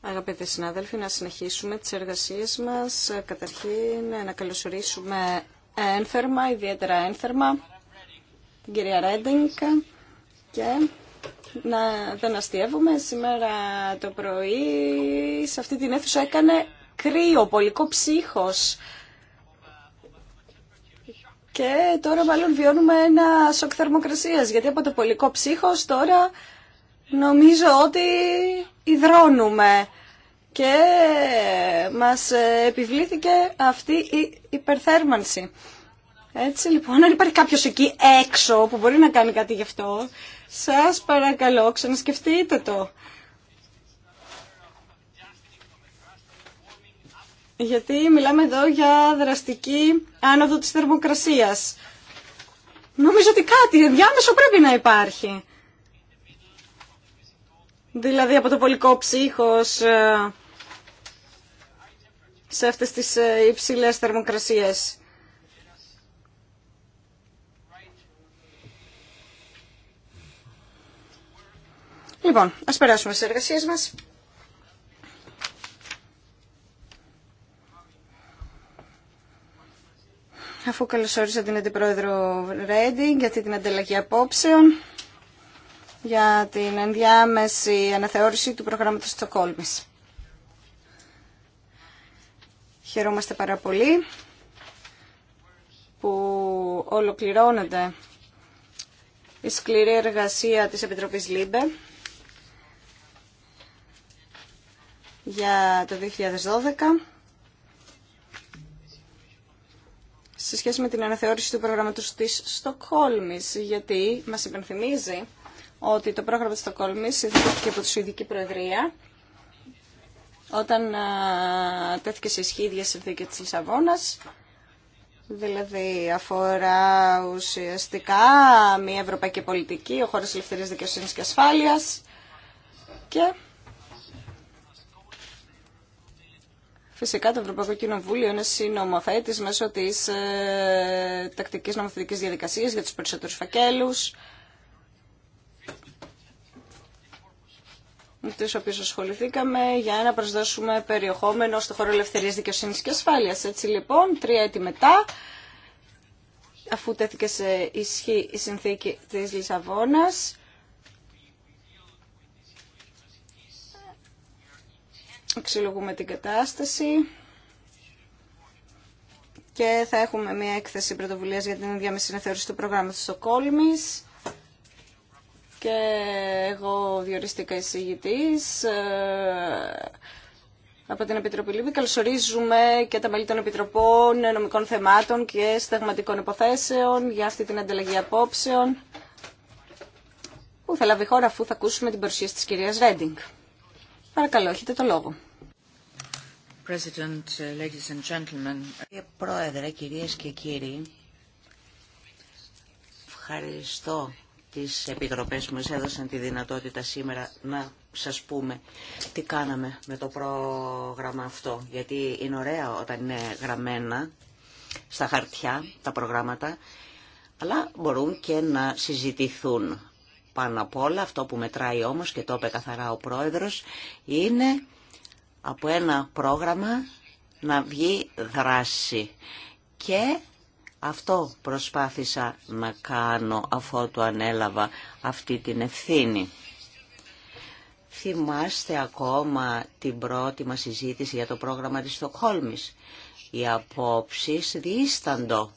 Αγαπητοί συνάδελφοι, να συνεχίσουμε τις εργασίες μας. Καταρχήν, να καλωσορίσουμε ένθερμα, ιδιαίτερα ένθερμα, την κυρία Ρέντινγκ και να δεν αστείευουμε. Σήμερα το πρωί σε αυτή την αίθουσα έκανε κρύο, πολικό ψύχος. Και τώρα μάλλον βιώνουμε ένα σοκ θερμοκρασίας, γιατί από το πολικό ψύχος τώρα νομίζω ότι υδρώνουμε και μας επιβλήθηκε αυτή η υπερθέρμανση. Έτσι λοιπόν, αν υπάρχει κάποιος εκεί έξω που μπορεί να κάνει κάτι γι' αυτό, σας παρακαλώ ξανασκεφτείτε το. Γιατί μιλάμε εδώ για δραστική άνοδο της θερμοκρασίας. Νομίζω ότι κάτι διάμεσο πρέπει να υπάρχει δηλαδή από το πολικό ψύχος ε, σε αυτές τις ε, υψηλές θερμοκρασίες. Λοιπόν, ας περάσουμε στις εργασίες μας. Αφού καλωσόρισα την Αντιπρόεδρο Ρέντινγκ για αυτή την ανταλλαγή απόψεων, για την ενδιάμεση αναθεώρηση του προγράμματος Στοκόλμης. Χαιρόμαστε πάρα πολύ που ολοκληρώνεται η σκληρή εργασία της Επιτροπής ΛΥΜΠΕ για το 2012 σε σχέση με την αναθεώρηση του προγράμματος της Στοκχόλμης, γιατί μας υπενθυμίζει ότι το πρόγραμμα της Στοκόλμης ιδρύθηκε από τη Σουηδική Προεδρία όταν τέθηκε σε ισχύ η ίδια συνθήκη της Λισαβόνας Δηλαδή αφορά ουσιαστικά μια ευρωπαϊκή πολιτική, ο χώρος ελευθερίας δικαιοσύνης και ασφάλειας και φυσικά το Ευρωπαϊκό Κοινοβούλιο είναι συνομοθέτης μέσω της ε, τακτικής νομοθετικής διαδικασίας για τους περισσότερους φακέλους με τις οποίες ασχοληθήκαμε για να προσδώσουμε περιεχόμενο στο χώρο ελευθερίας δικαιοσύνης και ασφάλειας. Έτσι λοιπόν, τρία έτη μετά, αφού τέθηκε σε ισχύ η συνθήκη της Λισαβόνας, αξιολογούμε την κατάσταση και θα έχουμε μια έκθεση πρωτοβουλίας για την ίδια συνεθεώρηση του προγράμματος Στοκόλμη και εγώ διορίστηκα εισηγητής ε, από την Επιτροπή Λίβη. Καλωσορίζουμε και τα μέλη των Επιτροπών Νομικών Θεμάτων και στεγματικών Υποθέσεων για αυτή την ανταλλαγή απόψεων που θα λάβει χώρα αφού θα ακούσουμε την παρουσίαση της κυρίας Ρέντινγκ. Παρακαλώ, έχετε το λόγο. Uh, Κύριε Πρόεδρε, κυρίες και κύριοι, ευχαριστώ τις επιτροπές μας έδωσαν τη δυνατότητα σήμερα να σας πούμε τι κάναμε με το πρόγραμμα αυτό. Γιατί είναι ωραία όταν είναι γραμμένα στα χαρτιά τα προγράμματα, αλλά μπορούν και να συζητηθούν. Πάνω απ' όλα αυτό που μετράει όμως και το είπε καθαρά ο πρόεδρος είναι από ένα πρόγραμμα να βγει δράση και αυτό προσπάθησα να κάνω αφού του ανέλαβα αυτή την ευθύνη. Θυμάστε ακόμα την πρώτη μας συζήτηση για το πρόγραμμα της Στοκχόλμης. Οι απόψεις διήσταντο.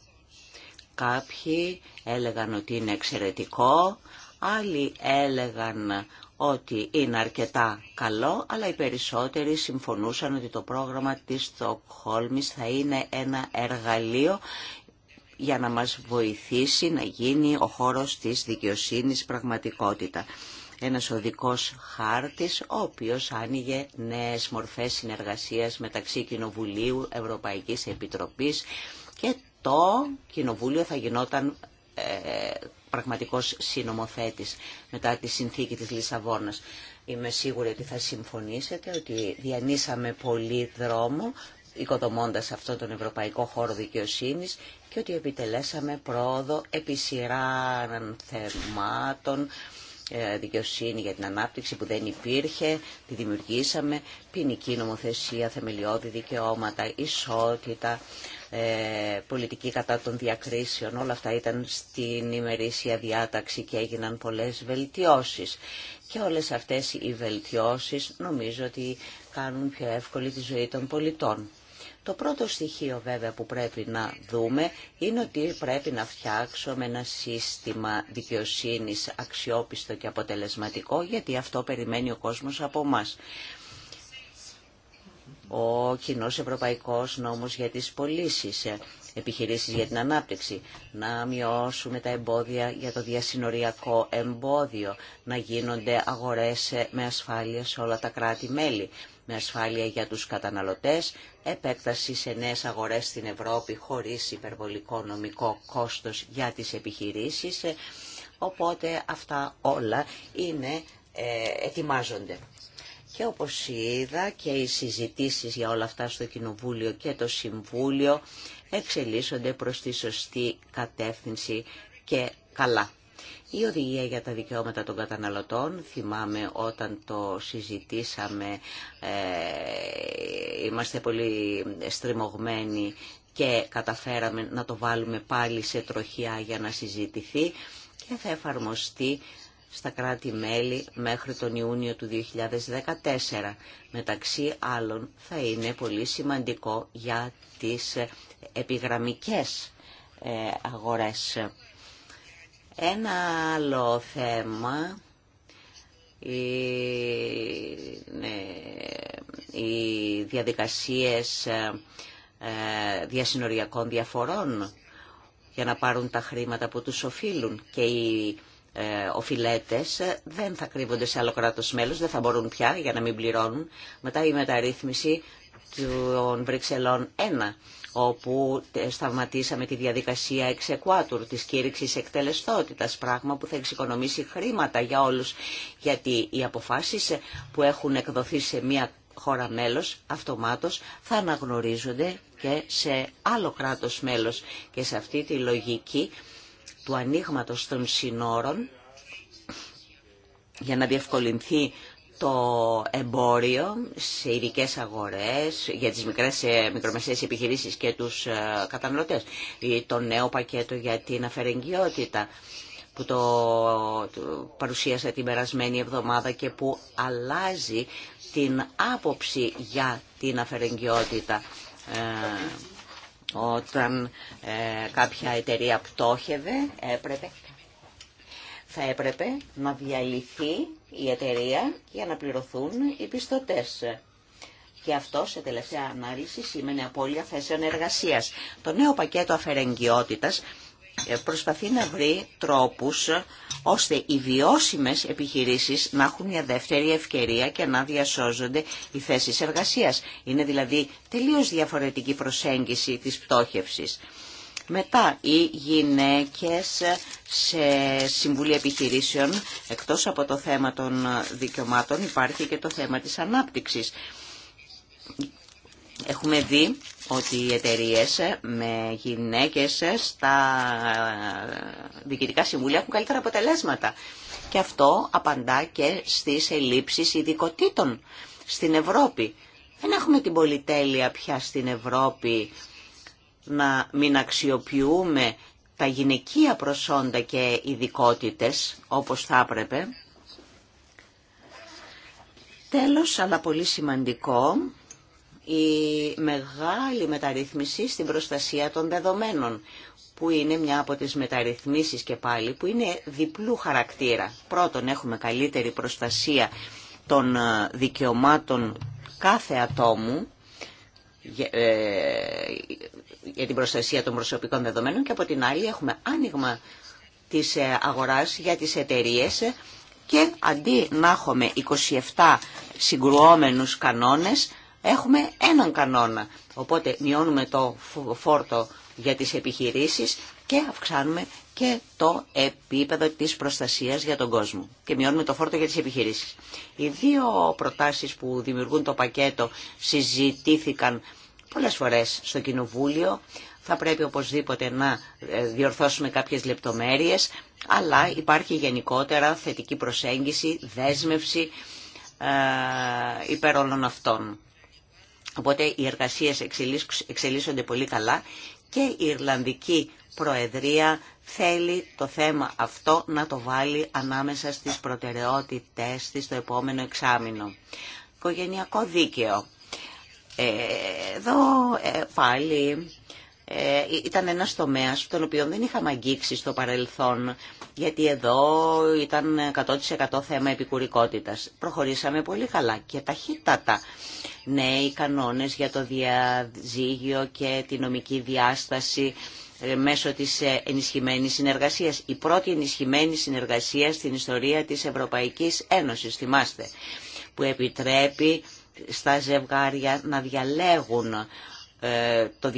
Κάποιοι έλεγαν ότι είναι εξαιρετικό, άλλοι έλεγαν ότι είναι αρκετά καλό, αλλά οι περισσότεροι συμφωνούσαν ότι το πρόγραμμα της Στοκχόλμης θα είναι ένα εργαλείο για να μας βοηθήσει να γίνει ο χώρος της δικαιοσύνης πραγματικότητα. Ένας οδικός χάρτης, ο οποίος άνοιγε νέες μορφές συνεργασίας μεταξύ Κοινοβουλίου, Ευρωπαϊκής Επιτροπής και το Κοινοβούλιο θα γινόταν ε, πραγματικός συνομοθέτης μετά τη συνθήκη της Λισαβόνας. Είμαι σίγουρη ότι θα συμφωνήσετε ότι διανύσαμε πολύ δρόμο οικοδομώντας αυτόν τον ευρωπαϊκό χώρο δικαιοσύνης και ότι επιτελέσαμε πρόοδο επί σειρά θεμάτων, ε, δικαιοσύνη για την ανάπτυξη που δεν υπήρχε, τη δημιουργήσαμε, ποινική νομοθεσία, θεμελιώδη δικαιώματα, ισότητα, ε, πολιτική κατά των διακρίσεων, όλα αυτά ήταν στην ημερήσια διάταξη και έγιναν πολλές βελτιώσεις. Και όλες αυτές οι βελτιώσεις νομίζω ότι κάνουν πιο εύκολη τη ζωή των πολιτών. Το πρώτο στοιχείο βέβαια που πρέπει να δούμε είναι ότι πρέπει να φτιάξουμε ένα σύστημα δικαιοσύνης αξιόπιστο και αποτελεσματικό γιατί αυτό περιμένει ο κόσμος από μας. Ο κοινό ευρωπαϊκός νόμος για τις πωλήσει επιχειρήσεις για την ανάπτυξη, να μειώσουμε τα εμπόδια για το διασυνοριακό εμπόδιο, να γίνονται αγορές με ασφάλεια σε όλα τα κράτη-μέλη, με ασφάλεια για τους καταναλωτές, επέκταση σε νέες αγορές στην Ευρώπη χωρίς υπερβολικό νομικό κόστος για τις επιχειρήσεις, ε, οπότε αυτά όλα είναι, ε, ετοιμάζονται. Και όπως είδα και οι συζητήσεις για όλα αυτά στο Κοινοβούλιο και το Συμβούλιο εξελίσσονται προς τη σωστή κατεύθυνση και καλά. Η οδηγία για τα δικαιώματα των καταναλωτών, θυμάμαι όταν το συζητήσαμε, ε, είμαστε πολύ στριμωγμένοι και καταφέραμε να το βάλουμε πάλι σε τροχιά για να συζητηθεί και θα εφαρμοστεί στα κράτη-μέλη μέχρι τον Ιούνιο του 2014. Μεταξύ άλλων θα είναι πολύ σημαντικό για τις επιγραμμικές ε, αγορές. Ένα άλλο θέμα είναι οι διαδικασίες ε, διασυνοριακών διαφορών για να πάρουν τα χρήματα που τους οφείλουν και οι ε, οφειλέτες δεν θα κρύβονται σε άλλο κράτος μέλος, δεν θα μπορούν πια για να μην πληρώνουν μετά η μεταρρύθμιση των Βρυξελών 1 όπου σταματήσαμε τη διαδικασία εξεκουάτουρ της κήρυξης εκτελεστότητας, πράγμα που θα εξοικονομήσει χρήματα για όλους, γιατί οι αποφάσεις που έχουν εκδοθεί σε μια χώρα μέλος αυτομάτως θα αναγνωρίζονται και σε άλλο κράτος μέλος και σε αυτή τη λογική του ανοίγματο των συνόρων για να διευκολυνθεί το εμπόριο σε ειδικέ αγορές για τις μικρές, ε, μικρομεσαίες επιχειρήσεις και τους ε, καταναλωτές. Το νέο πακέτο για την αφαιρεγγιότητα που το παρουσίασε την περασμένη εβδομάδα και που αλλάζει την άποψη για την αφαιρεγγιότητα. Ε, όταν κάποια εταιρεία πτώχευε, έπρεπε, θα έπρεπε να διαλυθεί η εταιρεία για να πληρωθούν οι πιστωτές. Και αυτό σε τελευταία ανάλυση σήμαινε απώλεια θέσεων εργασίας. Το νέο πακέτο αφαιρεγγιότητας ε, προσπαθεί να βρει τρόπους ε, ώστε οι βιώσιμες επιχειρήσεις να έχουν μια δεύτερη ευκαιρία και να διασώζονται οι θέσεις εργασίας. Είναι δηλαδή τελείως διαφορετική προσέγγιση της πτώχευσης. Μετά, οι γυναίκες σε Συμβουλή Επιχειρήσεων, εκτός από το θέμα των δικαιωμάτων, υπάρχει και το θέμα της ανάπτυξης. Έχουμε δει ότι οι εταιρείε με γυναίκες στα διοικητικά συμβούλια έχουν καλύτερα αποτελέσματα. Και αυτό απαντά και στις ελλείψεις ειδικοτήτων στην Ευρώπη. Δεν έχουμε την πολυτέλεια πια στην Ευρώπη να μην αξιοποιούμε τα γυναικεία προσόντα και ειδικότητε όπως θα έπρεπε. Τέλος, αλλά πολύ σημαντικό, η μεγάλη μεταρρύθμιση στην προστασία των δεδομένων, που είναι μια από τις μεταρρυθμίσεις και πάλι, που είναι διπλού χαρακτήρα. Πρώτον, έχουμε καλύτερη προστασία των ε, δικαιωμάτων κάθε ατόμου, ε, για την προστασία των προσωπικών δεδομένων και από την άλλη έχουμε άνοιγμα της ε, αγοράς για τις εταιρείε και αντί να έχουμε 27 συγκρουόμενους κανόνες έχουμε έναν κανόνα. Οπότε μειώνουμε το φόρτο για τις επιχειρήσεις και αυξάνουμε και το επίπεδο της προστασίας για τον κόσμο και μειώνουμε το φόρτο για τις επιχειρήσεις. Οι δύο προτάσεις που δημιουργούν το πακέτο συζητήθηκαν πολλές φορές στο Κοινοβούλιο. Θα πρέπει οπωσδήποτε να ε, διορθώσουμε κάποιες λεπτομέρειες, αλλά υπάρχει γενικότερα θετική προσέγγιση, δέσμευση ε, υπέρ όλων αυτών. Οπότε οι εργασίες εξελίσσονται πολύ καλά και η Ιρλανδική Προεδρία θέλει το θέμα αυτό να το βάλει ανάμεσα στις προτεραιότητές της στο επόμενο εξάμεινο. Οικογενειακό δίκαιο. Εδώ ε, πάλι ε, ήταν ένας τομέας τον οποίο δεν είχαμε αγγίξει στο παρελθόν γιατί εδώ ήταν 100% θέμα επικουρικότητας. Προχωρήσαμε πολύ καλά και ταχύτατα. Ναι, οι κανόνες για το διαζύγιο και τη νομική διάσταση ε, μέσω της ενισχυμένης συνεργασίας. Η πρώτη ενισχυμένη συνεργασία στην ιστορία της Ευρωπαϊκής Ένωσης, θυμάστε, που επιτρέπει στα ζευγάρια να διαλέγουν ε, το,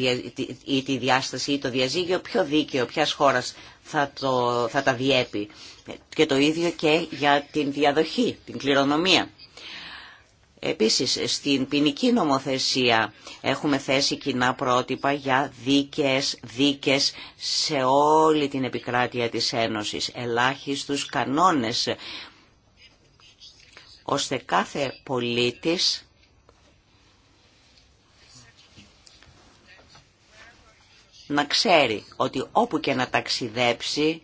ή τη διάσταση ή το διαζύγιο πιο δίκαιο, ποιας χώρας θα, το, θα τα διέπει. Και το ίδιο και για την διαδοχή, την κληρονομία. Επίσης, στην ποινική νομοθεσία έχουμε θέσει κοινά πρότυπα για δίκες, δίκες σε όλη την επικράτεια της Ένωσης, ελάχιστους κανόνες, ώστε κάθε πολίτης να ξέρει ότι όπου και να ταξιδέψει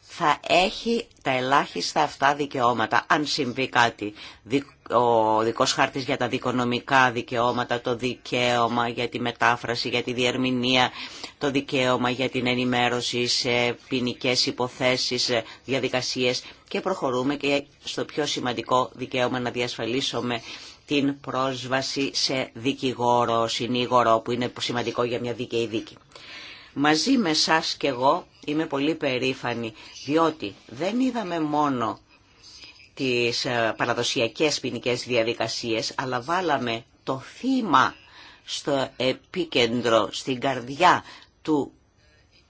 θα έχει τα ελάχιστα αυτά δικαιώματα, αν συμβεί κάτι. Ο δικός χάρτης για τα δικονομικά δικαιώματα, το δικαίωμα για τη μετάφραση, για τη διερμηνία, το δικαίωμα για την ενημέρωση σε ποινικέ υποθέσεις, διαδικασίες και προχωρούμε και στο πιο σημαντικό δικαίωμα να διασφαλίσουμε την πρόσβαση σε δικηγόρο, συνήγορο που είναι σημαντικό για μια δίκαιη δίκη. Μαζί με σας και εγώ είμαι πολύ περήφανη, διότι δεν είδαμε μόνο τις ε, παραδοσιακές ποινικέ διαδικασίες, αλλά βάλαμε το θύμα στο επίκεντρο, στην καρδιά του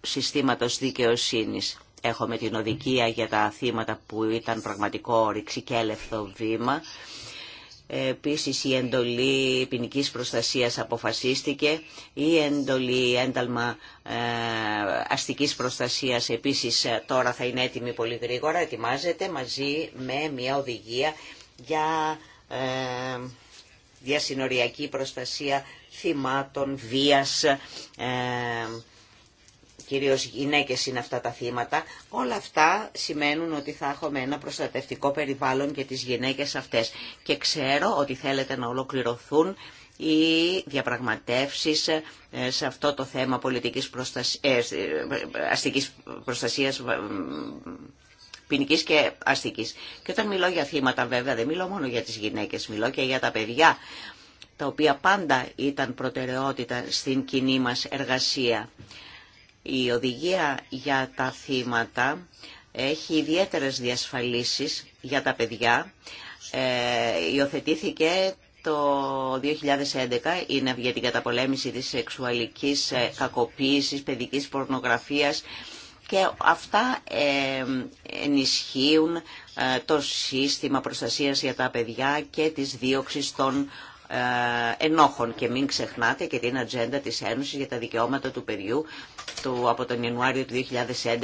συστήματος δικαιοσύνης. Έχουμε την οδικία για τα θύματα που ήταν πραγματικό ρηξικέλευθο βήμα. Επίσης η εντολή ποινική προστασίας αποφασίστηκε, η εντολή ένταλμα ε, αστικής προστασίας επίσης ε, τώρα θα είναι έτοιμη πολύ γρήγορα, ετοιμάζεται μαζί με μια οδηγία για ε, διασυνοριακή προστασία θυμάτων βίας κυρίως γυναίκες είναι αυτά τα θύματα, όλα αυτά σημαίνουν ότι θα έχουμε ένα προστατευτικό περιβάλλον για τις γυναίκες αυτές. Και ξέρω ότι θέλετε να ολοκληρωθούν οι διαπραγματεύσεις ε, σε αυτό το θέμα πολιτικής προστασίας, ε, ε, αστικής προστασίας ποινική και αστική. Και όταν μιλώ για θύματα, βέβαια, δεν μιλώ μόνο για τι γυναίκε, μιλώ και για τα παιδιά, τα οποία πάντα ήταν προτεραιότητα στην κοινή μα εργασία. Η οδηγία για τα θύματα έχει ιδιαίτερες διασφαλίσεις για τα παιδιά. Ε, υιοθετήθηκε το 2011 είναι για την καταπολέμηση της σεξουαλικής ε, κακοποίησης, παιδικής πορνογραφίας και αυτά ε, ενισχύουν ε, το σύστημα προστασίας για τα παιδιά και της δίωξης των ε, ενόχων και μην ξεχνάτε και την ατζέντα της Ένωσης για τα δικαιώματα του παιδιού του, από τον Ιανουάριο του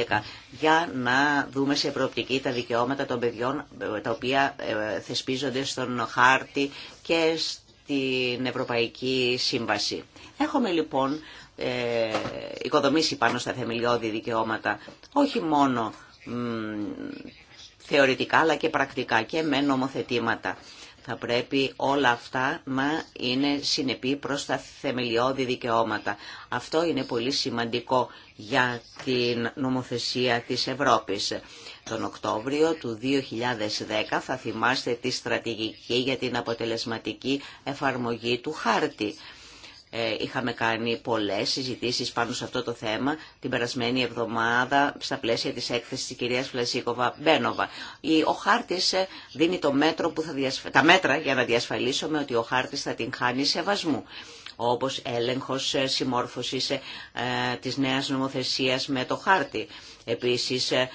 2011 για να δούμε σε προοπτική τα δικαιώματα των παιδιών ε, τα οποία ε, θεσπίζονται στον χάρτη και στην Ευρωπαϊκή Σύμβαση. Έχουμε λοιπόν ε, οικοδομήσει πάνω στα θεμελιώδη δικαιώματα όχι μόνο θεωρητικά αλλά και πρακτικά και με νομοθετήματα. Θα πρέπει όλα αυτά να είναι συνεπή προς τα θεμελιώδη δικαιώματα. Αυτό είναι πολύ σημαντικό για την νομοθεσία της Ευρώπης. Τον Οκτώβριο του 2010 θα θυμάστε τη στρατηγική για την αποτελεσματική εφαρμογή του χάρτη ε, είχαμε κάνει πολλές συζητήσεις πάνω σε αυτό το θέμα την περασμένη εβδομάδα στα πλαίσια της έκθεσης της κυρίας Φλασίκοβα Μπένοβα. Ο χάρτης ε, δίνει το μέτρο που θα τα μέτρα για να διασφαλίσουμε ότι ο χάρτης θα την χάνει σεβασμού όπως έλεγχος ε, συμμόρφωσης ε, της νέας νομοθεσίας με το χάρτη. Επίσης, ε,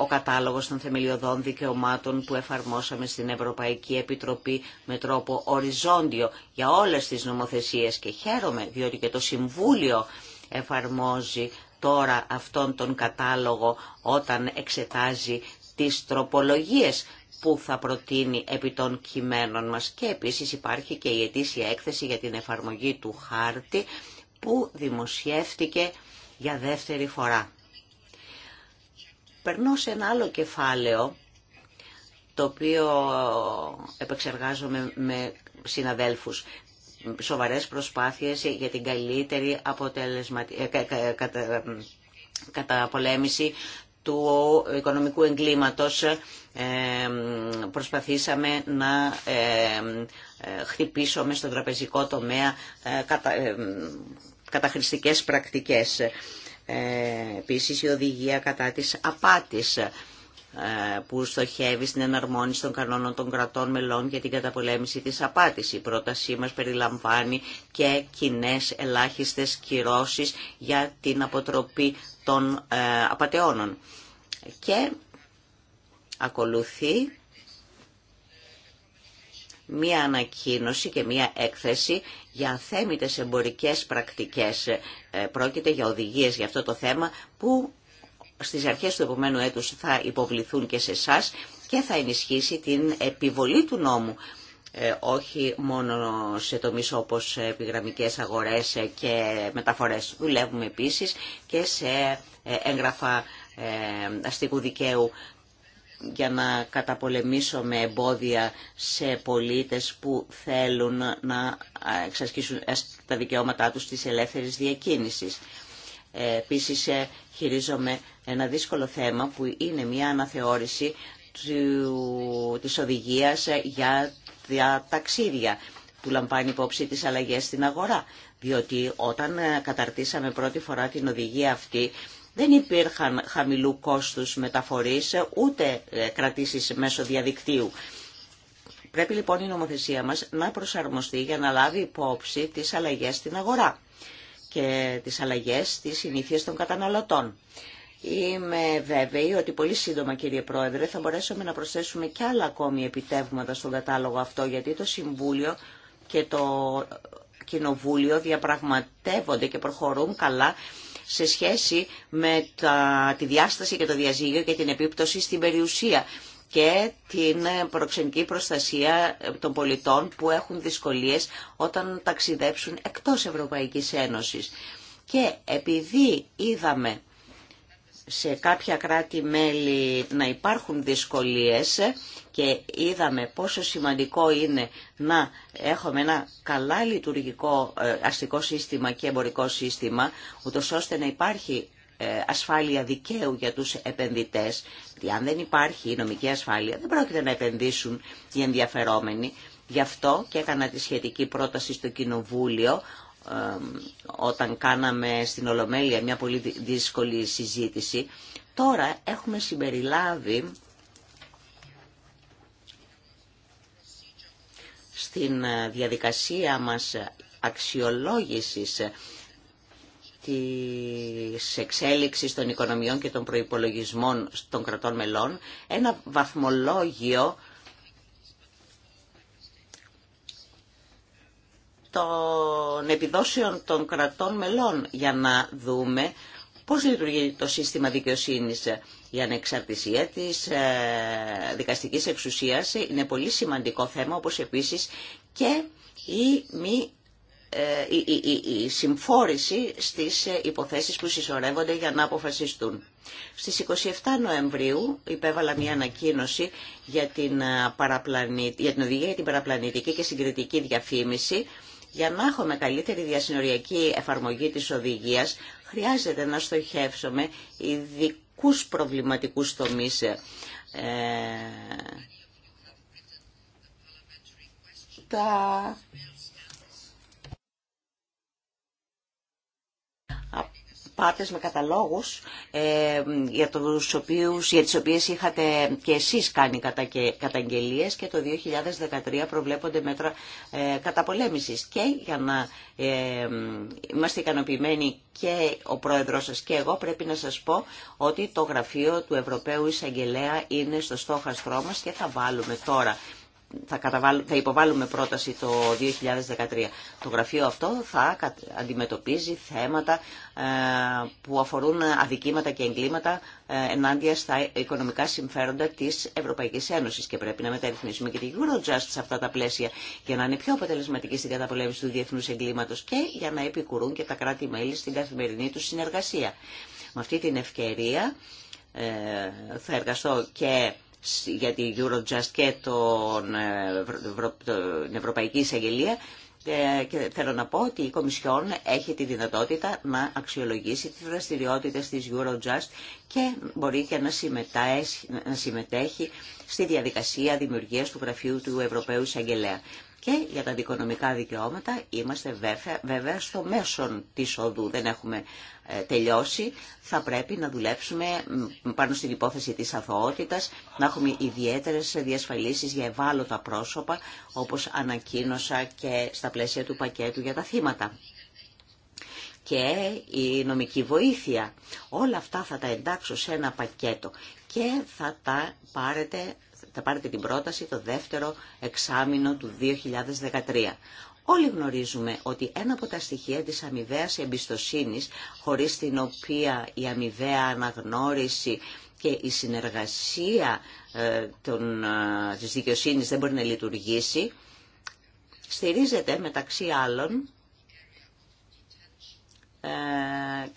ο κατάλογος των θεμελιωδών δικαιωμάτων που εφαρμόσαμε στην Ευρωπαϊκή Επιτροπή με τρόπο οριζόντιο για όλες τις νομοθεσίες και χαίρομαι διότι και το Συμβούλιο εφαρμόζει τώρα αυτόν τον κατάλογο όταν εξετάζει τις τροπολογίες που θα προτείνει επί των κειμένων μας. Και επίσης υπάρχει και η ετήσια έκθεση για την εφαρμογή του χάρτη που δημοσιεύτηκε για δεύτερη φορά. Περνώ σε ένα άλλο κεφάλαιο το οποίο επεξεργάζομαι με συναδέλφους σοβαρές προσπάθειες για την καλύτερη ε, κα, ε, καταπολέμηση του οικονομικού εγκλήματος προσπαθήσαμε να ε, χτυπήσουμε στον τραπεζικό τομέα ε, καταχρηστικές πρακτικές. Ε, επίσης η οδηγία κατά της απάτης που στοχεύει στην εναρμόνιση των κανόνων των κρατών μελών για την καταπολέμηση της απάτης. Η πρότασή μας περιλαμβάνει και κοινέ ελάχιστες κυρώσεις για την αποτροπή των απαταιώνων. Και Ακολουθεί μία ανακοίνωση και μία έκθεση για θέμητες εμπορικές πρακτικές. Ε, πρόκειται για οδηγίες για αυτό το θέμα που στις αρχές του επομένου έτους θα υποβληθούν και σε εσά και θα ενισχύσει την επιβολή του νόμου ε, όχι μόνο σε τομείς όπως επιγραμμικές αγορές και μεταφορές. Δουλεύουμε επίσης και σε ε, έγγραφα αστικού δικαίου για να με εμπόδια σε πολίτες που θέλουν να εξασκήσουν τα δικαιώματά τους της ελεύθερης διακίνησης. Ε, επίσης ε, χειρίζομαι ένα δύσκολο θέμα που είναι μια αναθεώρηση της οδηγίας ε, για τα ταξίδια που λαμβάνει υπόψη τις αλλαγές στην αγορά. Διότι όταν καταρτήσαμε πρώτη φορά την οδηγία αυτή δεν υπήρχαν χαμηλού κόστους μεταφορής, ούτε ε, κρατήσεις μέσω διαδικτύου. Πρέπει λοιπόν η νομοθεσία μας να προσαρμοστεί για να λάβει υπόψη τις αλλαγές στην αγορά και τις αλλαγές στις συνήθειες των καταναλωτών. Είμαι βέβαιη ότι πολύ σύντομα κύριε Πρόεδρε θα μπορέσουμε να προσθέσουμε και άλλα ακόμη επιτεύγματα στον κατάλογο αυτό γιατί το Συμβούλιο και το Κοινοβούλιο διαπραγματεύονται και προχωρούν καλά σε σχέση με τα, τη διάσταση και το διαζύγιο και την επίπτωση στην περιουσία και την προξενική προστασία ε, των πολιτών που έχουν δυσκολίες όταν ταξιδέψουν εκτός Ευρωπαϊκής Ένωσης. Και επειδή είδαμε σε κάποια κράτη-μέλη να υπάρχουν δυσκολίες και είδαμε πόσο σημαντικό είναι να έχουμε ένα καλά λειτουργικό ε, αστικό σύστημα και εμπορικό σύστημα, ούτως ώστε να υπάρχει ε, ασφάλεια δικαίου για τους επενδυτές. Γιατί αν δεν υπάρχει η νομική ασφάλεια, δεν πρόκειται να επενδύσουν οι ενδιαφερόμενοι. Γι' αυτό και έκανα τη σχετική πρόταση στο Κοινοβούλιο, όταν κάναμε στην Ολομέλεια μια πολύ δύσκολη συζήτηση. Τώρα έχουμε συμπεριλάβει στην ε, διαδικασία μας αξιολόγησης της εξέλιξης των οικονομιών και των προϋπολογισμών των κρατών μελών ένα βαθμολόγιο των επιδόσεων των κρατών μελών για να δούμε Πώς λειτουργεί το σύστημα δικαιοσύνης. Η ανεξαρτησία της ε, δικαστικής εξουσίας είναι πολύ σημαντικό θέμα, όπως επίσης και ε, η η, η, η, συμφόρηση στις υποθέσεις που συσσωρεύονται για να αποφασιστούν. Στις 27 Νοεμβρίου υπέβαλα μια ανακοίνωση για την, ε, για την οδηγία για την παραπλανητική και συγκριτική διαφήμιση για να έχουμε καλύτερη διασυνοριακή εφαρμογή της οδηγίας χρειάζεται να στοχεύσουμε ειδικού προβληματικούς τομείς ε, τα πάτες με καταλόγους ε, για, τους οποίους, τις οποίες είχατε και εσείς κάνει καταγγελίες και το 2013 προβλέπονται μέτρα ε, καταπολέμησης και για να ε, είμαστε ικανοποιημένοι και ο πρόεδρος σας και εγώ πρέπει να σας πω ότι το γραφείο του Ευρωπαίου Εισαγγελέα είναι στο στόχαστρό μας και θα βάλουμε τώρα θα, θα υποβάλουμε πρόταση το 2013. Το γραφείο αυτό θα αντιμετωπίζει θέματα ε, που αφορούν αδικήματα και εγκλήματα ε, ενάντια στα οικονομικά συμφέροντα της Ευρωπαϊκής Ένωσης και πρέπει να μεταρρυθμίσουμε και την Eurojust σε αυτά τα πλαίσια για να είναι πιο αποτελεσματική στην καταπολέμηση του διεθνούς εγκλήματος και για να επικουρούν και τα κράτη-μέλη στην καθημερινή του συνεργασία. Με αυτή την ευκαιρία ε, θα εργαστώ και για την Eurojust και τον, ε, την Ευρωπαϊκή Εισαγγελία ε, και θέλω να πω ότι η Κομισιόν έχει τη δυνατότητα να αξιολογήσει τις δραστηριότητες της Eurojust και μπορεί και να συμμετέχει, να συμμετέχει στη διαδικασία δημιουργίας του Γραφείου του Ευρωπαίου Εισαγγελέα. Και για τα δικονομικά δικαιώματα είμαστε βέβαια στο μέσον της οδού, δεν έχουμε ε, τελειώσει. Θα πρέπει να δουλέψουμε πάνω στην υπόθεση της αθωότητας, να έχουμε ιδιαίτερες διασφαλίσεις για ευάλωτα πρόσωπα, όπως ανακοίνωσα και στα πλαίσια του πακέτου για τα θύματα και η νομική βοήθεια. Όλα αυτά θα τα εντάξω σε ένα πακέτο και θα τα πάρετε θα πάρετε την πρόταση το δεύτερο εξάμεινο του 2013. Όλοι γνωρίζουμε ότι ένα από τα στοιχεία της αμοιβαία εμπιστοσύνης, χωρίς την οποία η αμοιβαία αναγνώριση και η συνεργασία ε, των, ε, της δικαιοσύνης δεν μπορεί να λειτουργήσει, στηρίζεται μεταξύ άλλων ε,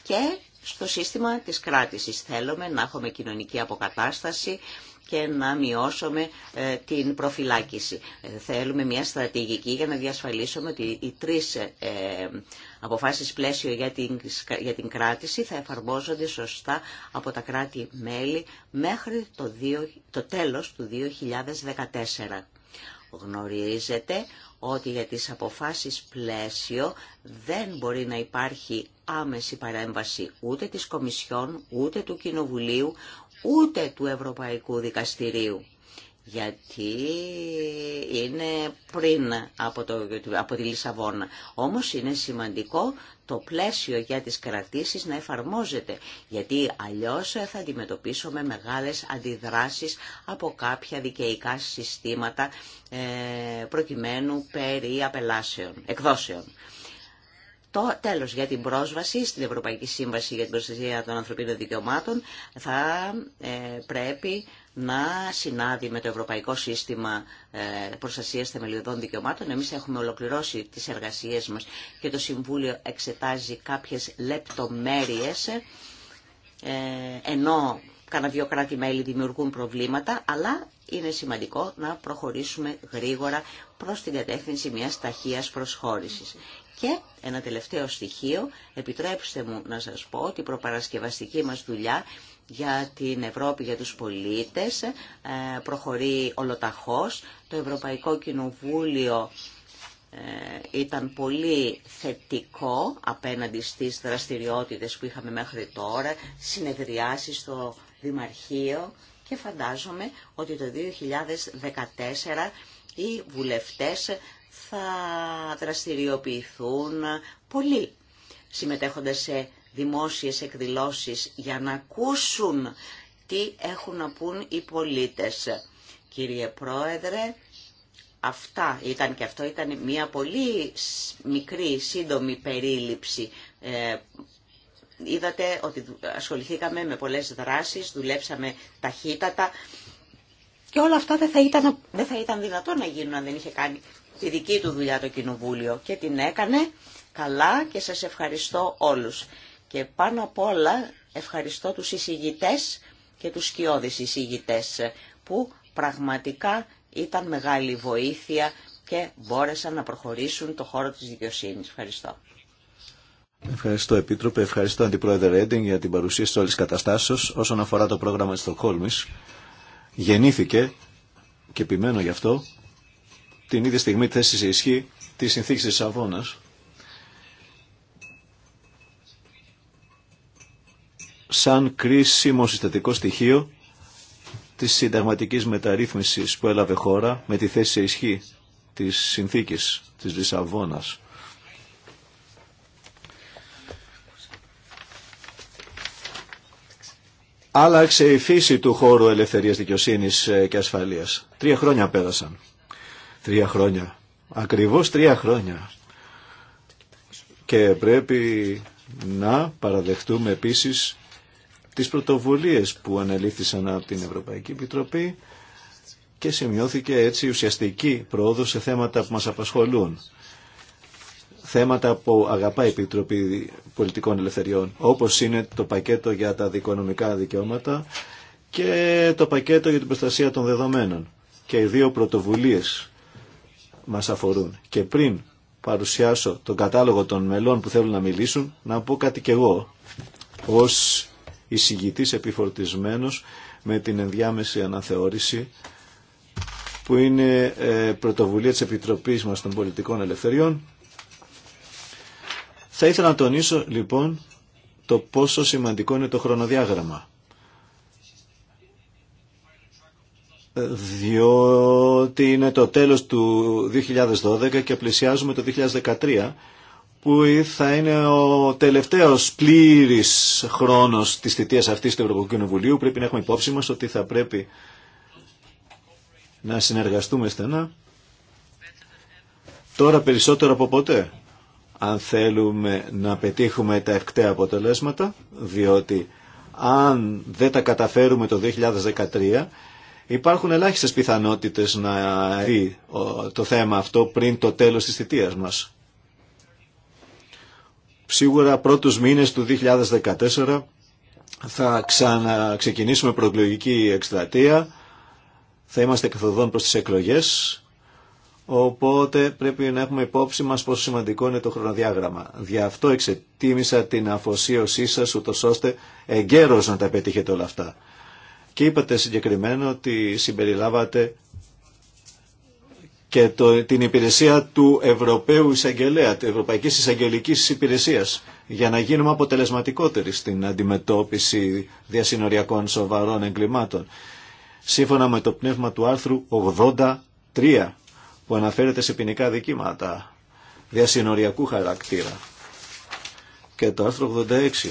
και στο σύστημα της κράτησης. Θέλουμε να έχουμε κοινωνική αποκατάσταση, και να μειώσουμε ε, την προφυλάκηση. Ε, θέλουμε μια στρατηγική για να διασφαλίσουμε ότι οι τρεις ε, αποφάσεις πλαίσιο για την, κράτηση θα εφαρμόζονται σωστά από τα κράτη-μέλη μέχρι το, δύο, το τέλος του 2014. Γνωρίζετε ότι για τις αποφάσεις πλαίσιο δεν μπορεί να υπάρχει άμεση παρέμβαση ούτε της Κομισιόν, ούτε του Κοινοβουλίου, ούτε του Ευρωπαϊκού Δικαστηρίου γιατί είναι πριν από, το, από τη Λισαβόνα. Όμως είναι σημαντικό το πλαίσιο για τις κρατήσεις να εφαρμόζεται, γιατί αλλιώς θα αντιμετωπίσουμε μεγάλες αντιδράσεις από κάποια δικαιικά συστήματα ε, προκειμένου περί απελάσεων, εκδόσεων. Το τέλος για την πρόσβαση στην Ευρωπαϊκή Σύμβαση για την Προστασία των Ανθρωπίνων Δικαιωμάτων θα ε, πρέπει να συνάδει με το Ευρωπαϊκό Σύστημα ε, Προστασίας Θεμελιωδών Δικαιωμάτων. Εμείς έχουμε ολοκληρώσει τις εργασίες μας και το Συμβούλιο εξετάζει κάποιες λεπτομέρειες ε, ενω ενώ κάνα δύο κράτη-μέλη δημιουργούν προβλήματα, αλλά είναι σημαντικό να προχωρήσουμε γρήγορα προς την κατεύθυνση μιας ταχείας προσχώρησης. Και ένα τελευταίο στοιχείο, επιτρέψτε μου να σας πω ότι η προπαρασκευαστική μας δουλειά για την Ευρώπη, για τους πολίτες, ε, προχωρεί ολοταχώς. Το Ευρωπαϊκό Κοινοβούλιο ε, ήταν πολύ θετικό απέναντι στις δραστηριότητες που είχαμε μέχρι τώρα, συνεδριάσεις στο Δημαρχείο και φαντάζομαι ότι το 2014 οι βουλευτές θα δραστηριοποιηθούν πολλοί συμμετέχοντας σε δημόσιες εκδηλώσεις για να ακούσουν τι έχουν να πούν οι πολίτες. Κύριε Πρόεδρε, αυτά ήταν και αυτό ήταν μια πολύ μικρή σύντομη περίληψη. Ε, είδατε ότι ασχοληθήκαμε με πολλές δράσεις, δουλέψαμε ταχύτατα και όλα αυτά δεν θα ήταν, δεν θα δυνατό να γίνουν αν δεν είχε κάνει τη δική του δουλειά το Κοινοβούλιο και την έκανε καλά και σας ευχαριστώ όλους. Και πάνω απ' όλα ευχαριστώ τους εισηγητές και τους σκιώδεις εισηγητές που πραγματικά ήταν μεγάλη βοήθεια και μπόρεσαν να προχωρήσουν το χώρο της δικαιοσύνης. Ευχαριστώ. Ευχαριστώ Επίτροπε, ευχαριστώ Αντιπρόεδρε Ρέντινγκ για την παρουσία παρουσίαση όλης καταστάσεως όσον αφορά το πρόγραμμα της Στοκχόλμης. Γεννήθηκε και επιμένω γι' αυτό την ίδια στιγμή θέση σε ισχύ της συνθήκης της σαν κρίσιμο συστατικό στοιχείο της συνταγματικής μεταρρύθμισης που έλαβε χώρα με τη θέση σε ισχύ της συνθήκης της Λισαβόνας. Άλλαξε η φύση του χώρου ελευθερίας δικαιοσύνης ε, και ασφαλείας. Τρία χρόνια πέρασαν. Τρία χρόνια. Ακριβώς τρία χρόνια. Και πρέπει να παραδεχτούμε επίσης τις πρωτοβουλίες που αναλήφθησαν από την Ευρωπαϊκή Επιτροπή και σημειώθηκε έτσι ουσιαστική πρόοδος σε θέματα που μας απασχολούν. Θέματα που αγαπάει η Επιτροπή Πολιτικών Ελευθεριών, όπως είναι το πακέτο για τα δικονομικά δικαιώματα και το πακέτο για την προστασία των δεδομένων. Και οι δύο πρωτοβουλίες μας αφορούν. Και πριν παρουσιάσω τον κατάλογο των μελών που θέλουν να μιλήσουν, να πω κάτι κι εγώ, ως εισηγητής επιφορτισμένος με την ενδιάμεση αναθεώρηση που είναι ε, πρωτοβουλία της Επιτροπής μας των Πολιτικών Ελευθεριών. Θα ήθελα να τονίσω λοιπόν το πόσο σημαντικό είναι το χρονοδιάγραμμα. διότι είναι το τέλος του 2012 και πλησιάζουμε το 2013 που θα είναι ο τελευταίος πλήρης χρόνος της θητείας αυτής του Ευρωπαϊκού Κοινοβουλίου. Πρέπει να έχουμε υπόψη μας ότι θα πρέπει να συνεργαστούμε στενά τώρα περισσότερο από ποτέ αν θέλουμε να πετύχουμε τα ευκταία αποτελέσματα διότι αν δεν τα καταφέρουμε το 2013 Υπάρχουν ελάχιστε πιθανότητες να δει το θέμα αυτό πριν το τέλος της θητείας μας. Σίγουρα πρώτους μήνες του 2014 θα ξαναξεκινήσουμε προεκλογική εκστρατεία, θα είμαστε καθοδόν προς τις εκλογές, οπότε πρέπει να έχουμε υπόψη μας πόσο σημαντικό είναι το χρονοδιάγραμμα. Γι' αυτό εξετίμησα την αφοσίωσή σας, ούτως ώστε εγκαίρως να τα πετύχετε όλα αυτά και είπατε συγκεκριμένα ότι συμπεριλάβατε και το, την υπηρεσία του Ευρωπαίου Εισαγγελέα, της Ευρωπαϊκής Εισαγγελικής Υπηρεσίας, για να γίνουμε αποτελεσματικότεροι στην αντιμετώπιση διασυνοριακών σοβαρών εγκλημάτων. Σύμφωνα με το πνεύμα του άρθρου 83, που αναφέρεται σε ποινικά δικήματα διασυνοριακού χαρακτήρα. Και το άρθρο 86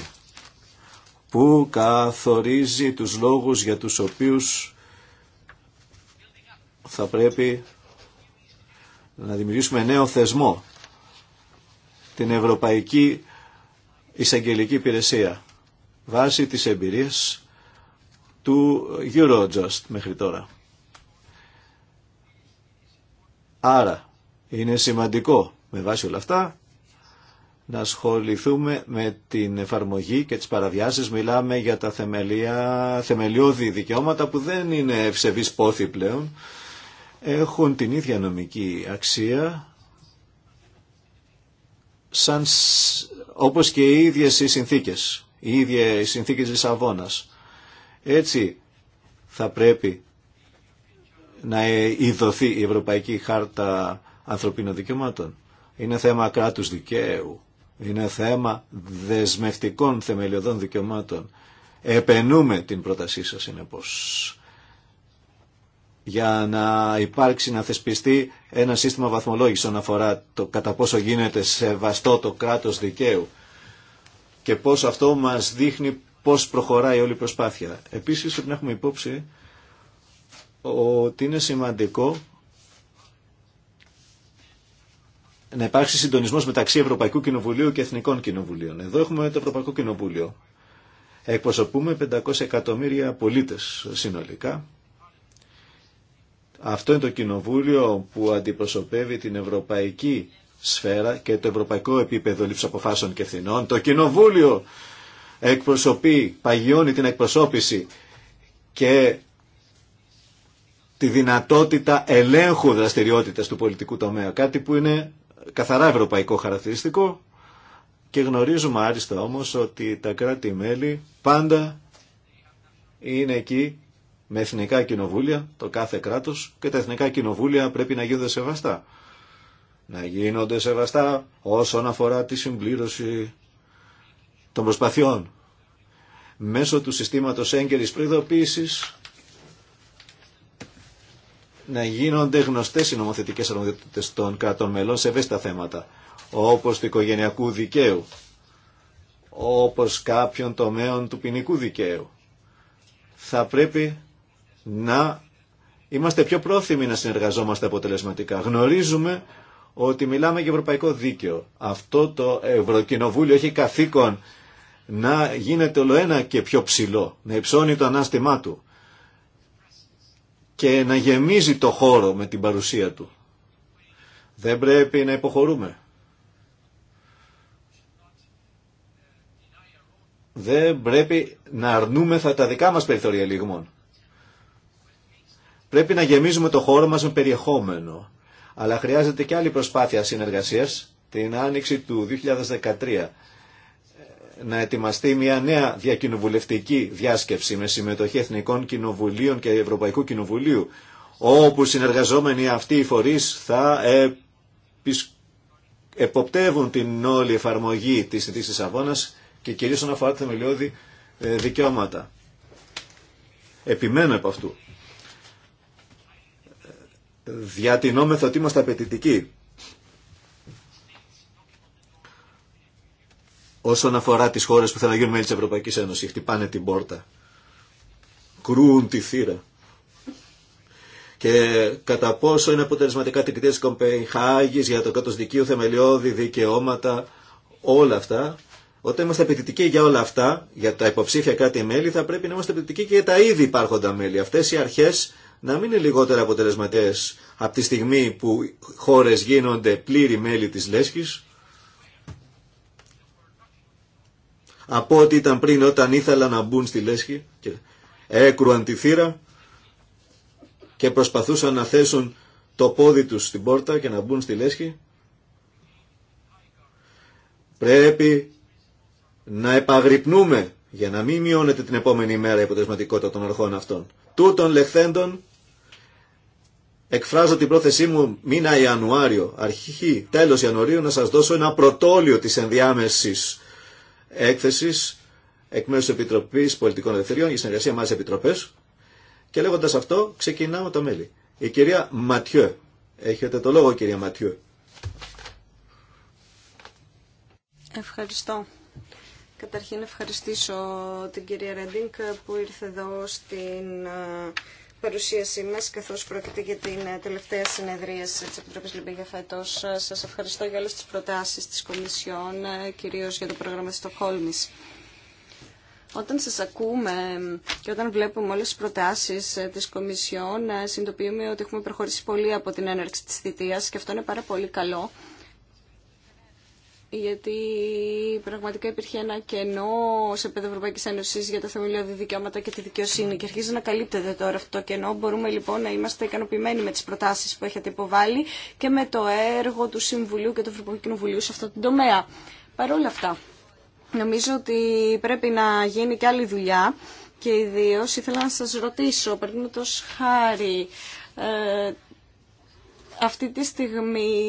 που καθορίζει τους λόγους για τους οποίους θα πρέπει να δημιουργήσουμε νέο θεσμό, την Ευρωπαϊκή Εισαγγελική Υπηρεσία, βάσει της εμπειρίας του Eurojust μέχρι τώρα. Άρα, είναι σημαντικό με βάση όλα αυτά να ασχοληθούμε με την εφαρμογή και τις παραβιάσεις. Μιλάμε για τα θεμελία, θεμελιώδη δικαιώματα που δεν είναι ευσεβείς πόθη πλέον. Έχουν την ίδια νομική αξία σαν, όπως και οι ίδιες οι συνθήκες, οι ίδιες οι συνθήκες Λισαβόνας. Έτσι θα πρέπει να ειδωθεί η Ευρωπαϊκή Χάρτα Ανθρωπίνων Δικαιωμάτων. Είναι θέμα κράτους δικαίου είναι θέμα δεσμευτικών θεμελιωδών δικαιωμάτων. Επενούμε την πρότασή σας, συνεπώς για να υπάρξει, να θεσπιστεί ένα σύστημα βαθμολόγησης όσον αφορά το κατά πόσο γίνεται σεβαστό το κράτος δικαίου και πώς αυτό μας δείχνει πώς προχωράει όλη η προσπάθεια. Επίσης πρέπει να έχουμε υπόψη ότι είναι σημαντικό να υπάρξει συντονισμό μεταξύ Ευρωπαϊκού Κοινοβουλίου και Εθνικών Κοινοβουλίων. Εδώ έχουμε το Ευρωπαϊκό Κοινοβούλιο. Εκπροσωπούμε 500 εκατομμύρια πολίτε συνολικά. Αυτό είναι το κοινοβούλιο που αντιπροσωπεύει την ευρωπαϊκή σφαίρα και το ευρωπαϊκό επίπεδο λήψη αποφάσεων και ευθυνών. Το κοινοβούλιο εκπροσωπεί, παγιώνει την εκπροσώπηση και τη δυνατότητα ελέγχου δραστηριότητας του πολιτικού τομέα. Κάτι που είναι καθαρά ευρωπαϊκό χαρακτηριστικό και γνωρίζουμε άριστα όμως ότι τα κράτη-μέλη πάντα είναι εκεί με εθνικά κοινοβούλια, το κάθε κράτος και τα εθνικά κοινοβούλια πρέπει να γίνονται σεβαστά. Να γίνονται σεβαστά όσον αφορά τη συμπλήρωση των προσπαθειών μέσω του συστήματος έγκαιρης προειδοποίησης να γίνονται γνωστές οι νομοθετικές αρμοδιότητες των κρατών μελών σε ευαίσθητα θέματα, όπως του οικογενειακού δικαίου, όπως κάποιων τομέων του ποινικού δικαίου. Θα πρέπει να είμαστε πιο πρόθυμοι να συνεργαζόμαστε αποτελεσματικά. Γνωρίζουμε ότι μιλάμε για ευρωπαϊκό δίκαιο. Αυτό το Ευρωκοινοβούλιο έχει καθήκον να γίνεται ένα και πιο ψηλό, να υψώνει το ανάστημά του και να γεμίζει το χώρο με την παρουσία του. Δεν πρέπει να υποχωρούμε. Δεν πρέπει να θα τα δικά μας περιθώρια λιγμών. Πρέπει να γεμίζουμε το χώρο μας με περιεχόμενο. Αλλά χρειάζεται και άλλη προσπάθεια συνεργασίας την άνοιξη του 2013 να ετοιμαστεί μια νέα διακοινοβουλευτική διάσκεψη με συμμετοχή Εθνικών Κοινοβουλίων και Ευρωπαϊκού Κοινοβουλίου, όπου συνεργαζόμενοι αυτοί οι φορείς θα εποπτεύουν την όλη εφαρμογή της συνθήκης της και κυρίως όσον αφορά τα θεμελιώδη ε, δικαιώματα. Επιμένω από αυτού. Ε, διατηνόμεθα ότι είμαστε απαιτητικοί όσον αφορά τις χώρες που θέλουν να γίνουν μέλη της Ευρωπαϊκής Ένωσης. Χτυπάνε την πόρτα. Κρούν τη θύρα. Και κατά πόσο είναι αποτελεσματικά την κριτήρια της για το κράτος δικείου, θεμελιώδη, δικαιώματα, όλα αυτά. Όταν είμαστε απαιτητικοί για όλα αυτά, για τα υποψήφια κράτη-μέλη, θα πρέπει να είμαστε απαιτητικοί και για τα ήδη υπάρχοντα μέλη. Αυτές οι αρχές να μην είναι λιγότερα αποτελεσματές από τη στιγμή που χώρες γίνονται πλήρη μέλη της λέσχης, από ό,τι ήταν πριν όταν ήθελαν να μπουν στη λέσχη και έκρουαν τη θύρα και προσπαθούσαν να θέσουν το πόδι τους στην πόρτα και να μπουν στη λέσχη. Πρέπει να επαγρυπνούμε για να μην μειώνεται την επόμενη μέρα η αποτελεσματικότητα των αρχών αυτών. Τούτων λεχθέντων εκφράζω την πρόθεσή μου μήνα Ιανουάριο, αρχή, τέλος Ιανουαρίου να σας δώσω ένα πρωτόλιο της ενδιάμεσης Έκθεση εκ μέρου Επιτροπής Πολιτικών Ελευθεριών για συνεργασία με επιτροπέ. και λέγοντας αυτό ξεκινάω το μέλη. Η κυρία Ματιέ. Έχετε το λόγο κυρία Ματιέ. Ευχαριστώ. Καταρχήν ευχαριστήσω την κυρία Ρεντίνκ που ήρθε εδώ στην ε, παρουσίασή μα καθώς πρόκειται για την ε, τελευταία συνεδρία της Επιτροπής Λιμπή για φέτος. Ε, σας ευχαριστώ για όλες τις προτάσεις της Κομισιόν, ε, κυρίως για το πρόγραμμα Στοχόλμης. Όταν σας ακούμε και όταν βλέπουμε όλες τις προτάσεις της Κομισιόν, συνειδητοποιούμε ότι έχουμε προχωρήσει πολύ από την έναρξη της θητείας και αυτό είναι πάρα πολύ καλό γιατί πραγματικά υπήρχε ένα κενό σε επίπεδο Ευρωπαϊκή Ένωση για τα θεμελιώδη δικαιώματα και τη δικαιοσύνη και αρχίζει να καλύπτεται τώρα αυτό το κενό. Μπορούμε λοιπόν να είμαστε ικανοποιημένοι με τι προτάσει που έχετε υποβάλει και με το έργο του Συμβουλίου και του Ευρωπαϊκού Κοινοβουλίου σε αυτό το τομέα. Παρ' όλα αυτά, νομίζω ότι πρέπει να γίνει και άλλη δουλειά και ιδίω ήθελα να σα ρωτήσω, παραδείγματο χάρη, ε, αυτή τη στιγμή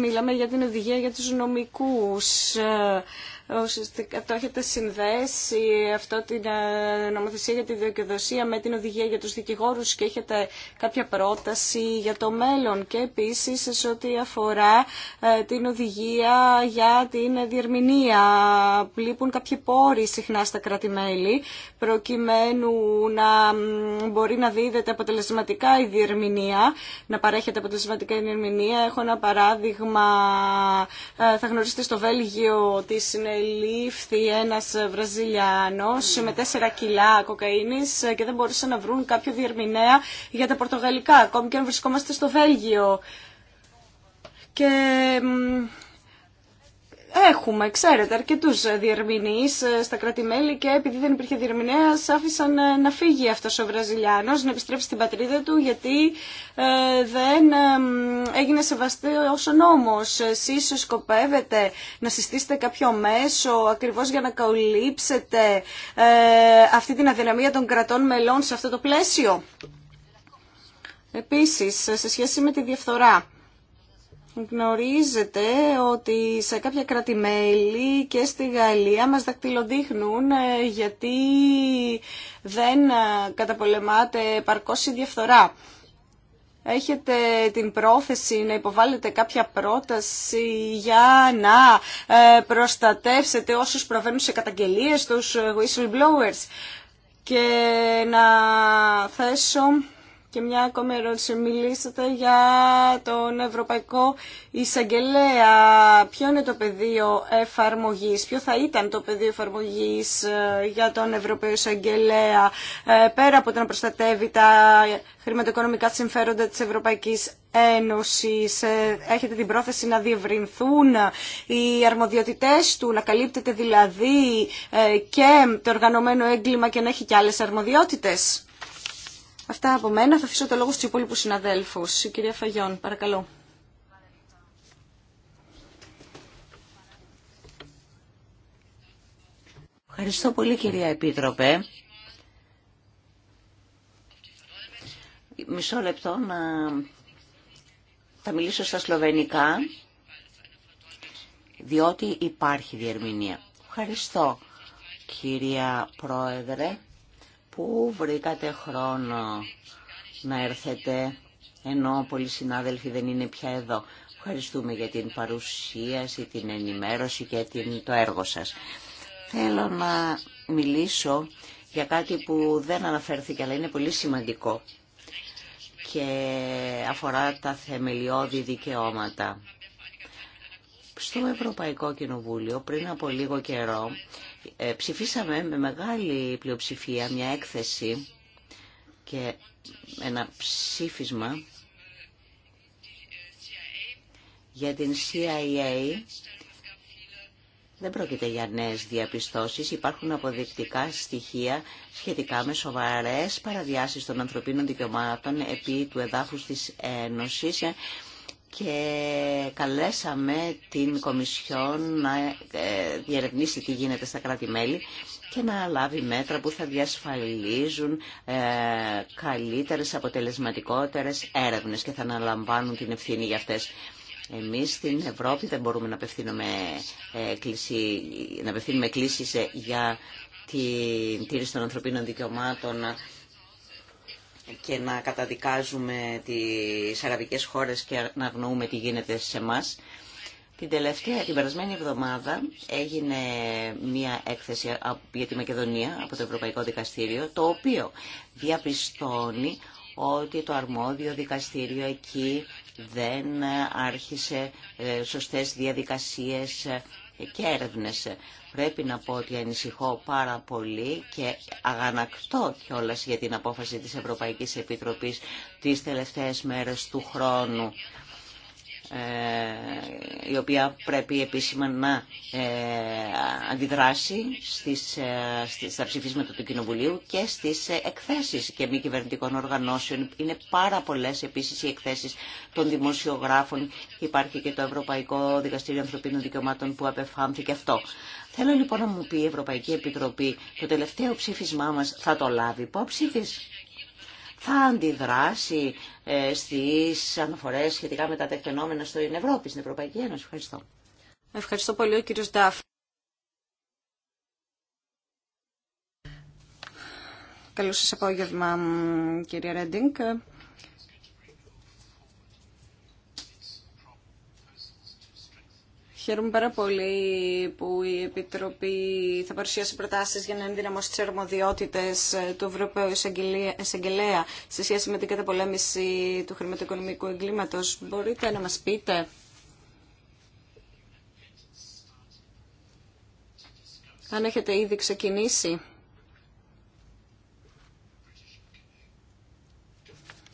μιλάμε για την οδηγία για τους νομικούς ε, ουσιαστικά το έχετε συνδέσει αυτό την ε, νομοθεσία για τη δικαιοδοσία με την οδηγία για τους δικηγόρους και έχετε κάποια πρόταση για το μέλλον και επίσης σε ό,τι αφορά ε, την οδηγία για την διερμηνία. Λείπουν κάποιοι πόροι συχνά στα κράτη-μέλη προκειμένου να μπορεί να δίδεται αποτελεσματικά η διερμηνία, να παρέχεται αποτελεσματικά η διερμηνία. Έχω ένα παράδειγμα, ε, θα γνωρίσετε στο Βέλγιο ότι είναι Λήφθη ένας Βραζιλιάνος με τέσσερα κιλά κοκαίνης και δεν μπορούσαν να βρουν κάποιο διερμηνέα για τα πορτογαλικά, ακόμη και αν βρισκόμαστε στο Βέλγιο. Και Έχουμε, ξέρετε, αρκετού διερμηνείς ε, στα κράτη-μέλη και επειδή δεν υπήρχε διερμηνέας άφησαν ε, να φύγει αυτός ο Βραζιλιάνο, να επιστρέψει στην πατρίδα του γιατί ε, δεν έγινε σεβαστή ο νόμο, εσεί σκοπεύετε να συστήσετε κάποιο μέσο ακριβώς για να καολύψετε αυτή την αδυναμία των κρατών μελών σε αυτό το πλαίσιο. Επίσης, σε σχέση με τη διαφθορά, Γνωρίζετε ότι σε κάποια κράτη-μέλη και στη Γαλλία μας δακτυλοδείχνουν ε, γιατί δεν ε, καταπολεμάτε παρκώς η διαφθορά. Έχετε την πρόθεση να υποβάλλετε κάποια πρόταση για να ε, προστατεύσετε όσους προβαίνουν σε καταγγελίες, τους whistleblowers. Και να θέσω και μια ακόμη ερώτηση. Μιλήσατε για τον Ευρωπαϊκό Εισαγγελέα. Ποιο είναι το πεδίο εφαρμογής, ποιο θα ήταν το πεδίο εφαρμογή ε, για τον Ευρωπαϊκό Εισαγγελέα, ε, πέρα από το να προστατεύει τα χρηματοοικονομικά συμφέροντα της Ευρωπαϊκής Ένωσης. Ε, έχετε την πρόθεση να διευρυνθούν οι αρμοδιότητές του, να καλύπτεται δηλαδή και το οργανωμένο έγκλημα και να έχει και άλλε αρμοδιότητε. Αυτά από μένα. Θα αφήσω το λόγο στους υπόλοιπου συναδέλφους. Η κυρία Φαγιόν, παρακαλώ. Ευχαριστώ πολύ κυρία Επίτροπε. Μισό λεπτό να... Θα μιλήσω στα σλοβενικά, διότι υπάρχει διερμηνία. Ευχαριστώ κυρία Πρόεδρε που βρήκατε χρόνο να έρθετε, ενώ πολλοί συνάδελφοι δεν είναι πια εδώ. Ευχαριστούμε για την παρουσίαση, την ενημέρωση και το έργο σας. Θέλω να μιλήσω για κάτι που δεν αναφέρθηκε, αλλά είναι πολύ σημαντικό και αφορά τα θεμελιώδη δικαιώματα. Στο Ευρωπαϊκό Κοινοβούλιο πριν από λίγο καιρό ε, ψηφίσαμε με μεγάλη πλειοψηφία μια έκθεση και ένα ψήφισμα για την CIA δεν πρόκειται για νέες διαπιστώσεις, υπάρχουν αποδεικτικά στοιχεία σχετικά με σοβαρές παραδιάσεις των ανθρωπίνων δικαιωμάτων επί του εδάφους της Ένωσης και καλέσαμε την Κομισιόν να ε, διερευνήσει τι γίνεται στα κράτη-μέλη και να λάβει μέτρα που θα διασφαλίζουν ε, καλύτερες, αποτελεσματικότερες έρευνες και θα αναλαμβάνουν την ευθύνη για αυτές. Εμείς στην Ευρώπη δεν μπορούμε να απευθύνουμε, ε, κλίση, να απευθύνουμε για την τήρηση των ανθρωπίνων δικαιωμάτων και να καταδικάζουμε τις αραβικές χώρες και να αγνοούμε τι γίνεται σε εμά. Την τελευταία, την περασμένη εβδομάδα έγινε μια έκθεση για τη Μακεδονία από το Ευρωπαϊκό Δικαστήριο, το οποίο διαπιστώνει ότι το αρμόδιο δικαστήριο εκεί δεν άρχισε ε, σωστές διαδικασίες και έρευνες. Πρέπει να πω ότι ανησυχώ πάρα πολύ και αγανακτώ κιόλας για την απόφαση της Ευρωπαϊκής Επιτροπής τις τελευταίες μέρες του χρόνου ε, η οποία πρέπει επίσημα να ε, αντιδράσει ε, στις, στα ψηφίσματα του Κοινοβουλίου και στις εκθέσεις και μη κυβερνητικών οργανώσεων. Είναι πάρα πολλές επίσης οι εκθέσεις των δημοσιογράφων. Υπάρχει και το Ευρωπαϊκό Δικαστήριο Ανθρωπίνων Δικαιωμάτων που απεφάνθηκε αυτό. Θέλω λοιπόν να μου πει η Ευρωπαϊκή Επιτροπή, το τελευταίο ψήφισμά μας θα το λάβει υπόψη της θα αντιδράσει ε, στις αναφορές σχετικά με τα τεκτενόμενα στην Ευρώπη, στην Ευρωπαϊκή Ένωση. Ευχαριστώ. Ευχαριστώ πολύ ο κύριος Ντάφ. Καλώς σας απόγευμα, κυρία Ρέντινγκ. Χαίρομαι πάρα πολύ που η Επιτροπή θα παρουσιάσει προτάσεις για να ενδυναμώσει τις αρμοδιότητες ε, του Ευρωπαίου Εισαγγελέα σε σχέση με την καταπολέμηση του χρηματοοικονομικού εγκλήματος. Μπορείτε να μας πείτε αν έχετε ήδη ξεκινήσει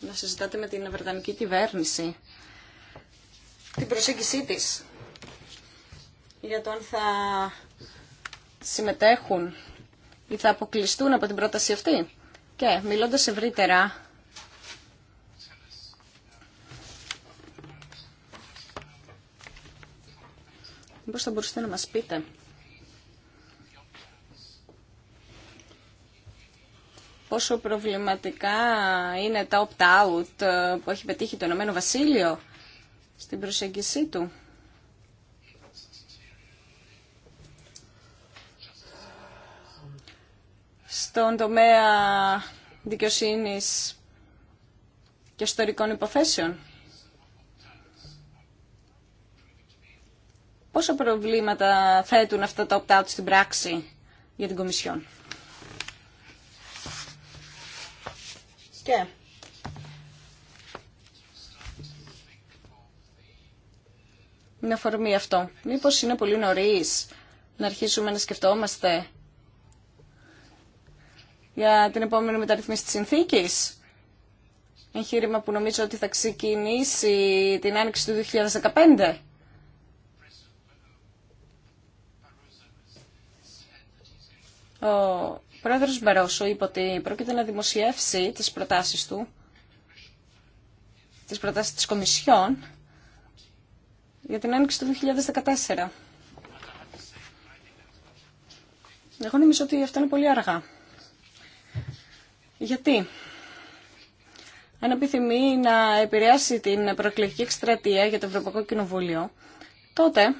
να συζητάτε με την Βρετανική κυβέρνηση την προσέγγισή της για το αν θα συμμετέχουν ή θα αποκλειστούν από την πρόταση αυτή. Και μιλώντας ευρύτερα, πώς θα μπορούσατε να μας πείτε. Πόσο προβληματικά είναι τα opt-out που έχει πετύχει το Ηνωμένο Βασίλειο στην προσέγγιση του. στον τομέα δικαιοσύνης και ιστορικών υποθέσεων. Πόσα προβλήματα θέτουν αυτά τα opt-out στην πράξη για την Κομισιόν. Και με αφορμή αυτό, μήπως είναι πολύ νωρίς να αρχίσουμε να σκεφτόμαστε για την επόμενη μεταρρυθμίση της συνθήκης. Εγχείρημα που νομίζω ότι θα ξεκινήσει την άνοιξη του 2015. Ο πρόεδρος Μπαρόσο είπε ότι πρόκειται να δημοσιεύσει τις προτάσεις του, τις προτάσεις της Κομισιόν, για την άνοιξη του 2014. Εγώ νομίζω ότι αυτό είναι πολύ αργά. Γιατί αν επιθυμεί να επηρεάσει την προεκλογική εκστρατεία για το Ευρωπαϊκό Κοινοβούλιο, τότε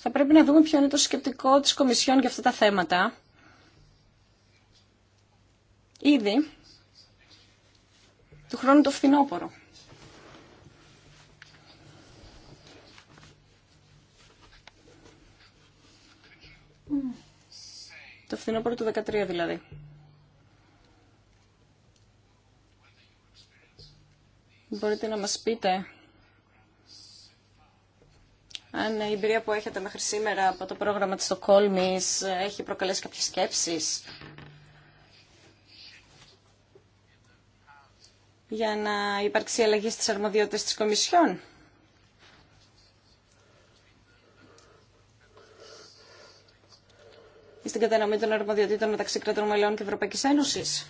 θα πρέπει να δούμε ποιο είναι το σκεπτικό της Κομισιόν για αυτά τα θέματα. Ήδη του χρόνου το φθινόπωρο. Το φθινόπωρο του 2013 δηλαδή. Μπορείτε να μας πείτε αν η εμπειρία που έχετε μέχρι σήμερα από το πρόγραμμα της Στοκόλμης έχει προκαλέσει κάποιες σκέψεις για να υπάρξει αλλαγή στις αρμοδιότητες της Κομισιόν. στην κατανομή των αρμοδιοτήτων μεταξύ κρατών μελών και Ευρωπαϊκής Ένωσης.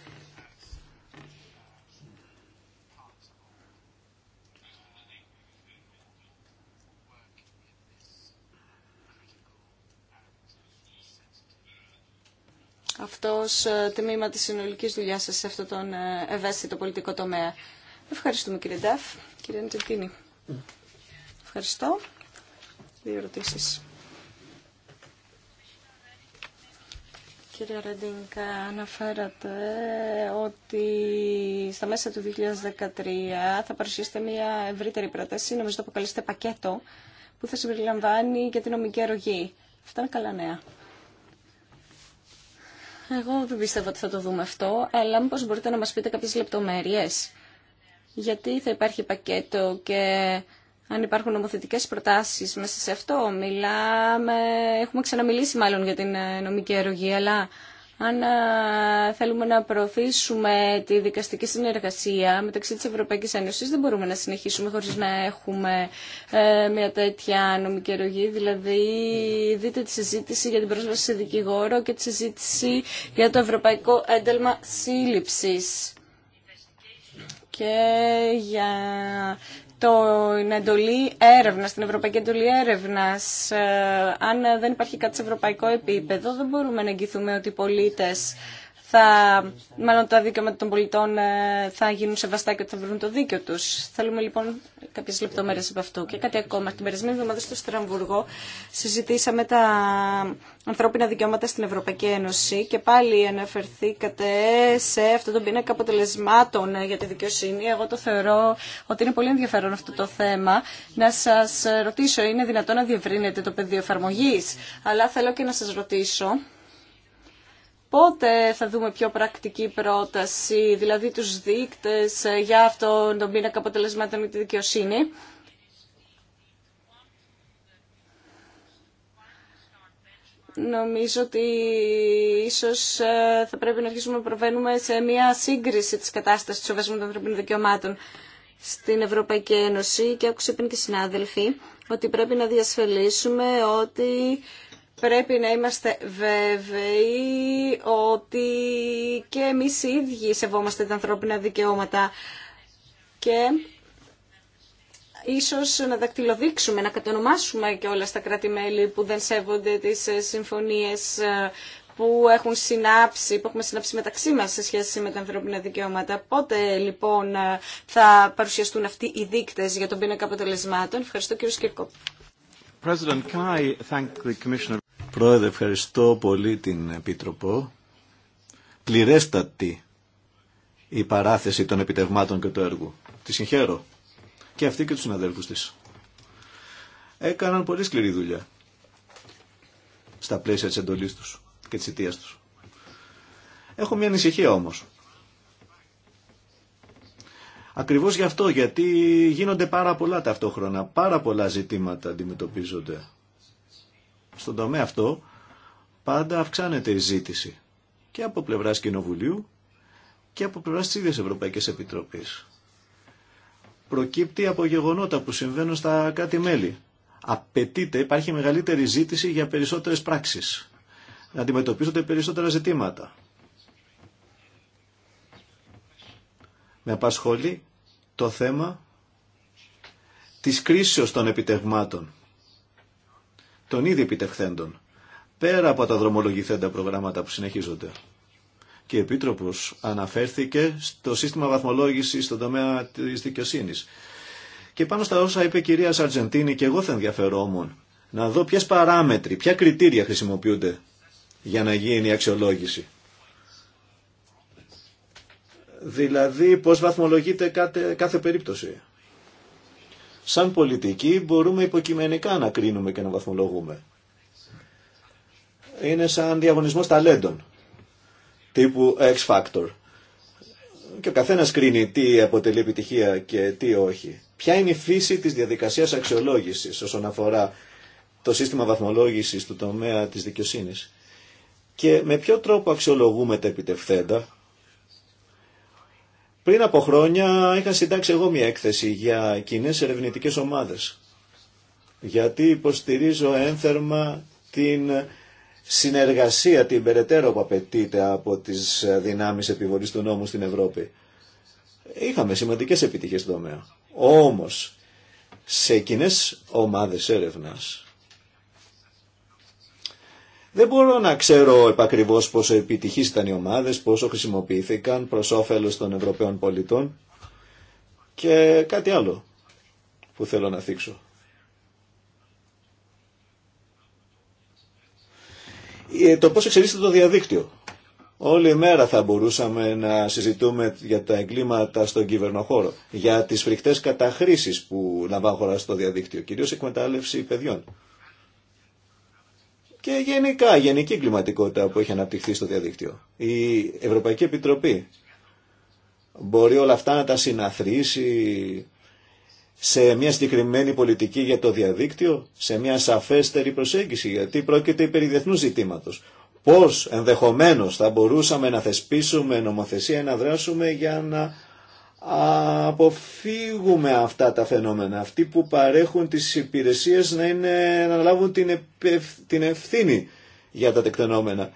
Αυτός ε, τμήμα της συνολικής δουλειάς σας σε αυτόν τον ε, ευαίσθητο πολιτικό τομέα. Ευχαριστούμε κύριε Ντεφ. κύριε Ντεφτίνη. Ευχαριστώ. Δύο ερωτήσεις. Κύριε Ρεντίνκα, αναφέρατε ότι στα μέσα του 2013 θα παρουσιάσετε μια ευρύτερη πρόταση, νομίζω το αποκαλείστε πακέτο, που θα συμπεριλαμβάνει και την νομική αρρωγή. Αυτά είναι καλά νέα. Εγώ δεν πιστεύω ότι θα το δούμε αυτό, αλλά μήπως μπορείτε να μας πείτε κάποιες λεπτομέρειες. Γιατί θα υπάρχει πακέτο και αν υπάρχουν νομοθετικές προτάσεις μέσα σε αυτό. Μιλάμε, έχουμε ξαναμιλήσει μάλλον για την ε, νομική αρρωγή, αλλά αν ε, θέλουμε να προωθήσουμε τη δικαστική συνεργασία μεταξύ της Ευρωπαϊκής Ένωσης, δεν μπορούμε να συνεχίσουμε χωρίς να έχουμε ε, μια τέτοια νομική αρρωγή. Δηλαδή, δείτε τη συζήτηση για την πρόσβαση σε δικηγόρο και τη συζήτηση για το Ευρωπαϊκό Ένταλμα Σύλληψης και για την εντολή έρευνα, την Ευρωπαϊκή Εντολή Έρευνα. Ε, αν δεν υπάρχει κάτι σε ευρωπαϊκό επίπεδο, δεν μπορούμε να εγγυηθούμε ότι οι πολίτε θα, μάλλον τα δικαιώματα των πολιτών ε, θα γίνουν σεβαστά και ότι θα βρουν το δίκιο τους. Θέλουμε λοιπόν κάποιες λεπτομέρειες από αυτό. Και κάτι ακόμα. Την περασμένη εβδομάδα στο Στραμβουργό συζητήσαμε τα ανθρώπινα δικαιώματα στην Ευρωπαϊκή Ένωση και πάλι αναφερθήκατε σε αυτό τον πίνακα αποτελεσμάτων ε, για τη δικαιοσύνη. Εγώ το θεωρώ ότι είναι πολύ ενδιαφέρον αυτό το θέμα. Να σας ρωτήσω, είναι δυνατόν να διευρύνετε το πεδίο εφαρμογή, αλλά θέλω και να σας ρωτήσω Πότε θα δούμε πιο πρακτική πρόταση, δηλαδή τους δείκτες ε, για αυτόν τον πίνακα αποτελεσμάτων με τη δικαιοσύνη. Νομίζω ότι ίσως ε, θα πρέπει να αρχίσουμε να προβαίνουμε σε μια σύγκριση της κατάστασης του σοβασμού των ανθρωπίνων δικαιωμάτων στην Ευρωπαϊκή Ένωση και άκουσα πριν και συνάδελφοι ότι πρέπει να διασφαλίσουμε ότι Πρέπει να είμαστε βέβαιοι ότι και εμείς οι ίδιοι σεβόμαστε τα ανθρώπινα δικαιώματα και ίσως να δακτυλοδείξουμε, να κατονομάσουμε και όλα στα κράτη-μέλη που δεν σέβονται τις ε, συμφωνίες ε, που έχουν συνάψει, που έχουμε συνάψει μεταξύ μας σε σχέση με τα ανθρώπινα δικαιώματα. Πότε λοιπόν ε, θα παρουσιαστούν αυτοί οι δείκτες για τον πίνακα αποτελεσμάτων. Ευχαριστώ κύριο Σκύρκο. Πρόεδρε, ευχαριστώ πολύ την Επίτροπο. Πληρέστατη η παράθεση των επιτευμάτων και του έργου. Τη συγχαίρω. Και αυτή και του συναδέλφους της. Έκαναν πολύ σκληρή δουλειά στα πλαίσια τη εντολή τους και τη αιτία του. Έχω μια ανησυχία όμως. Ακριβώς γι' αυτό, γιατί γίνονται πάρα πολλά ταυτόχρονα, πάρα πολλά ζητήματα αντιμετωπίζονται στον τομέα αυτό πάντα αυξάνεται η ζήτηση και από πλευράς Κοινοβουλίου και από πλευράς της ίδια Ευρωπαϊκής Επιτροπής. Προκύπτει από γεγονότα που συμβαίνουν στα κάτι μέλη. Απαιτείται, υπάρχει μεγαλύτερη ζήτηση για περισσότερες πράξεις. Να αντιμετωπίζονται περισσότερα ζητήματα. Με απασχολεί το θέμα της κρίσεως των επιτεγμάτων των ήδη επιτευχθέντων, πέρα από τα δρομολογηθέντα προγράμματα που συνεχίζονται. Και η Επίτροπος αναφέρθηκε στο σύστημα βαθμολόγησης στον τομέα της δικαιοσύνης. Και πάνω στα όσα είπε η κυρία Σαρτζεντίνη και εγώ θα ενδιαφερόμουν να δω ποιες παράμετροι, ποια κριτήρια χρησιμοποιούνται για να γίνει η αξιολόγηση. Δηλαδή πώς βαθμολογείται κάθε, κάθε περίπτωση σαν πολιτικοί μπορούμε υποκειμενικά να κρίνουμε και να βαθμολογούμε. Είναι σαν διαγωνισμός ταλέντων, τύπου X Factor. Και ο καθένας κρίνει τι αποτελεί επιτυχία και τι όχι. Ποια είναι η φύση της διαδικασίας αξιολόγησης όσον αφορά το σύστημα βαθμολόγησης του τομέα της δικαιοσύνης. Και με ποιο τρόπο αξιολογούμε τα επιτευθέντα, πριν από χρόνια είχα συντάξει εγώ μια έκθεση για κοινέ ερευνητικές ομάδες. Γιατί υποστηρίζω ένθερμα την συνεργασία, την περαιτέρω που απαιτείται από τις δυνάμεις επιβολής του νόμου στην Ευρώπη. Είχαμε σημαντικές επιτυχίες στον τομέα. Όμως, σε κοινέ ομάδες έρευνας δεν μπορώ να ξέρω επακριβώς πόσο επιτυχεί ήταν οι ομάδες, πόσο χρησιμοποιήθηκαν προς όφελο των Ευρωπαίων πολιτών και κάτι άλλο που θέλω να θίξω. Ε, το πώς εξελίσσεται το διαδίκτυο. Όλη μέρα θα μπορούσαμε να συζητούμε για τα εγκλήματα στον κυβερνοχώρο, για τις φρικτές καταχρήσεις που λαμβάνουν χώρα στο διαδίκτυο, κυρίως εκμετάλλευση παιδιών και γενικά γενική κλιματικότητα που έχει αναπτυχθεί στο διαδίκτυο. Η Ευρωπαϊκή Επιτροπή μπορεί όλα αυτά να τα συναθρήσει σε μια συγκεκριμένη πολιτική για το διαδίκτυο, σε μια σαφέστερη προσέγγιση, γιατί πρόκειται περί διεθνού ζητήματο. Πώς ενδεχομένως θα μπορούσαμε να θεσπίσουμε νομοθεσία, να δράσουμε για να αποφύγουμε αυτά τα φαινόμενα. Αυτοί που παρέχουν τις υπηρεσίες να, είναι, να λάβουν την, την ευθύνη για τα τεκτενόμενα.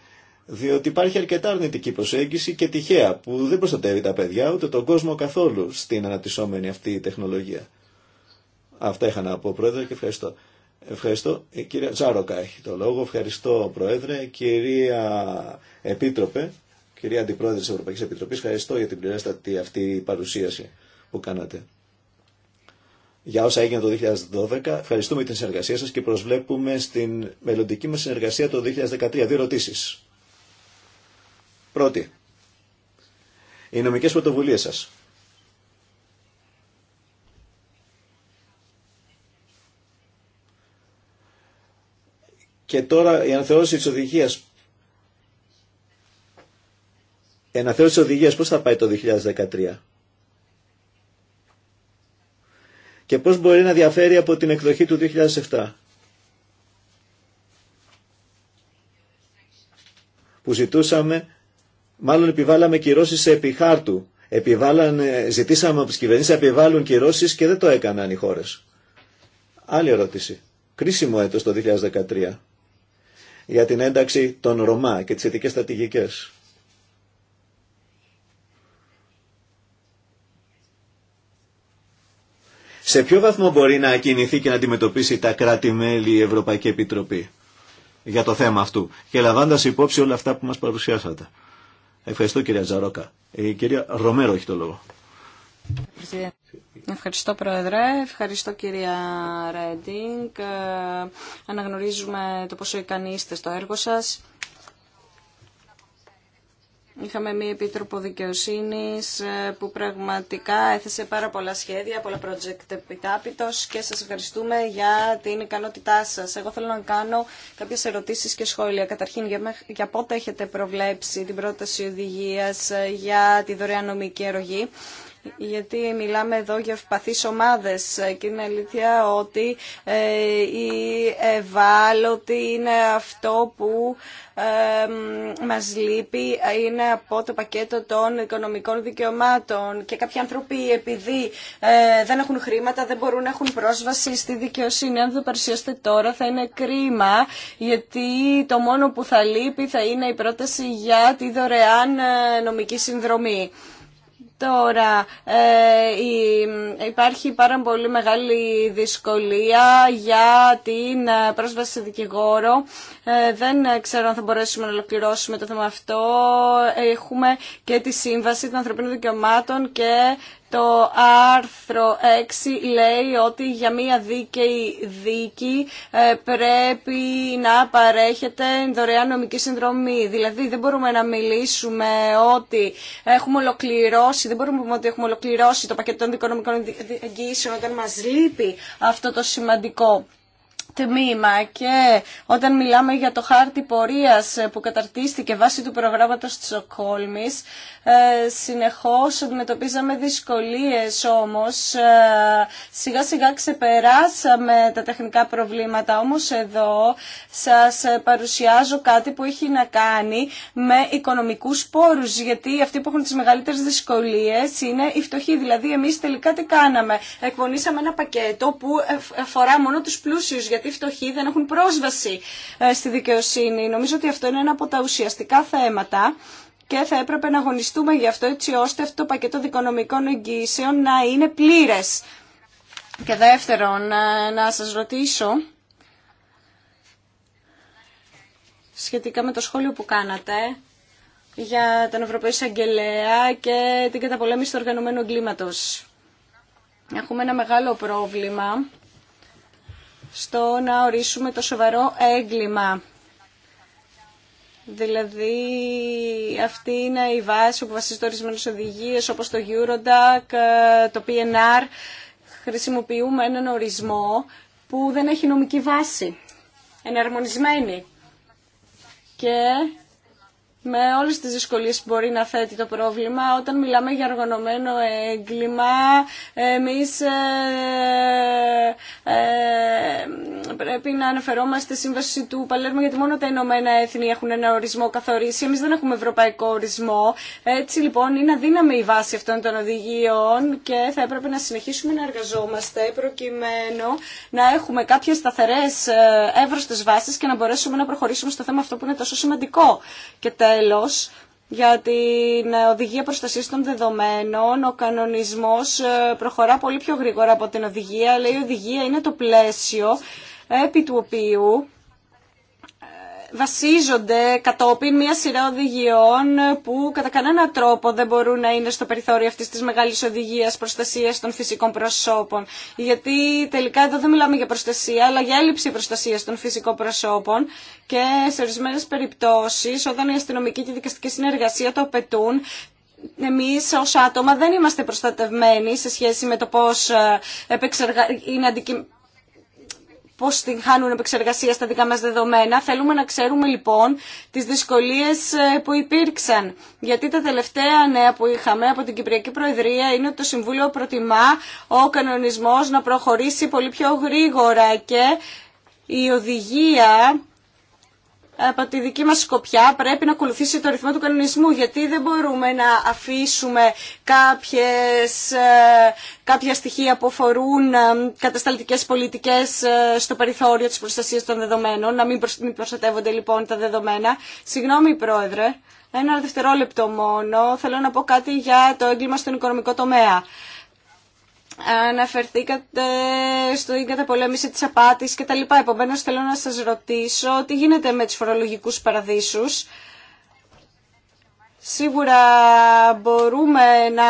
Διότι υπάρχει αρκετά αρνητική προσέγγιση και τυχαία που δεν προστατεύει τα παιδιά ούτε τον κόσμο καθόλου στην αναπτυσσόμενη αυτή τεχνολογία. Αυτά είχα να πω πρόεδρε και ευχαριστώ. Ευχαριστώ. Η κυρία Τζάροκα έχει το λόγο. Ευχαριστώ πρόεδρε. Κυρία Επίτροπε. Κυρία Αντιπρόεδρε τη Ευρωπαϊκής Επιτροπής, ευχαριστώ για την πληρέστατη αυτή παρουσίαση που κάνατε. Για όσα έγινε το 2012, ευχαριστούμε την συνεργασία σας και προσβλέπουμε στην μελλοντική μας συνεργασία το 2013. Δύο ερωτήσει. Πρώτη, οι νομικέ πρωτοβουλίε σας. Και τώρα η αναθεώρηση τη οδηγία. Η τη οδηγία πώς θα πάει το 2013. Και πώς μπορεί να διαφέρει από την εκδοχή του 2007. Που ζητούσαμε, μάλλον επιβάλαμε κυρώσεις σε επιχάρτου. Επιβάλανε, ζητήσαμε από τις κυβερνήσεις να επιβάλλουν κυρώσεις και δεν το έκαναν οι χώρες. Άλλη ερώτηση. Κρίσιμο έτος το 2013 για την ένταξη των Ρωμά και τις ειδικές στρατηγικές. σε ποιο βαθμό μπορεί να κινηθεί και να αντιμετωπίσει τα κράτη-μέλη η Ευρωπαϊκή Επιτροπή για το θέμα αυτού και λαμβάνοντα υπόψη όλα αυτά που μας παρουσιάσατε. Ευχαριστώ κυρία Τζαρόκα. Η κυρία Ρομέρο έχει το λόγο. Ευχαριστώ Πρόεδρε, ευχαριστώ κυρία Ρέντινγκ. Ε, αναγνωρίζουμε το πόσο ικανή είστε στο έργο σας Είχαμε μία Επίτροπο Δικαιοσύνης ε, που πραγματικά έθεσε πάρα πολλά σχέδια, πολλά project επιτάπητος και σας ευχαριστούμε για την ικανότητά σας. Εγώ θέλω να κάνω κάποιες ερωτήσεις και σχόλια. Καταρχήν, για πότε έχετε προβλέψει την πρόταση οδηγίας ε, για τη δωρεάν νομική αρρωγή γιατί μιλάμε εδώ για ευπαθείς ομάδες και είναι αλήθεια ότι ε, η ευάλωτη είναι αυτό που ε, μας λείπει, είναι από το πακέτο των οικονομικών δικαιωμάτων και κάποιοι άνθρωποι επειδή ε, δεν έχουν χρήματα δεν μπορούν να έχουν πρόσβαση στη δικαιοσύνη. Αν δεν παρουσιάσετε τώρα θα είναι κρίμα γιατί το μόνο που θα λείπει θα είναι η πρόταση για τη δωρεάν νομική συνδρομή. Τώρα ε, υπάρχει πάρα πολύ μεγάλη δυσκολία για την ε, πρόσβαση σε δικηγόρο. Ε, δεν ξέρω αν θα μπορέσουμε να ολοκληρώσουμε το θέμα αυτό. Έχουμε και τη Σύμβαση των Ανθρωπίνων Δικαιωμάτων και το άρθρο 6 λέει ότι για μία δίκαιη δίκη ε, πρέπει να παρέχεται δωρεάν νομική συνδρομή. Δηλαδή δεν μπορούμε να μιλήσουμε ότι έχουμε ολοκληρώσει, δεν μπορούμε να πούμε ότι έχουμε ολοκληρώσει το πακέτο των δικονομικών εγγύσεων όταν μας λείπει αυτό το σημαντικό τμήμα και όταν μιλάμε για το χάρτη πορείας που καταρτίστηκε βάσει του προγράμματος της Οκόλμης ε, συνεχώς αντιμετωπίζαμε δυσκολίες όμως ε, σιγά σιγά ξεπεράσαμε τα τεχνικά προβλήματα όμως εδώ σας παρουσιάζω κάτι που έχει να κάνει με οικονομικούς πόρους γιατί αυτοί που έχουν τις μεγαλύτερες δυσκολίες είναι οι φτωχοί δηλαδή εμείς τελικά τι κάναμε εκπονήσαμε ένα πακέτο που αφορά μόνο τους πλούσιους γιατί οι φτωχοί δεν έχουν πρόσβαση ε, στη δικαιοσύνη. Νομίζω ότι αυτό είναι ένα από τα ουσιαστικά θέματα και θα έπρεπε να αγωνιστούμε γι' αυτό έτσι ώστε αυτό το πακέτο δικονομικών εγγύσεων να είναι πλήρες. Και δεύτερον, ε, να σας ρωτήσω σχετικά με το σχόλιο που κάνατε για τον Ευρωπαϊκό Αγγελέα και την καταπολέμηση του οργανωμένου εγκλήματος. Έχουμε ένα μεγάλο πρόβλημα στο να ορίσουμε το σοβαρό έγκλημα. Δηλαδή, αυτή είναι η βάση που βασίζεται ορισμένε οδηγίε όπω το Eurodac, ε, το PNR. Χρησιμοποιούμε έναν ορισμό που δεν έχει νομική βάση. Εναρμονισμένη. Και με όλες τις δυσκολίες που μπορεί να θέτει το πρόβλημα. Όταν μιλάμε για οργανωμένο έγκλημα, εμείς ε, ε, πρέπει να αναφερόμαστε στη σύμβαση του παλέρμα γιατί μόνο τα Ηνωμένα Έθνη έχουν ένα ορισμό καθορίσει. Εμείς δεν έχουμε ευρωπαϊκό ορισμό. Έτσι λοιπόν είναι αδύναμη η βάση αυτών των οδηγίων και θα έπρεπε να συνεχίσουμε να εργαζόμαστε προκειμένου να έχουμε κάποιες σταθερές ε, εύρωστες βάσεις και να μπορέσουμε να προχωρήσουμε στο θέμα αυτό που είναι τόσο σημαντικό. Και τέλος για την οδηγία προστασίας των δεδομένων. Ο κανονισμός ε, προχωρά πολύ πιο γρήγορα από την οδηγία, αλλά η οδηγία είναι το πλαίσιο επί του οποίου βασίζονται κατόπιν μια σειρά οδηγιών που κατά κανέναν τρόπο δεν μπορούν να είναι στο περιθώριο αυτής της μεγάλης οδηγίας προστασίας των φυσικών προσώπων. Γιατί τελικά εδώ δεν μιλάμε για προστασία, αλλά για έλλειψη προστασίας των φυσικών προσώπων και σε ορισμένε περιπτώσεις όταν η αστυνομική και η δικαστική συνεργασία το απαιτούν, εμείς ως άτομα δεν είμαστε προστατευμένοι σε σχέση με το πώς ε, είναι αντικειμενικό πώς την χάνουν επεξεργασία στα δικά μας δεδομένα. Θέλουμε να ξέρουμε λοιπόν τις δυσκολίες ε, που υπήρξαν. Γιατί τα τελευταία νέα που είχαμε από την Κυπριακή Προεδρία είναι ότι το Συμβούλιο προτιμά ο κανονισμός να προχωρήσει πολύ πιο γρήγορα και η οδηγία από τη δική μας σκοπιά πρέπει να ακολουθήσει το ρυθμό του κανονισμού γιατί δεν μπορούμε να αφήσουμε κάποιες, ε, κάποια στοιχεία που αφορούν ε, κατασταλτικές πολιτικές ε, στο περιθώριο της προστασίας των δεδομένων, να μην, προστατεύονται λοιπόν τα δεδομένα. Συγγνώμη Πρόεδρε, ένα δευτερόλεπτο μόνο, θέλω να πω κάτι για το έγκλημα στον οικονομικό τομέα αναφερθήκατε στην καταπολέμηση της απάτης και τα λοιπά. Επομένως θέλω να σας ρωτήσω τι γίνεται με τους φορολογικούς παραδείσους. Σίγουρα μπορούμε να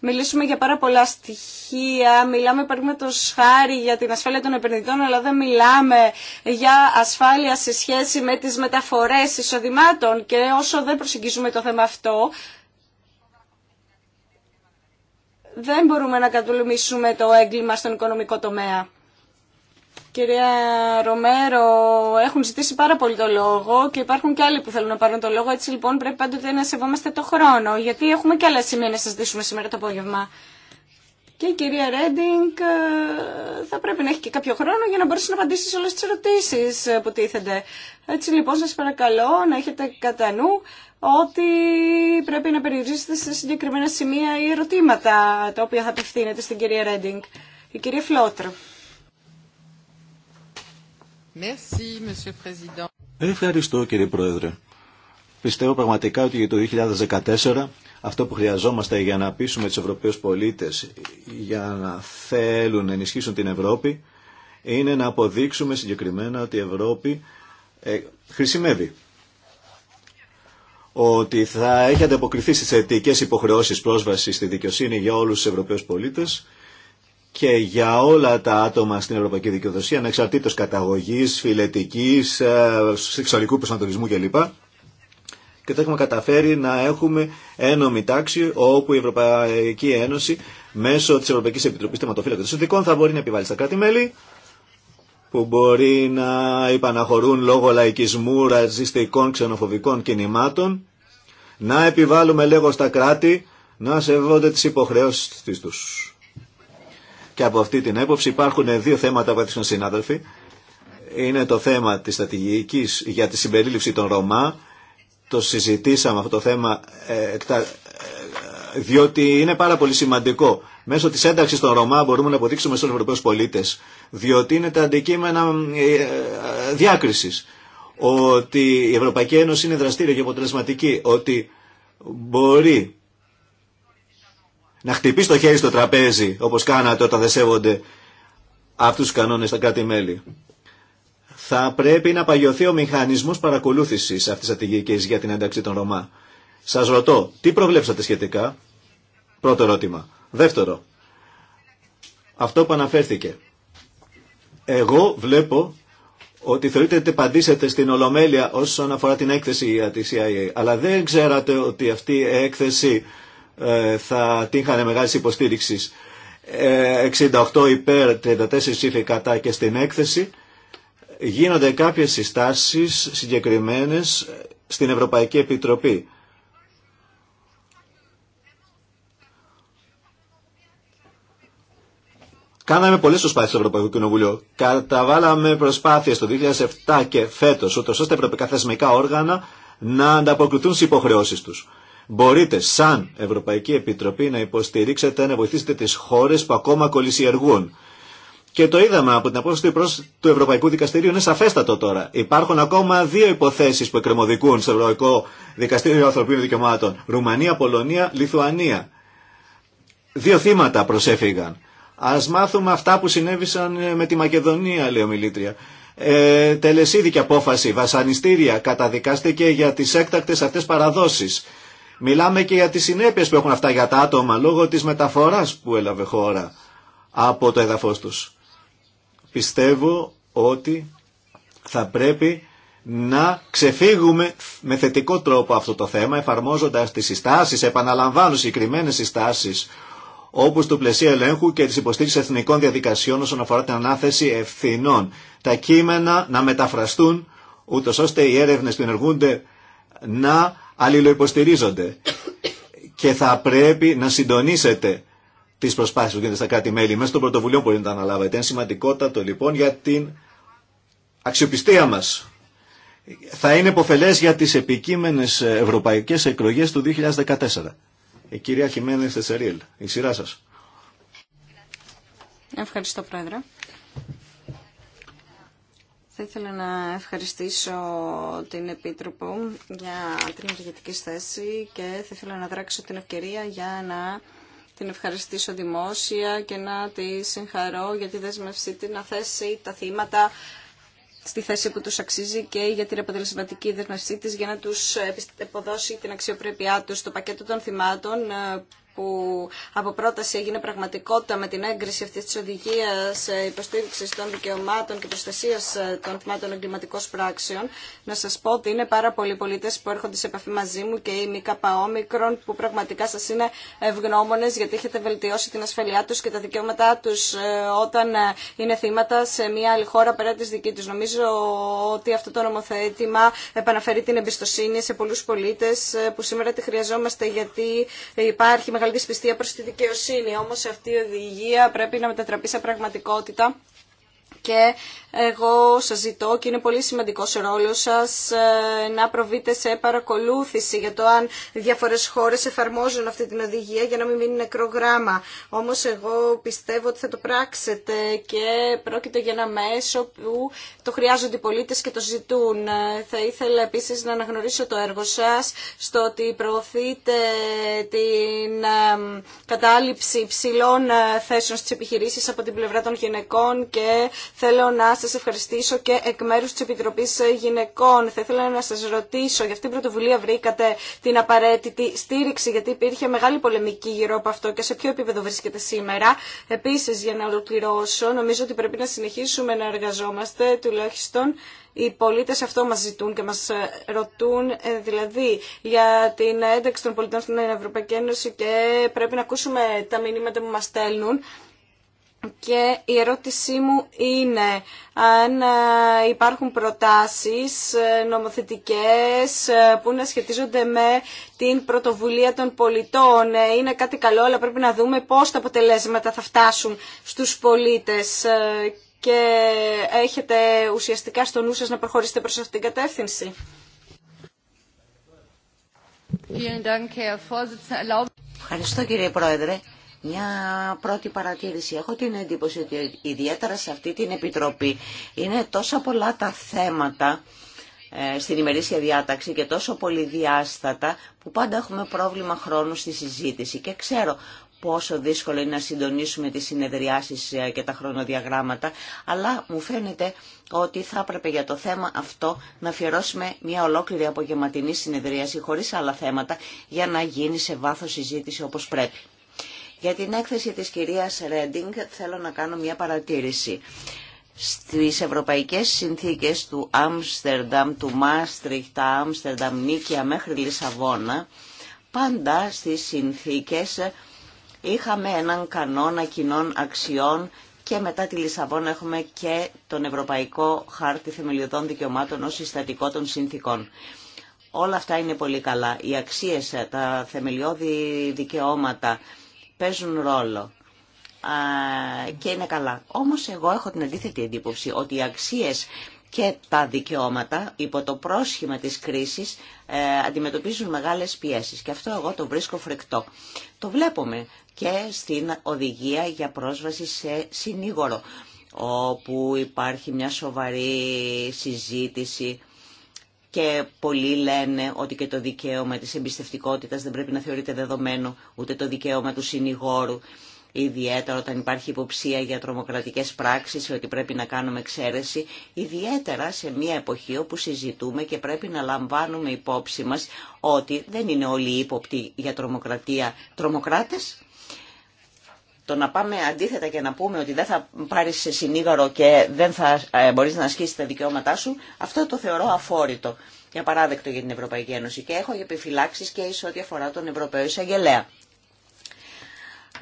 μιλήσουμε για πάρα πολλά στοιχεία. Μιλάμε παραδείγματο χάρη για την ασφάλεια των επενδυτών, αλλά δεν μιλάμε για ασφάλεια σε σχέση με τις μεταφορές εισοδημάτων. Και όσο δεν προσεγγίζουμε το θέμα αυτό, δεν μπορούμε να κατολμήσουμε το έγκλημα στον οικονομικό τομέα. Κυρία Ρομέρο, έχουν ζητήσει πάρα πολύ το λόγο και υπάρχουν και άλλοι που θέλουν να πάρουν το λόγο. Έτσι λοιπόν πρέπει πάντοτε να σεβόμαστε το χρόνο, γιατί έχουμε και άλλα σημεία να συζητήσουμε σήμερα το απόγευμα. Και η κυρία Ρέντινγκ ε, θα πρέπει να έχει και κάποιο χρόνο για να μπορέσει να απαντήσει σε όλες τις ερωτήσεις που τίθενται. Έτσι λοιπόν σας παρακαλώ να έχετε κατά νου ότι πρέπει να περιορίσετε σε συγκεκριμένα σημεία ή ερωτήματα τα οποία θα απευθύνετε στην κυρία Ρέντινγκ. Η κυρία Φλότρ. Ευχαριστώ κύριε Πρόεδρε. Πιστεύω πραγματικά ότι για το 2014 αυτό που χρειαζόμαστε για να πείσουμε τους Ευρωπαίους πολίτες για να θέλουν να ενισχύσουν την Ευρώπη είναι να αποδείξουμε συγκεκριμένα ότι η Ευρώπη ε, χρησιμεύει. Ότι θα έχει ανταποκριθεί στις αιτικές υποχρεώσεις πρόσβασης στη δικαιοσύνη για όλους τους Ευρωπαίους πολίτες και για όλα τα άτομα στην Ευρωπαϊκή Δικαιοδοσία ανεξαρτήτως καταγωγής, φιλετικής, ε, σεξουαλικού προσανατολισμού κλπ και το έχουμε καταφέρει να έχουμε ένωμη τάξη όπου η Ευρωπαϊκή Ένωση μέσω της Ευρωπαϊκής Επιτροπής και των Συνδικών θα μπορεί να επιβάλλει στα κράτη-μέλη που μπορεί να υπαναχωρούν λόγω λαϊκισμού, ραζιστικών, ξενοφοβικών κινημάτων να επιβάλλουμε λέγω στα κράτη να σεβόνται τις υποχρεώσεις τους. Και από αυτή την έποψη υπάρχουν δύο θέματα που έθεσαν συνάδελφοι. Είναι το θέμα της στρατηγικής για τη συμπερίληψη των Ρωμά το συζητήσαμε αυτό το θέμα ε, ε, διότι είναι πάρα πολύ σημαντικό. Μέσω της ένταξης των Ρωμά μπορούμε να αποδείξουμε στους Ευρωπαίους πολίτες διότι είναι τα αντικείμενα ε, διάκρισης ότι η Ευρωπαϊκή Ένωση είναι δραστήρια και αποτελεσματική ότι μπορεί να χτυπήσει το χέρι στο τραπέζι όπως κάνατε όταν δεν αυτού αυτούς τους κανόνες στα κράτη-μέλη θα πρέπει να παγιωθεί ο μηχανισμός παρακολούθησης αυτής της στρατηγικής για την ένταξη των Ρωμά. Σας ρωτώ, τι προβλέψατε σχετικά, πρώτο ερώτημα. Δεύτερο, αυτό που αναφέρθηκε. Εγώ βλέπω ότι θεωρείτε ότι απαντήσετε στην Ολομέλεια όσον αφορά την έκθεση για τη CIA, αλλά δεν ξέρατε ότι αυτή η έκθεση ε, θα τύχανε μεγάλη υποστήριξη. 68 ε, υπέρ, 34 ψήφοι κατά και στην έκθεση γίνονται κάποιες συστάσεις συγκεκριμένες στην Ευρωπαϊκή Επιτροπή. Κάναμε πολλέ προσπάθειε στο Ευρωπαϊκό Κοινοβούλιο. Καταβάλαμε προσπάθειε το 2007 και φέτο, ούτω ώστε τα ευρωπαϊκά θεσμικά όργανα να ανταποκριθούν στι υποχρεώσει του. Μπορείτε, σαν Ευρωπαϊκή Επιτροπή, να υποστηρίξετε, να βοηθήσετε τι χώρε που ακόμα κολυσιεργούν. Και το είδαμε από την απόφαση του Ευρωπαϊκού Δικαστηρίου, είναι σαφέστατο τώρα. Υπάρχουν ακόμα δύο υποθέσει που εκκρεμωδικούν στο Ευρωπαϊκό Δικαστήριο Ανθρωπίνων Δικαιωμάτων. Ρουμανία, Πολωνία, Λιθουανία. Δύο θύματα προσέφυγαν. Α μάθουμε αυτά που συνέβησαν ε, με τη Μακεδονία, λέει ο Μιλήτρια. Ε, τελεσίδικη απόφαση, βασανιστήρια, καταδικάστηκε για τι έκτακτε αυτέ παραδόσει. Μιλάμε και για τι συνέπειε που έχουν αυτά για τα άτομα λόγω τη μεταφορά που έλαβε χώρα από το έδαφο του πιστεύω ότι θα πρέπει να ξεφύγουμε με θετικό τρόπο αυτό το θέμα εφαρμόζοντας τις συστάσεις, επαναλαμβάνω συγκεκριμένε συστάσεις όπως του πλαισίο ελέγχου και της υποστήριξης εθνικών διαδικασιών όσον αφορά την ανάθεση ευθυνών. Τα κείμενα να μεταφραστούν ούτως ώστε οι έρευνες που ενεργούνται να αλληλοϊποστηρίζονται και θα πρέπει να συντονίσετε τι προσπάθειε που γίνονται στα κράτη-μέλη μέσα των πρωτοβουλίων που δεν να αναλάβετε. Είναι σημαντικότατο λοιπόν για την αξιοπιστία μα. Θα είναι υποφελέ για τι επικείμενε ευρωπαϊκέ εκλογέ του 2014. Η κυρία Χιμένε Θεσσαρίελ, η σειρά σα. Ευχαριστώ, Πρόεδρε. Θα ήθελα να ευχαριστήσω την Επίτροπο για την ενεργετική θέση και θα ήθελα να δράξω την ευκαιρία για να την ευχαριστήσω δημόσια και να τη συγχαρώ για τη δέσμευσή τη να θέσει τα θύματα στη θέση που τους αξίζει και για την αποτελεσματική δεσμευσή της για να τους αποδώσει την αξιοπρέπειά τους. στο πακέτο των θυμάτων ε, που από πρόταση έγινε πραγματικότητα με την έγκριση αυτής της οδηγίας ε, υποστήριξη των δικαιωμάτων και προστασία ε, των θυμάτων εγκληματικών πράξεων. Να σας πω ότι είναι πάρα πολλοί πολίτες που έρχονται σε επαφή μαζί μου και οι μη καπαόμικρον που πραγματικά σας είναι ευγνώμονες γιατί έχετε βελτιώσει την ασφαλειά τους και τα δικαιώματά τους ε, όταν είναι θύματα σε μια άλλη χώρα πέρα της δική τους. Νομίζω ότι αυτό το νομοθέτημα επαναφέρει την εμπιστοσύνη σε πολλούς πολίτες που σήμερα τη χρειαζόμαστε γιατί υπάρχει μεγάλη δυσπιστία προς τη δικαιοσύνη. Όμως αυτή η οδηγία πρέπει να μετατραπεί σε πραγματικότητα και εγώ σας ζητώ και είναι πολύ σημαντικό ο ρόλο σας ε, να προβείτε σε παρακολούθηση για το αν διάφορες χώρες εφαρμόζουν αυτή την οδηγία για να μην μείνει νεκρό γράμμα. Όμως εγώ πιστεύω ότι θα το πράξετε και πρόκειται για ένα μέσο που το χρειάζονται οι πολίτες και το ζητούν. Ε, θα ήθελα επίσης να αναγνωρίσω το έργο σας στο ότι προωθείτε την ε, κατάληψη υψηλών θέσεων στις επιχειρήσεις από την πλευρά των γυναικών και θέλω να σα ευχαριστήσω και εκ μέρου τη επιτροπή Γυναικών. Θα ήθελα να σα ρωτήσω, για αυτήν την πρωτοβουλία βρήκατε την απαραίτητη στήριξη, γιατί υπήρχε μεγάλη πολεμική γύρω από αυτό και σε ποιο επίπεδο βρίσκεται σήμερα. Επίση, για να ολοκληρώσω, νομίζω ότι πρέπει να συνεχίσουμε να εργαζόμαστε, τουλάχιστον οι πολίτες αυτό μας ζητούν και μας ρωτούν, ε, δηλαδή για την ένταξη των πολιτών στην Ευρωπαϊκή Ένωση και πρέπει να ακούσουμε τα μηνύματα που μας στέλνουν και η ερώτησή μου είναι αν ε, υπάρχουν προτάσεις ε, νομοθετικές ε, που να σχετίζονται με την πρωτοβουλία των πολιτών. Είναι κάτι καλό, αλλά πρέπει να δούμε πώς τα αποτελέσματα θα φτάσουν στους πολίτες και έχετε ουσιαστικά στο νου σας να προχωρήσετε προς αυτήν την κατεύθυνση. Ευχαριστώ κύριε Πρόεδρε. Μια πρώτη παρατήρηση. Έχω την εντύπωση ότι ιδιαίτερα σε αυτή την Επιτροπή είναι τόσα πολλά τα θέματα ε, στην ημερήσια διάταξη και τόσο πολυδιάστατα που πάντα έχουμε πρόβλημα χρόνου στη συζήτηση. Και ξέρω πόσο δύσκολο είναι να συντονίσουμε τις συνεδριάσεις ε, και τα χρονοδιαγράμματα, αλλά μου φαίνεται ότι θα έπρεπε για το θέμα αυτό να αφιερώσουμε μια ολόκληρη απογευματινή συνεδρίαση χωρίς άλλα θέματα για να γίνει σε βάθος συζήτηση όπως πρέπει. Για την έκθεση της κυρίας Ρέντινγκ θέλω να κάνω μια παρατήρηση. Στις ευρωπαϊκές συνθήκες του Άμστερνταμ, του τα Άμστερνταμ, Νίκια μέχρι Λισαβόνα, πάντα στις συνθήκες είχαμε έναν κανόνα κοινών αξιών και μετά τη Λισαβόνα έχουμε και τον Ευρωπαϊκό Χάρτη Θεμελιωδών Δικαιωμάτων ως συστατικό των συνθήκων. Όλα αυτά είναι πολύ καλά. Οι αξίες, τα θεμελιώδη δικαιώματα, παίζουν ρόλο και είναι καλά. Όμως εγώ έχω την αντίθετη εντύπωση ότι οι αξίες και τα δικαιώματα υπό το πρόσχημα της κρίσης ε, αντιμετωπίζουν μεγάλες πιέσεις και αυτό εγώ το βρίσκω φρεκτό. Το βλέπουμε και στην οδηγία για πρόσβαση σε συνήγορο όπου υπάρχει μια σοβαρή συζήτηση και πολλοί λένε ότι και το δικαίωμα της εμπιστευτικότητας δεν πρέπει να θεωρείται δεδομένο, ούτε το δικαίωμα του συνηγόρου, ιδιαίτερα όταν υπάρχει υποψία για τρομοκρατικές πράξεις, ότι πρέπει να κάνουμε εξαίρεση, ιδιαίτερα σε μια εποχή όπου συζητούμε και πρέπει να λαμβάνουμε υπόψη μας ότι δεν είναι όλοι ύποπτοι για τρομοκρατία τρομοκράτες. Το να πάμε αντίθετα και να πούμε ότι δεν θα πάρεις σε συνήγορο και δεν θα ε, μπορείς να ασκήσεις τα δικαιώματά σου, αυτό το θεωρώ αφόρητο και απαράδεκτο για την Ευρωπαϊκή Ένωση. Και έχω επιφυλάξεις και σε ό,τι αφορά τον Ευρωπαίο Εισαγγελέα.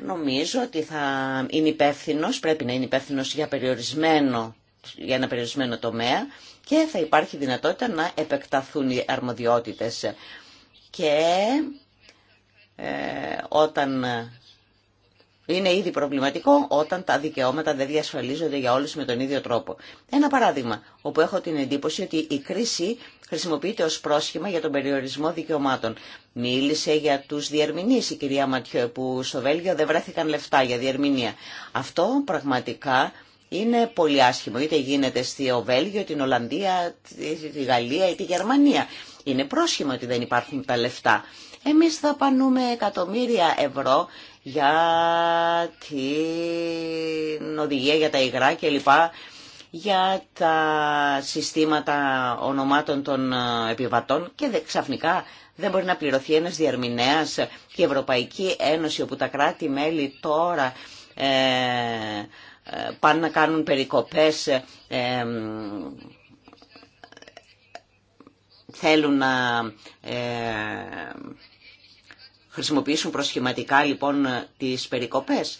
Νομίζω ότι θα είναι υπεύθυνο, πρέπει να είναι υπεύθυνο για, για ένα περιορισμένο τομέα και θα υπάρχει δυνατότητα να επεκταθούν οι αρμοδιότητες. Και ε, όταν είναι ήδη προβληματικό όταν τα δικαιώματα δεν διασφαλίζονται για όλους με τον ίδιο τρόπο. Ένα παράδειγμα, όπου έχω την εντύπωση ότι η κρίση χρησιμοποιείται ως πρόσχημα για τον περιορισμό δικαιωμάτων. Μίλησε για τους διερμηνείς η κυρία Ματιό, που στο Βέλγιο δεν βρέθηκαν λεφτά για διερμηνία. Αυτό πραγματικά είναι πολύ άσχημο, είτε γίνεται στο Βέλγιο, την Ολλανδία, τη Γαλλία ή τη Γερμανία. Είναι πρόσχημα ότι δεν υπάρχουν τα λεφτά. Εμείς θα πανούμε εκατομμύρια ευρώ για την οδηγία για τα υγρά κλπ. Για τα συστήματα ονομάτων των ε, επιβατών και δε, ξαφνικά δεν μπορεί να πληρωθεί ένας διαρμηνέας και η Ευρωπαϊκή Ένωση όπου τα κράτη-μέλη τώρα ε, ε πάνε να κάνουν περικοπές ε, θέλουν να χρησιμοποιήσουν προσχηματικά λοιπόν τις περικοπές.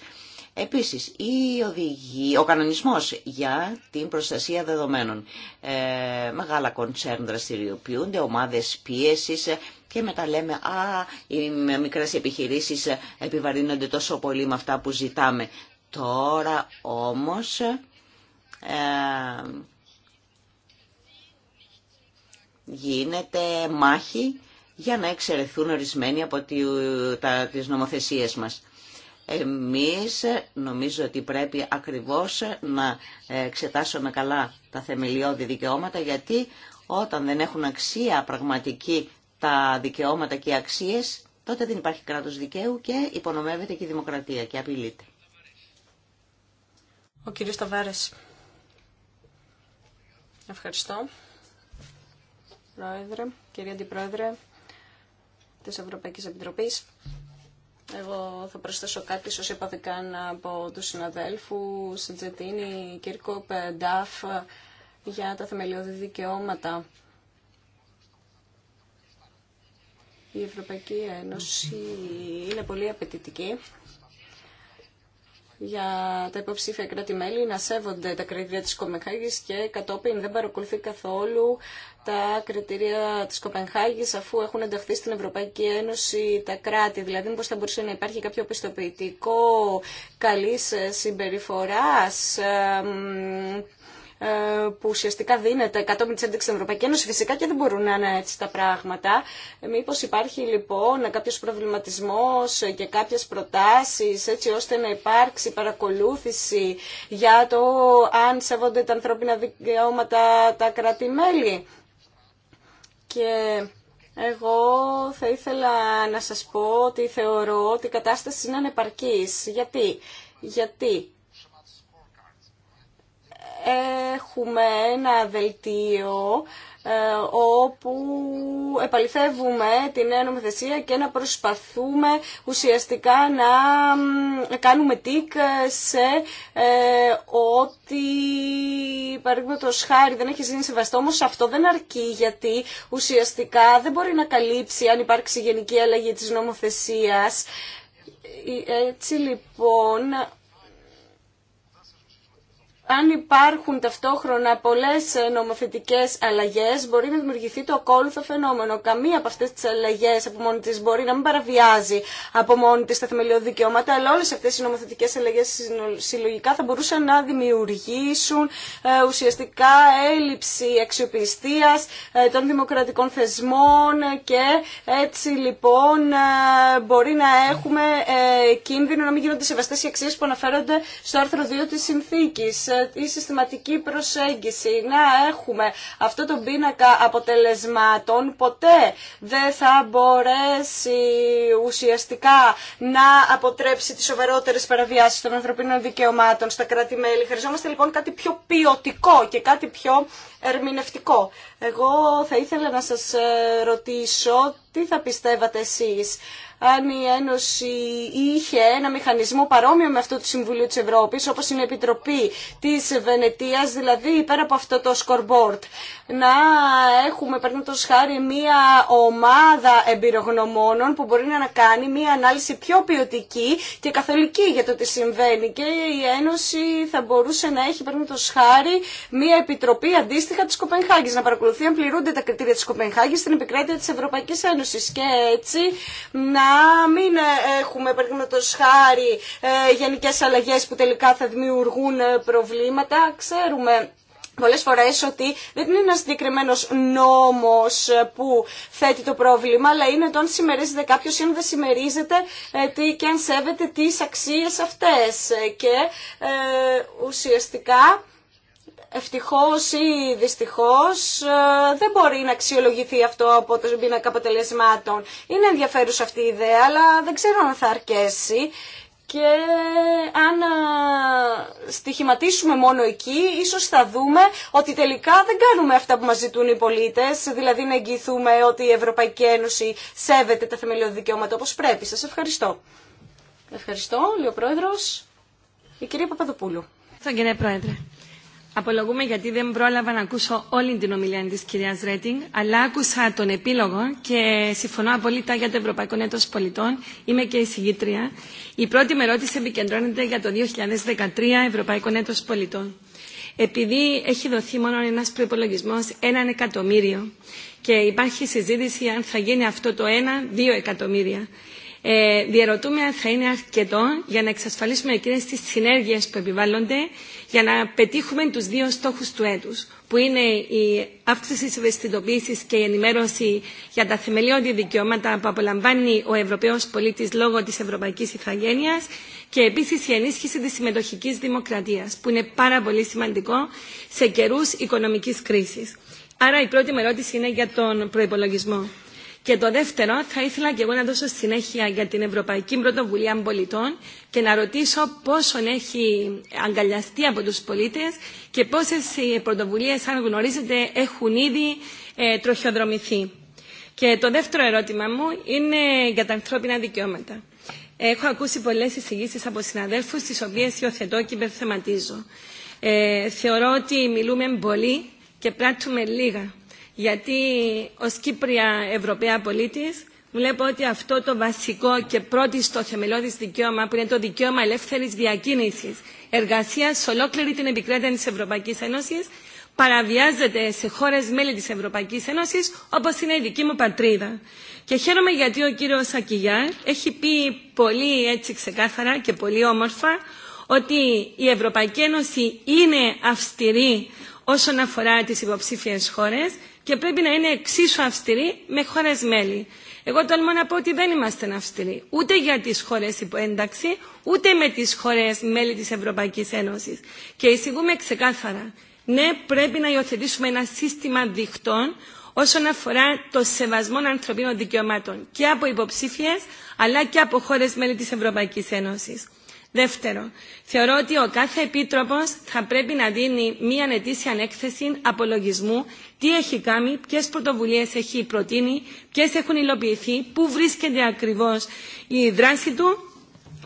Επίσης, η οδηγή, ο κανονισμός για την προστασία δεδομένων. Ε, μεγάλα κοντσέρν δραστηριοποιούνται, ομάδες πίεσης και μετά λέμε «Α, οι μικρές επιχειρήσεις επιβαρύνονται τόσο πολύ με αυτά που ζητάμε». Τώρα όμως... Ε, γίνεται μάχη για να εξαιρεθούν ορισμένοι από τις νομοθεσίες μας. Εμείς νομίζω ότι πρέπει ακριβώς να εξετάσουμε καλά τα θεμελιώδη δικαιώματα γιατί όταν δεν έχουν αξία πραγματική τα δικαιώματα και οι αξίες τότε δεν υπάρχει κράτος δικαίου και υπονομεύεται και η δημοκρατία και απειλείται. Ο κύριος Ταβάρες. Ευχαριστώ. Πρόεδρε, κυρία Αντιπρόεδρε, της Ευρωπαϊκής Επιτροπής. Εγώ θα προσθέσω κάτι, ίσως υπαθήκαν από τους συναδέλφου Σεντζετίνη, Κύρκοπ, Νταφ, για τα θεμελιώδη δικαιώματα. Η Ευρωπαϊκή Ένωση είναι πολύ απαιτητική για τα υποψήφια κράτη-μέλη να σέβονται τα κριτήρια της Κοπενχάγης και κατόπιν δεν παρακολουθεί καθόλου τα κριτήρια της Κοπενχάγης αφού έχουν ενταχθεί στην Ευρωπαϊκή Ένωση τα κράτη. Δηλαδή πώς θα μπορούσε να υπάρχει κάποιο πιστοποιητικό καλής συμπεριφοράς ε, που ουσιαστικά δίνεται κατόπιν τη ένταξη στην Ευρωπαϊκή Ένωση. Φυσικά και δεν μπορούν να είναι έτσι τα πράγματα. Ε, Μήπω υπάρχει λοιπόν κάποιο προβληματισμό και κάποιε προτάσει έτσι ώστε να υπάρξει παρακολούθηση για το αν σέβονται τα ανθρώπινα δικαιώματα τα κράτη-μέλη. Και εγώ θα ήθελα να σας πω ότι θεωρώ ότι η κατάσταση είναι ανεπαρκής. Γιατί, γιατί έχουμε ένα δελτίο ε, όπου επαληθεύουμε την νέα νομοθεσία και να προσπαθούμε ουσιαστικά να κάνουμε τικ ε, σε ε, ότι το χάρη δεν έχει γίνει σεβαστό όμως αυτό δεν αρκεί γιατί ουσιαστικά δεν μπορεί να καλύψει αν υπάρξει γενική αλλαγή της νομοθεσίας έτσι λοιπόν αν υπάρχουν ταυτόχρονα πολλές ε, νομοθετικές αλλαγές, μπορεί να δημιουργηθεί το ακόλουθο φαινόμενο. Καμία από αυτές τις αλλαγές από μόνη της μπορεί να μην παραβιάζει από μόνη της τα θεμελιώδη δικαιώματα, αλλά όλες αυτές οι νομοθετικές αλλαγές συλλογικά θα μπορούσαν να δημιουργήσουν ε, ουσιαστικά έλλειψη αξιοπιστίας ε, των δημοκρατικών θεσμών και έτσι λοιπόν μπορεί να έχουμε κίνδυνο να μην γίνονται σεβαστές οι αξίες που αναφέρονται στο άρθρο 2 της συνθήκης η συστηματική προσέγγιση, να έχουμε αυτό το πίνακα αποτελεσμάτων, ποτέ δεν θα μπορέσει ουσιαστικά να αποτρέψει τις σοβαρότερες παραβιάσεις των ανθρωπίνων δικαιωμάτων στα κράτη-μέλη. Χρειαζόμαστε λοιπόν κάτι πιο ποιοτικό και κάτι πιο ερμηνευτικό. Εγώ θα ήθελα να σας ε, ρωτήσω τι θα πιστεύατε εσείς αν η Ένωση είχε ένα μηχανισμό παρόμοιο με αυτό του Συμβουλίου της Ευρώπης, όπως είναι η Επιτροπή της Βενετίας, δηλαδή πέρα από αυτό το scoreboard, να έχουμε, το χάρη, μία ομάδα εμπειρογνωμόνων που μπορεί να κάνει μία ανάλυση πιο ποιοτική και καθολική για το τι συμβαίνει. Και η Ένωση θα μπορούσε να έχει, το χάρη, μία επιτροπή αντίστοιχη αντίστοιχα τη Κοπενχάγη, να παρακολουθεί αν πληρούνται τα κριτήρια τη Κοπενχάγη στην επικράτεια τη Ευρωπαϊκή Ένωση. Και έτσι να μην ε, έχουμε, παραδείγματο χάρη, ε, γενικέ αλλαγέ που τελικά θα δημιουργούν ε, προβλήματα. Ξέρουμε πολλέ φορέ ότι δεν είναι ένα συγκεκριμένο νόμο που θέτει το πρόβλημα, αλλά είναι το αν συμμερίζεται κάποιο ή αν δεν συμμερίζεται και αν σέβεται τι αξίε αυτέ. Και ουσιαστικά ευτυχώς ή δυστυχώς ε, δεν μπορεί να αξιολογηθεί αυτό από το πίνακα αποτελεσμάτων. Είναι ενδιαφέρουσα αυτή η ιδέα, αλλά δεν ξέρω αν θα αρκέσει. Και αν ε, στοιχηματίσουμε μόνο εκεί, ίσως θα δούμε ότι τελικά δεν κάνουμε αυτά που μας ζητούν οι πολίτες, δηλαδή να εγγυηθούμε ότι η Ευρωπαϊκή Ένωση σέβεται τα θεμελιώδη δικαιώματα όπως πρέπει. Σας ευχαριστώ. Ευχαριστώ, λέει ο Πρόεδρος. Η κυρία Παπαδοπούλου. Σαν κύριε Πρόεδρε. Απολογούμε γιατί δεν πρόλαβα να ακούσω όλη την ομιλία της κυρίας Ρέτινγκ, αλλά άκουσα τον επίλογο και συμφωνώ απόλυτα για το Ευρωπαϊκό Νέτος Πολιτών. Είμαι και η συγγήτρια. Η πρώτη με ερώτηση επικεντρώνεται για το 2013 Ευρωπαϊκό Νέτος Πολιτών. Επειδή έχει δοθεί μόνο ένας προϋπολογισμός, έναν εκατομμύριο και υπάρχει συζήτηση αν θα γίνει αυτό το ένα, δύο εκατομμύρια ε, διαρωτούμε αν θα είναι αρκετό για να εξασφαλίσουμε εκείνες τις συνέργειες που επιβάλλονται για να πετύχουμε τους δύο στόχους του έτους, που είναι η αύξηση της ευαισθητοποίησης και η ενημέρωση για τα θεμελιώδη δικαιώματα που απολαμβάνει ο Ευρωπαίος πολίτης λόγω της Ευρωπαϊκής Ιθαγένειας και επίσης η ενίσχυση της συμμετοχικής δημοκρατίας, που είναι πάρα πολύ σημαντικό σε καιρούς οικονομικής κρίσης. Άρα η πρώτη μου ερώτηση είναι για τον προπολογισμό. Και το δεύτερο, θα ήθελα και εγώ να δώσω συνέχεια για την Ευρωπαϊκή Πρωτοβουλία Πολιτών και να ρωτήσω πόσον έχει αγκαλιαστεί από τους πολίτες και πόσες ε, πρωτοβουλίες, αν γνωρίζετε, έχουν ήδη ε, τροχιοδρομηθεί. Και το δεύτερο ερώτημα μου είναι για τα ανθρώπινα δικαιώματα. Έχω ακούσει πολλέ εισηγήσει από συναδέλφου, τι οποίε υιοθετώ και υπερθεματίζω. Ε, θεωρώ ότι μιλούμε πολύ και πράττουμε λίγα γιατί ως Κύπρια Ευρωπαία πολίτης βλέπω ότι αυτό το βασικό και πρώτη στο θεμελιώδης δικαίωμα που είναι το δικαίωμα ελεύθερης διακίνησης εργασίας σε ολόκληρη την επικράτεια της Ευρωπαϊκής Ένωσης παραβιάζεται σε χώρες μέλη της Ευρωπαϊκής Ένωσης όπως είναι η δική μου πατρίδα. Και χαίρομαι γιατί ο κύριος Ακυγιάρ έχει πει πολύ έτσι ξεκάθαρα και πολύ όμορφα ότι η Ευρωπαϊκή Ένωση είναι αυστηρή όσον αφορά τις υποψήφιες χώρες και πρέπει να είναι εξίσου αυστηρή με χώρες μέλη. Εγώ τολμώ να πω ότι δεν είμαστε αυστηροί ούτε για τις χώρες υποένταξη, ούτε με τις χώρες μέλη της Ευρωπαϊκής Ένωσης. Και εισηγούμε ξεκάθαρα. Ναι, πρέπει να υιοθετήσουμε ένα σύστημα δικτών όσον αφορά το σεβασμό ανθρωπίνων δικαιωμάτων και από υποψήφιες αλλά και από χώρες μέλη της Ευρωπαϊκής Ένωσης. Δεύτερο, θεωρώ ότι ο κάθε επίτροπος θα πρέπει να δίνει μία ετήσια έκθεση απολογισμού τι έχει κάνει, ποιες πρωτοβουλίες έχει προτείνει, ποιες έχουν υλοποιηθεί, πού βρίσκεται ακριβώς η δράση του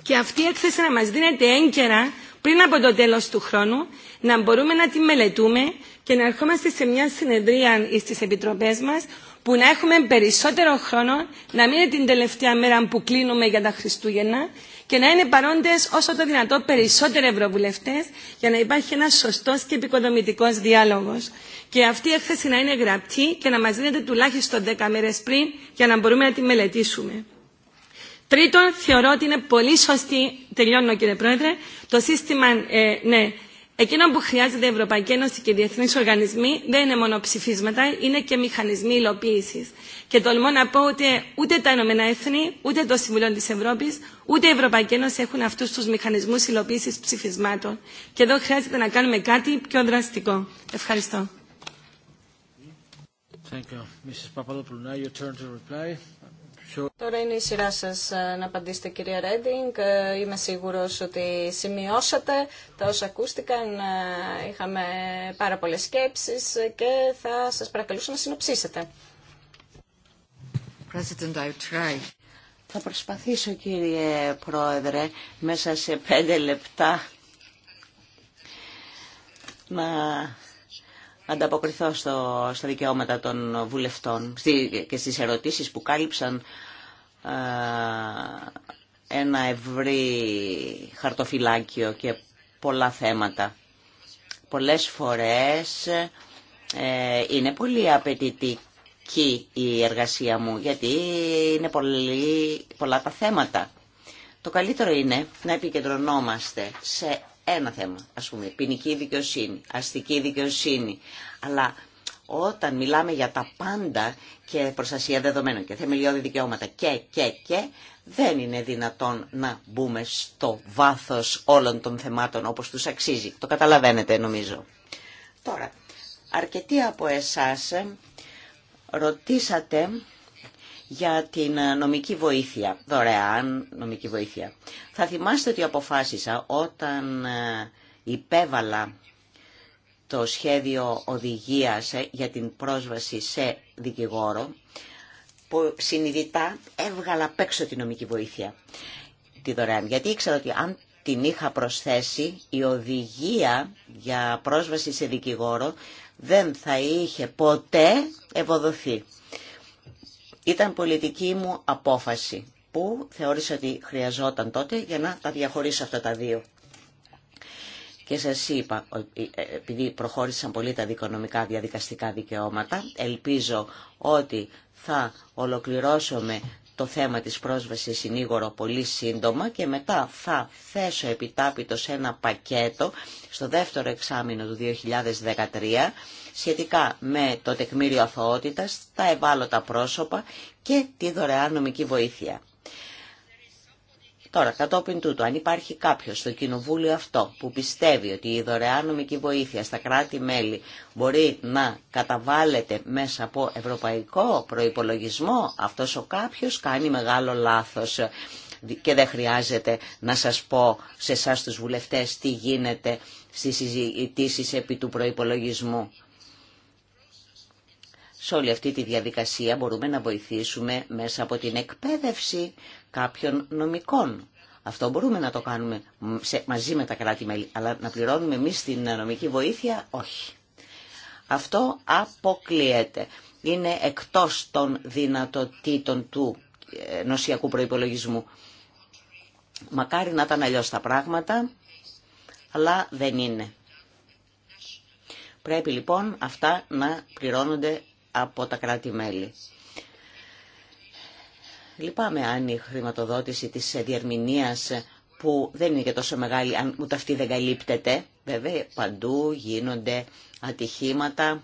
και αυτή η έκθεση να μας δίνεται έγκαιρα πριν από το τέλος του χρόνου, να μπορούμε να τη μελετούμε και να ερχόμαστε σε μια συνεδρία στις επιτροπές μας που να έχουμε περισσότερο χρόνο, να μην είναι την τελευταία μέρα που κλείνουμε για τα Χριστούγεννα και να είναι παρόντε όσο το δυνατό περισσότεροι ευρωβουλευτέ για να υπάρχει ένα σωστό και επικοδομητικό διάλογο. Και αυτή η έκθεση να είναι γραπτή και να μα δίνεται τουλάχιστον 10 μέρε πριν για να μπορούμε να τη μελετήσουμε. Τρίτον, θεωρώ ότι είναι πολύ σωστή, τελειώνω κύριε Πρόεδρε, το σύστημα, ε, ναι, εκείνο που χρειάζεται η Ευρωπαϊκή Ένωση και οι διεθνεί οργανισμοί δεν είναι μόνο ψηφίσματα, είναι και μηχανισμοί υλοποίηση. Και τολμώ να πω ότι ούτε τα Ηνωμένα Έθνη, ούτε το Συμβουλίο τη Ευρώπη, ούτε η Ευρωπαϊκή Ένωση έχουν αυτού του μηχανισμού υλοποίηση ψηφισμάτων. Και εδώ χρειάζεται να κάνουμε κάτι πιο δραστικό. Ευχαριστώ. Τώρα είναι η σειρά σας ε, να απαντήσετε κυρία Ρέντινγκ. Ε, είμαι σίγουρος ότι σημειώσατε τα όσα ακούστηκαν. Ε, είχαμε πάρα πολλές σκέψεις και θα σας παρακαλούσα να συνοψίσετε. Θα προσπαθήσω κύριε Πρόεδρε μέσα σε πέντε λεπτά να ανταποκριθώ στο, στα δικαιώματα των βουλευτών και στις ερωτήσεις που κάλυψαν ένα ευρύ χαρτοφυλάκιο και πολλά θέματα. Πολλές φορές ε, είναι πολύ απαιτητικό και η εργασία μου, γιατί είναι πολύ, πολλά τα θέματα. Το καλύτερο είναι να επικεντρωνόμαστε σε ένα θέμα, ας πούμε, ποινική δικαιοσύνη, αστική δικαιοσύνη, αλλά όταν μιλάμε για τα πάντα και προστασία δεδομένων και θεμελιώδη δικαιώματα και, και, και, δεν είναι δυνατόν να μπούμε στο βάθος όλων των θεμάτων όπως τους αξίζει. Το καταλαβαίνετε νομίζω. Τώρα, αρκετοί από εσάς Ρωτήσατε για την νομική βοήθεια, δωρεάν νομική βοήθεια. Θα θυμάστε ότι αποφάσισα όταν ε, υπέβαλα το σχέδιο οδηγίας ε, για την πρόσβαση σε δικηγόρο, που συνειδητά έβγαλα απ' έξω τη νομική βοήθεια, τη δωρεάν. Γιατί ήξερα ότι αν την είχα προσθέσει, η οδηγία για πρόσβαση σε δικηγόρο δεν θα είχε ποτέ ευοδοθεί. Ήταν πολιτική μου απόφαση που θεώρησα ότι χρειαζόταν τότε για να τα διαχωρίσω αυτά τα δύο. Και σας είπα, ε, ε, επειδή προχώρησαν πολύ τα δικονομικά διαδικαστικά δικαιώματα, ελπίζω ότι θα ολοκληρώσουμε το θέμα της πρόσβασης συνήγορο πολύ σύντομα και μετά θα θέσω επιτάπητο σε ένα πακέτο στο δεύτερο εξάμεινο του 2013 σχετικά με το τεκμήριο αθωότητας, τα ευάλωτα πρόσωπα και τη δωρεάν νομική βοήθεια. Τώρα, κατόπιν τούτου, αν υπάρχει κάποιο στο κοινοβούλιο αυτό που πιστεύει ότι η δωρεάν νομική βοήθεια στα κράτη-μέλη μπορεί να καταβάλλεται μέσα από ευρωπαϊκό προϋπολογισμό, αυτός ο κάποιος κάνει μεγάλο λάθος και δεν χρειάζεται να σας πω σε εσά τους βουλευτές τι γίνεται στις συζητήσεις επί του προϋπολογισμού. Σε όλη αυτή τη διαδικασία μπορούμε να βοηθήσουμε μέσα από την εκπαίδευση κάποιων νομικών. Αυτό μπορούμε να το κάνουμε μαζί με τα κράτη-μέλη, αλλά να πληρώνουμε εμεί την νομική βοήθεια, όχι. Αυτό αποκλείεται. Είναι εκτός των δυνατοτήτων του ε, νοσιακού προϋπολογισμού. Μακάρι να ήταν αλλιώς τα πράγματα, αλλά δεν είναι. Πρέπει λοιπόν αυτά να πληρώνονται από τα κράτη-μέλη λυπάμαι αν η χρηματοδότηση της διερμηνίας που δεν είναι και τόσο μεγάλη, αν ούτε αυτή δεν καλύπτεται. Βέβαια, παντού γίνονται ατυχήματα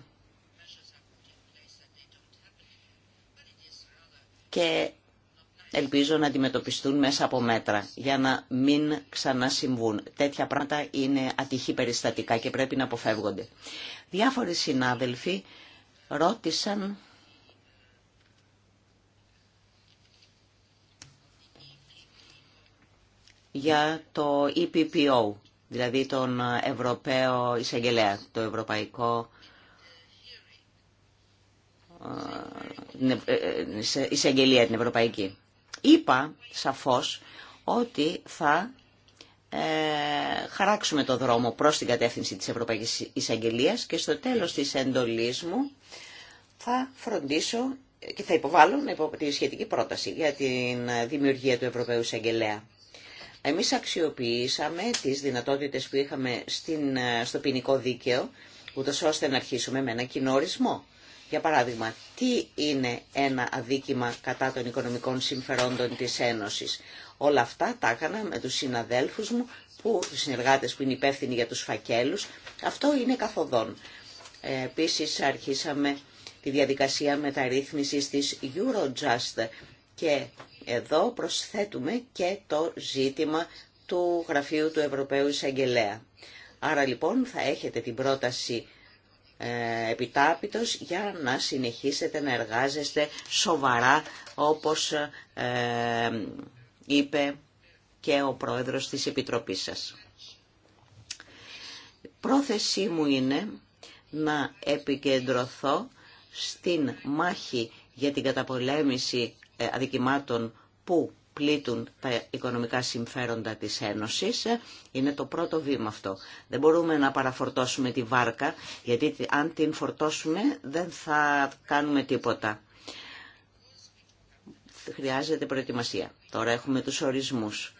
και ελπίζω να αντιμετωπιστούν μέσα από μέτρα για να μην ξανασυμβούν. Τέτοια πράγματα είναι ατυχή περιστατικά και πρέπει να αποφεύγονται. Διάφοροι συνάδελφοι ρώτησαν για το EPPO, δηλαδή τον Ευρωπαίο Εισαγγελέα, το Ευρωπαϊκό ε, ε, εισαγγελία την Ευρωπαϊκή. Είπα σαφώς ότι θα ε, χαράξουμε το δρόμο προς την κατεύθυνση της Ευρωπαϊκής εισαγγελία και στο τέλος της εντολής μου θα φροντίσω και θα υποβάλω τη σχετική πρόταση για την δημιουργία του Ευρωπαίου Εισαγγελέα. Εμείς αξιοποιήσαμε τις δυνατότητες που είχαμε στην, ε, στο ποινικό δίκαιο, ούτως ώστε να αρχίσουμε με ένα κοινό ορισμό. Για παράδειγμα, τι είναι ένα αδίκημα κατά των οικονομικών συμφερόντων της Ένωσης. Όλα αυτά τα έκανα με τους συναδέλφους μου, που, τους συνεργάτες που είναι υπεύθυνοι για τους φακέλους. Αυτό είναι καθοδόν. Ε, επίσης αρχίσαμε τη διαδικασία μεταρρύθμισης της Eurojust και εδώ προσθέτουμε και το ζήτημα του Γραφείου του Ευρωπαίου Εισαγγελέα. Άρα λοιπόν θα έχετε την πρόταση ε, επιτάπητος για να συνεχίσετε να εργάζεστε σοβαρά όπως ε, είπε και ο πρόεδρος της Επιτροπής σας. Πρόθεσή μου είναι να επικεντρωθώ στην μάχη για την καταπολέμηση ε, αδικημάτων που πλήττουν τα οικονομικά συμφέροντα της Ένωσης. Ε, είναι το πρώτο βήμα αυτό. Δεν μπορούμε να παραφορτώσουμε τη βάρκα, γιατί αν την φορτώσουμε δεν θα κάνουμε τίποτα. Χρειάζεται προετοιμασία. Τώρα έχουμε τους ορισμούς.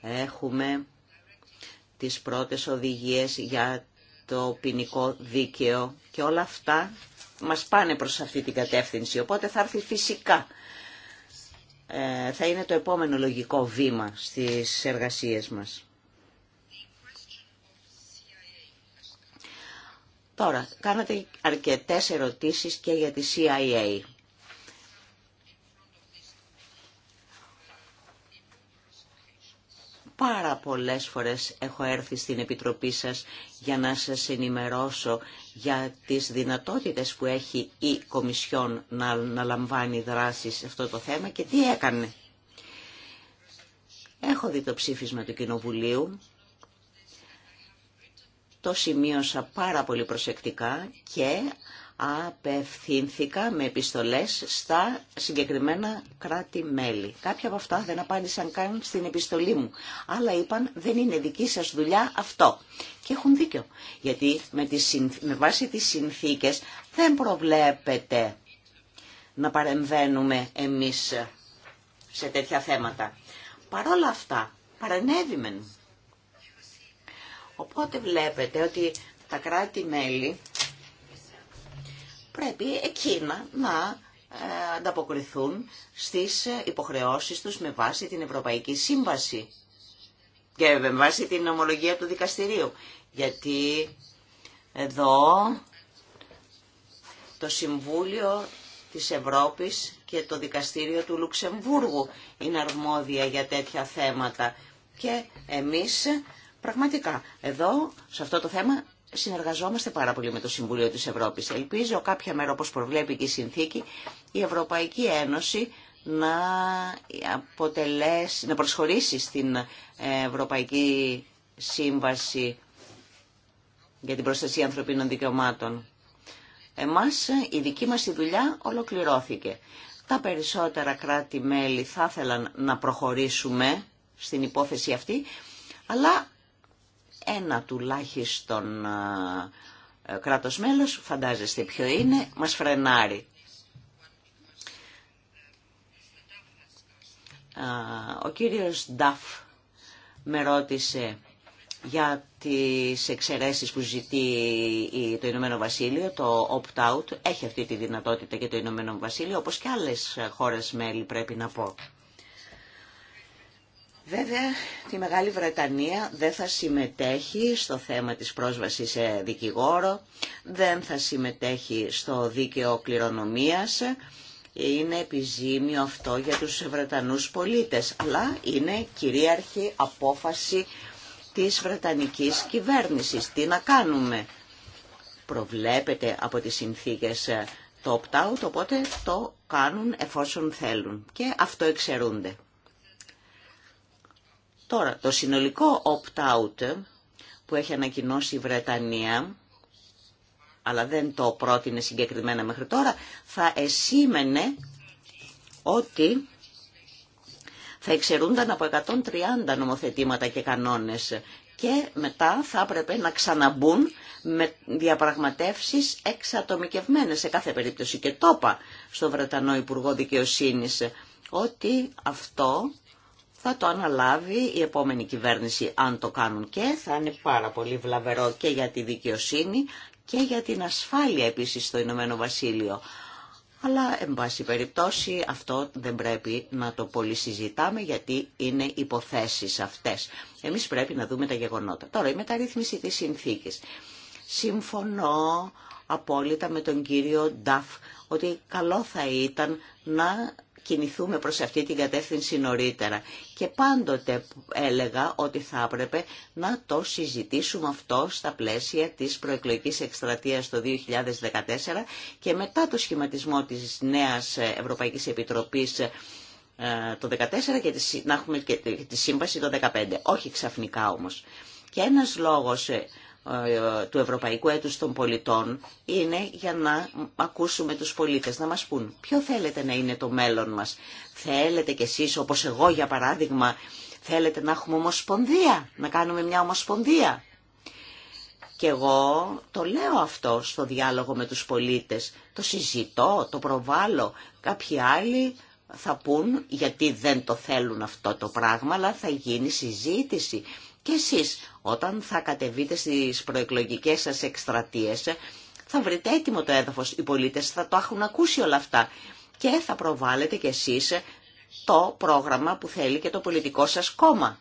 Έχουμε τις πρώτες οδηγίες για το ποινικό δίκαιο και όλα αυτά μας πάνε προς αυτή την κατεύθυνση. Οπότε θα έρθει φυσικά ε, θα είναι το επόμενο λογικό βήμα στις εργασίες μας. Τώρα, κάνατε αρκετές ερωτήσεις και για τη CIA. Πάρα πολλές φορές έχω έρθει στην Επιτροπή σας για να σας ενημερώσω για τις δυνατότητες που έχει η Κομισιόν να λαμβάνει δράσεις σε αυτό το θέμα και τι έκανε. Έχω δει το ψήφισμα του Κοινοβουλίου, το σημείωσα πάρα πολύ προσεκτικά και απευθύνθηκα με επιστολές στα συγκεκριμένα κράτη-μέλη. Κάποια από αυτά δεν απάντησαν καν στην επιστολή μου, αλλά είπαν δεν είναι δική σας δουλειά αυτό. Και έχουν δίκιο, γιατί με, τις, βάση τις συνθήκες δεν προβλέπεται να παρεμβαίνουμε εμείς σε τέτοια θέματα. Παρόλα αυτά, παρενέβημεν. Οπότε βλέπετε ότι τα κράτη-μέλη πρέπει εκείνα να ε, ανταποκριθούν στις ε, υποχρεώσεις τους με βάση την Ευρωπαϊκή Σύμβαση και με βάση την ομολογία του δικαστηρίου. Γιατί εδώ το Συμβούλιο της Ευρώπης και το Δικαστήριο του Λουξεμβούργου είναι αρμόδια για τέτοια θέματα. Και εμείς πραγματικά εδώ σε αυτό το θέμα συνεργαζόμαστε πάρα πολύ με το Συμβούλιο της Ευρώπης. Ελπίζω κάποια μέρα, όπως προβλέπει και η συνθήκη, η Ευρωπαϊκή Ένωση να, αποτελέσει, να προσχωρήσει στην Ευρωπαϊκή Σύμβαση για την Προστασία Ανθρωπίνων Δικαιωμάτων. Εμάς, η δική μας η δουλειά ολοκληρώθηκε. Τα περισσότερα κράτη-μέλη θα ήθελαν να προχωρήσουμε στην υπόθεση αυτή, αλλά ένα τουλάχιστον ε, κράτος μέλος, φαντάζεστε ποιο είναι, μας φρενάρει. Ο κύριος Νταφ με ρώτησε για τις εξαιρέσεις που ζητεί το Ηνωμένο Βασίλειο, το opt-out. Έχει αυτή τη δυνατότητα και το Ηνωμένο Βασίλειο, όπως και άλλες χώρες μέλη πρέπει να πω. Βέβαια, τη Μεγάλη Βρετανία δεν θα συμμετέχει στο θέμα της πρόσβασης σε δικηγόρο, δεν θα συμμετέχει στο δίκαιο κληρονομίας. Είναι επιζήμιο αυτό για τους Βρετανούς πολίτες, αλλά είναι κυρίαρχη απόφαση της Βρετανικής κυβέρνησης. Τι να κάνουμε. Προβλέπεται από τις συνθήκες το ε, opt-out, οπότε το κάνουν εφόσον θέλουν και αυτό εξαιρούνται. Τώρα, το συνολικό opt-out που έχει ανακοινώσει η Βρετανία, αλλά δεν το πρότεινε συγκεκριμένα μέχρι τώρα, θα εσήμενε ότι θα εξαιρούνταν από 130 νομοθετήματα και κανόνες και μετά θα έπρεπε να ξαναμπούν με διαπραγματεύσεις εξατομικευμένες σε κάθε περίπτωση. Και το είπα Βρετανό Υπουργό Δικαιοσύνης ότι αυτό θα το αναλάβει η επόμενη κυβέρνηση αν το κάνουν και θα είναι πάρα πολύ βλαβερό και για τη δικαιοσύνη και για την ασφάλεια επίσης στο Ηνωμένο Βασίλειο. Αλλά, εν πάση περιπτώσει, αυτό δεν πρέπει να το πολύ συζητάμε, γιατί είναι υποθέσεις αυτές. Εμείς πρέπει να δούμε τα γεγονότα. Τώρα, η μεταρρύθμιση της συνθήκης. Συμφωνώ απόλυτα με τον κύριο Νταφ ότι καλό θα ήταν να κινηθούμε προς αυτή την κατεύθυνση νωρίτερα. Και πάντοτε έλεγα ότι θα έπρεπε να το συζητήσουμε αυτό στα πλαίσια της προεκλογικής εκστρατείας το 2014 και μετά το σχηματισμό της νέας Ευρωπαϊκής Επιτροπής ε, το 2014 και να έχουμε και τη σύμβαση το 2015. Όχι ξαφνικά όμως. Και ένας λόγος ε, του Ευρωπαϊκού Έτους των Πολιτών είναι για να ακούσουμε τους πολίτες, να μας πούν ποιο θέλετε να είναι το μέλλον μας. Θέλετε κι εσείς, όπως εγώ για παράδειγμα, θέλετε να έχουμε ομοσπονδία, να κάνουμε μια ομοσπονδία. Και εγώ το λέω αυτό στο διάλογο με τους πολίτες, το συζητώ, το προβάλλω. Κάποιοι άλλοι θα πούν γιατί δεν το θέλουν αυτό το πράγμα, αλλά θα γίνει συζήτηση και εσείς, όταν θα κατεβείτε στις προεκλογικές σας εκστρατείες, θα βρείτε έτοιμο το έδαφος. Οι πολίτες θα το έχουν ακούσει όλα αυτά. Και θα προβάλλετε κι εσείς το πρόγραμμα που θέλει και το πολιτικό σας κόμμα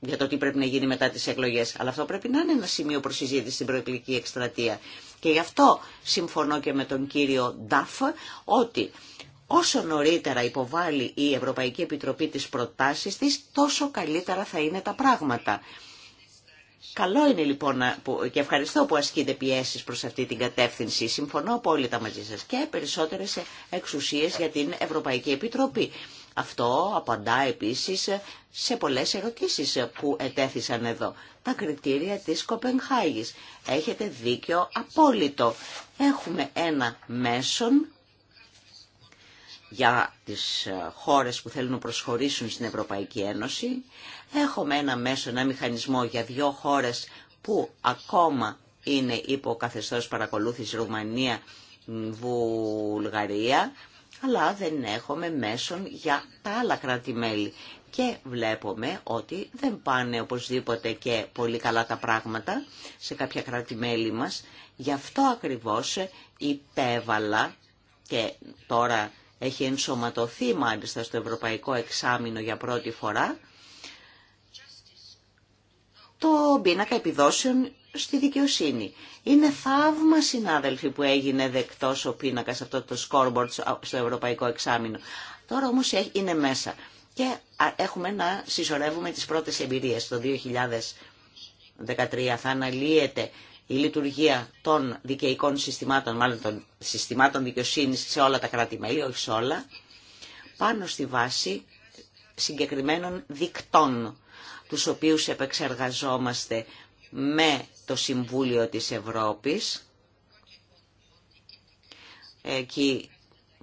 για το τι πρέπει να γίνει μετά τις εκλογές. Αλλά αυτό πρέπει να είναι ένα σημείο προσυζήτηση στην προεκλογική εκστρατεία. Και γι' αυτό συμφωνώ και με τον κύριο Νταφ ότι όσο νωρίτερα υποβάλλει η Ευρωπαϊκή Επιτροπή τις προτάσεις της, τόσο καλύτερα θα είναι τα πράγματα. Καλό είναι λοιπόν και ευχαριστώ που ασκείτε πιέσεις προς αυτή την κατεύθυνση. Συμφωνώ απόλυτα μαζί σας και περισσότερες εξουσίες για την Ευρωπαϊκή Επιτροπή. Αυτό απαντά επίσης σε πολλές ερωτήσεις που ετέθησαν εδώ. Τα κριτήρια της Κοπενχάγης. Έχετε δίκιο απόλυτο. Έχουμε ένα μέσον για τις χώρες που θέλουν να προσχωρήσουν στην Ευρωπαϊκή Ένωση. Έχουμε ένα μέσο, ένα μηχανισμό για δύο χώρες που ακόμα είναι υπό καθεστώς παρακολούθηση Ρουμανία, Βουλγαρία, αλλά δεν έχουμε μέσον για τα άλλα κράτη-μέλη. Και βλέπουμε ότι δεν πάνε οπωσδήποτε και πολύ καλά τα πράγματα σε κάποια κράτη-μέλη μας. Γι' αυτό ακριβώς υπέβαλα και τώρα έχει ενσωματωθεί μάλιστα στο Ευρωπαϊκό Εξάμεινο για πρώτη φορά το πίνακα επιδόσεων στη δικαιοσύνη. Είναι θαύμα, συνάδελφοι, που έγινε δεκτός ο πίνακας αυτό το scoreboard στο Ευρωπαϊκό Εξάμεινο. Τώρα όμως είναι μέσα. Και έχουμε να συσσωρεύουμε τις πρώτες εμπειρίες. Το 2013 θα αναλύεται η λειτουργία των δικαιικών συστημάτων, μάλλον των συστημάτων δικαιοσύνης σε όλα τα κράτη-μέλη, όχι σε όλα, πάνω στη βάση συγκεκριμένων δικτών τους οποίους επεξεργαζόμαστε με το Συμβούλιο της Ευρώπης. Εκεί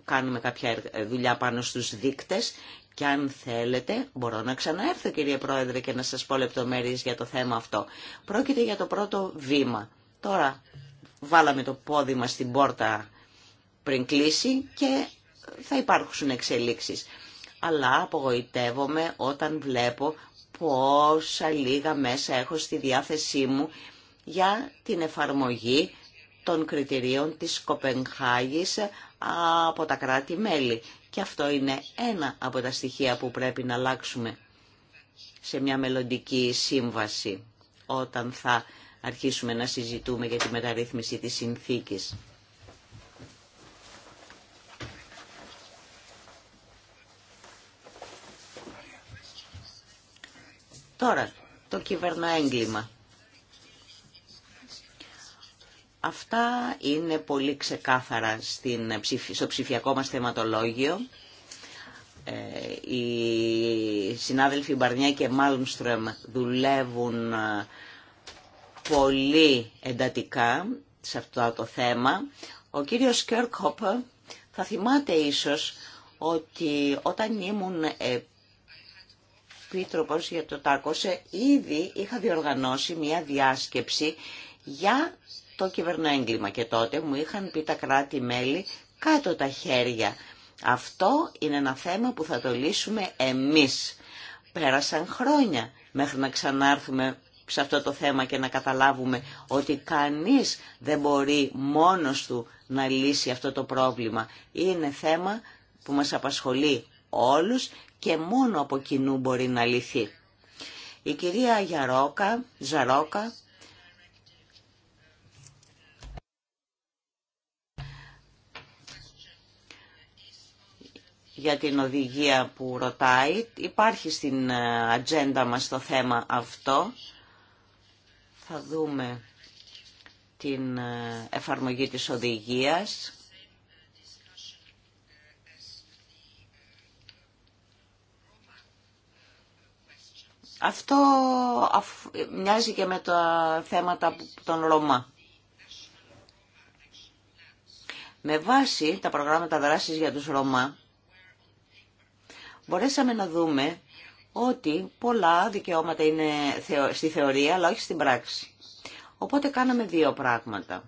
κάνουμε κάποια δουλειά πάνω στους δείκτες και αν θέλετε μπορώ να ξαναέρθω κύριε Πρόεδρε και να σας πω λεπτομέρειες για το θέμα αυτό. Πρόκειται για το πρώτο βήμα. Τώρα βάλαμε το πόδι μας στην πόρτα πριν κλείσει και θα υπάρχουν εξελίξεις. Αλλά απογοητεύομαι όταν βλέπω πόσα λίγα μέσα έχω στη διάθεσή μου για την εφαρμογή των κριτηρίων της Κοπενχάγης από τα κράτη-μέλη. Και αυτό είναι ένα από τα στοιχεία που πρέπει να αλλάξουμε σε μια μελλοντική σύμβαση όταν θα αρχίσουμε να συζητούμε για τη μεταρρύθμιση της συνθήκης. Τώρα, το κυβερνοέγκλημα. Αυτά είναι πολύ ξεκάθαρα στο ψηφιακό μας θεματολόγιο. Ε, οι συνάδελφοι Μπαρνιά και Μάλμστρεμ δουλεύουν ε, πολύ εντατικά σε αυτό το θέμα. Ο κύριος Κέρκοπ θα θυμάται ίσως ότι όταν ήμουν Επίτροπος για το ΤΑΚΟΣΕ ήδη είχα διοργανώσει μια διάσκεψη για το κυβερνοέγκλημα και τότε μου είχαν πει τα κράτη-μέλη κάτω τα χέρια. Αυτό είναι ένα θέμα που θα το λύσουμε εμείς. Πέρασαν χρόνια μέχρι να ξανάρθουμε σε αυτό το θέμα και να καταλάβουμε ότι κανείς δεν μπορεί μόνος του να λύσει αυτό το πρόβλημα. Είναι θέμα που μας απασχολεί όλους και μόνο από κοινού μπορεί να λυθεί. Η κυρία Γιαρόκα, Ζαρόκα, για την οδηγία που ρωτάει. Υπάρχει στην ε, ατζέντα μας το θέμα αυτό. Θα δούμε την ε, εφαρμογή της οδηγίας. Αυτό μοιάζει και με τα θέματα των Ρωμά. Με βάση τα προγράμματα δράσης για τους Ρωμά, μπορέσαμε να δούμε ότι πολλά δικαιώματα είναι στη θεωρία, αλλά όχι στην πράξη. Οπότε κάναμε δύο πράγματα.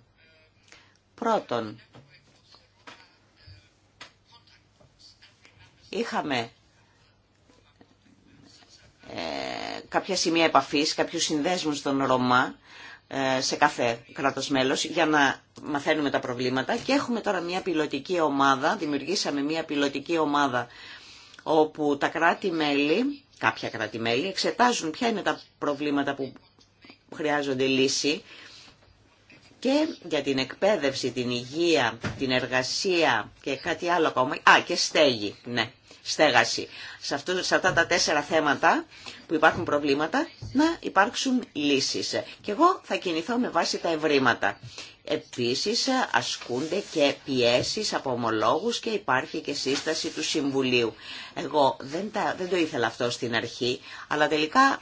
Πρώτον, είχαμε κάποια σημεία επαφής, κάποιους συνδέσμους στον Ρωμά ε, σε κάθε κράτος μέλος για να μαθαίνουμε τα προβλήματα και έχουμε τώρα μια πιλωτική ομάδα, δημιουργήσαμε μια πιλωτική ομάδα όπου τα κράτη-μέλη, κάποια κράτη-μέλη, εξετάζουν ποια είναι τα προβλήματα που χρειάζονται λύση και για την εκπαίδευση, την υγεία, την εργασία και κάτι άλλο ακόμα. Α, και στέγη, ναι, στέγαση. Σε, αυτό, σε αυτά τα τέσσερα θέματα που υπάρχουν προβλήματα να υπάρξουν λύσεις. Και εγώ θα κινηθώ με βάση τα ευρήματα. Επίσης ασκούνται και πιέσεις από ομολόγους και υπάρχει και σύσταση του Συμβουλίου. Εγώ δεν, τα, δεν το ήθελα αυτό στην αρχή, αλλά τελικά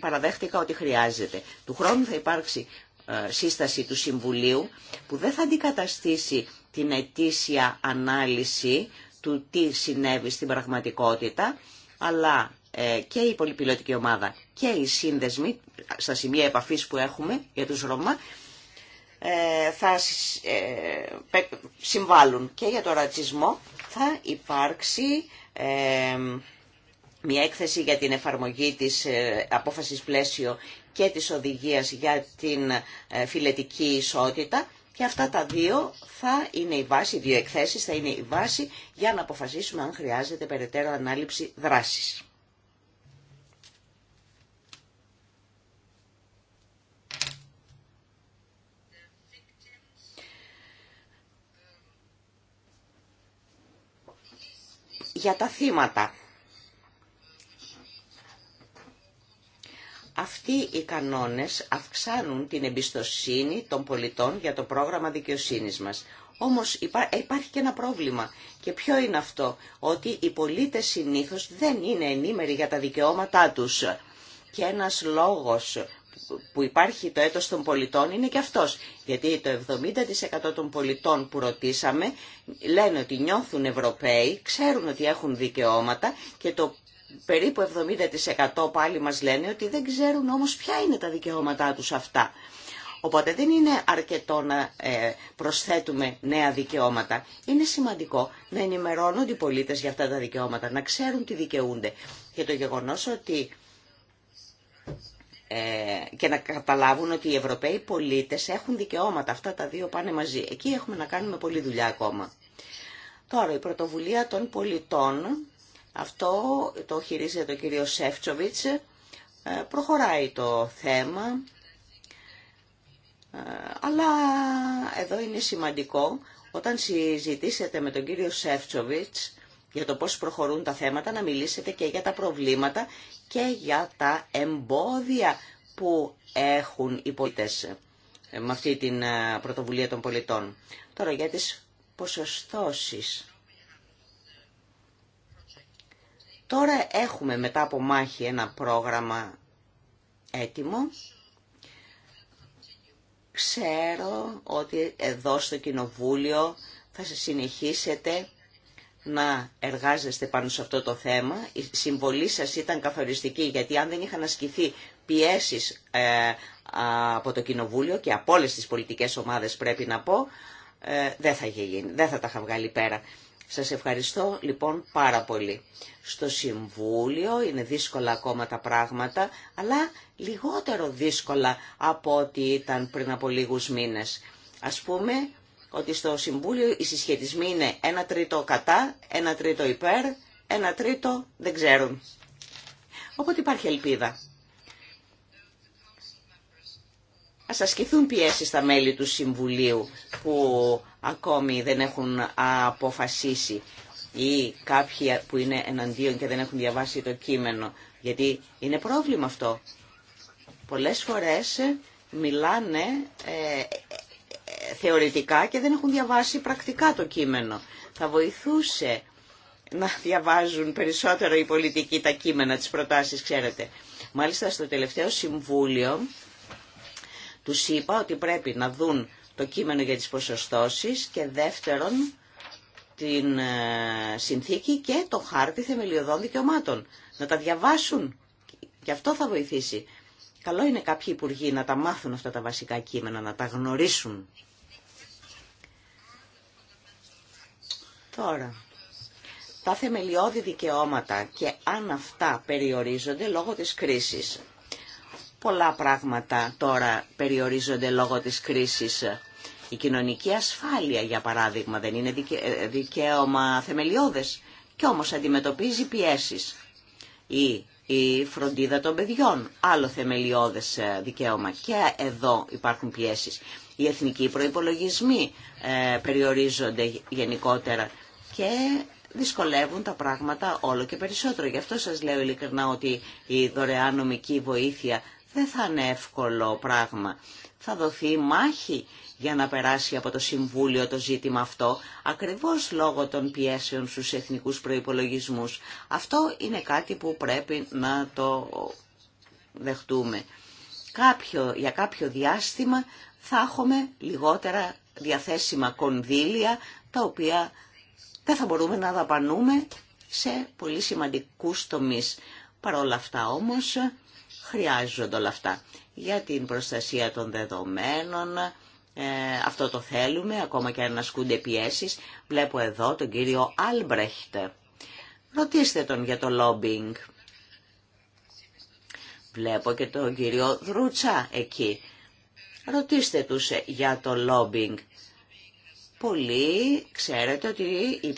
παραδέχτηκα ότι χρειάζεται. Του χρόνου θα υπάρξει ε, σύσταση του Συμβουλίου που δεν θα αντικαταστήσει την ετήσια ανάλυση του τι συνέβη στην πραγματικότητα, αλλά ε, και η πολυπιλωτική ομάδα και οι σύνδεσμοι στα σημεία επαφής που έχουμε για τους Ρώμα ε, θα ε, συμβάλλουν και για το ρατσισμό θα υπάρξει μια έκθεση για την εφαρμογή της απόφασης πλαίσιο και της οδηγίας για την φιλετική ισότητα και αυτά τα δύο θα είναι η βάση, οι δύο εκθέσεις θα είναι η βάση για να αποφασίσουμε αν χρειάζεται περαιτέρω ανάληψη δράσης. Για τα θύματα. Αυτοί οι κανόνες αυξάνουν την εμπιστοσύνη των πολιτών για το πρόγραμμα δικαιοσύνης μας. Όμως υπάρχει και ένα πρόβλημα. Και ποιο είναι αυτό, ότι οι πολίτες συνήθως δεν είναι ενήμεροι για τα δικαιώματά τους. Και ένας λόγος που υπάρχει το έτος των πολιτών είναι και αυτός. Γιατί το 70% των πολιτών που ρωτήσαμε λένε ότι νιώθουν Ευρωπαίοι, ξέρουν ότι έχουν δικαιώματα και το περίπου 70% πάλι μας λένε ότι δεν ξέρουν όμως ποια είναι τα δικαιώματά τους αυτά. Οπότε δεν είναι αρκετό να ε, προσθέτουμε νέα δικαιώματα. Είναι σημαντικό να ενημερώνονται οι πολίτες για αυτά τα δικαιώματα, να ξέρουν τι δικαιούνται. Και το γεγονός ότι ε, και να καταλάβουν ότι οι Ευρωπαίοι πολίτες έχουν δικαιώματα. Αυτά τα δύο πάνε μαζί. Εκεί έχουμε να κάνουμε πολλή δουλειά ακόμα. Τώρα, η πρωτοβουλία των πολιτών αυτό το χειρίζεται ο κύριο Σεφτσοβιτς. Ε, προχωράει το θέμα, ε, αλλά εδώ είναι σημαντικό όταν συζητήσετε με τον κύριο Σεφτσοβιτς για το πώς προχωρούν τα θέματα να μιλήσετε και για τα προβλήματα και για τα εμπόδια που έχουν οι πολίτες ε, με αυτή την πρωτοβουλία των πολιτών. Τώρα για τις ποσοστώσεις. Τώρα έχουμε μετά από μάχη ένα πρόγραμμα έτοιμο. Ξέρω ότι εδώ στο Κοινοβούλιο θα συνεχίσετε να εργάζεστε πάνω σε αυτό το θέμα. Η συμβολή σας ήταν καθοριστική, γιατί αν δεν είχαν ασκηθεί πιέσεις ε, από το Κοινοβούλιο και από όλες τις πολιτικές ομάδες πρέπει να πω, ε, δεν θα, δεν θα τα είχα βγάλει πέρα. Σας ευχαριστώ λοιπόν πάρα πολύ. Στο Συμβούλιο είναι δύσκολα ακόμα τα πράγματα, αλλά λιγότερο δύσκολα από ό,τι ήταν πριν από λίγους μήνες. Ας πούμε ότι στο Συμβούλιο οι συσχετισμοί είναι ένα τρίτο κατά, ένα τρίτο υπέρ, ένα τρίτο δεν ξέρουν. Οπότε υπάρχει ελπίδα. Ας ασκηθούν πιέσεις στα μέλη του Συμβουλίου που ακόμη δεν έχουν αποφασίσει ή κάποιοι που είναι εναντίον και δεν έχουν διαβάσει το κείμενο. Γιατί είναι πρόβλημα αυτό. Πολλές φορές μιλάνε ε, θεωρητικά και δεν έχουν διαβάσει πρακτικά το κείμενο. Θα βοηθούσε να διαβάζουν περισσότερο οι πολιτικοί τα κείμενα, τις προτάσεις, ξέρετε. Μάλιστα στο τελευταίο συμβούλιο τους είπα ότι πρέπει να δουν το κείμενο για τις ποσοστώσεις και δεύτερον την ε, συνθήκη και το χάρτη θεμελιωδών δικαιωμάτων. Να τα διαβάσουν και αυτό θα βοηθήσει. Καλό είναι κάποιοι υπουργοί να τα μάθουν αυτά τα βασικά κείμενα, να τα γνωρίσουν. Τώρα, τα θεμελιώδη δικαιώματα και αν αυτά περιορίζονται λόγω της κρίσης. Πολλά πράγματα τώρα περιορίζονται λόγω της κρίσης η κοινωνική ασφάλεια, για παράδειγμα, δεν είναι ε, δικαίωμα θεμελιώδες και όμως αντιμετωπίζει πιέσεις. Ή η φροντίδα των παιδιών, άλλο θεμελιώδες ε, δικαίωμα. Και εδώ υπάρχουν πιέσεις. Οι εθνικοί προϋπολογισμοί ε, περιορίζονται γενικότερα και δυσκολεύουν τα πράγματα όλο και περισσότερο. Γι' αυτό σας λέω ειλικρινά ότι η δωρεάν νομική βοήθεια δεν θα είναι εύκολο πράγμα. Θα δοθεί μάχη για να περάσει από το Συμβούλιο το ζήτημα αυτό, ακριβώς λόγω των πιέσεων στους εθνικούς προϋπολογισμούς. Αυτό είναι κάτι που πρέπει να το δεχτούμε. Κάποιο, για κάποιο διάστημα θα έχουμε λιγότερα διαθέσιμα κονδύλια, τα οποία δεν θα μπορούμε να δαπανούμε σε πολύ σημαντικούς τομείς. Παρ' όλα αυτά όμως χρειάζονται όλα αυτά. Για την προστασία των δεδομένων, ε, αυτό το θέλουμε, ακόμα και αν ασκούνται πιέσεις. Βλέπω εδώ τον κύριο Άλμπρεχτ. Ρωτήστε τον για το lobbying. Βλέπω και τον κύριο Δρούτσα εκεί. Ρωτήστε τους για το lobbying. Πολλοί ξέρετε ότι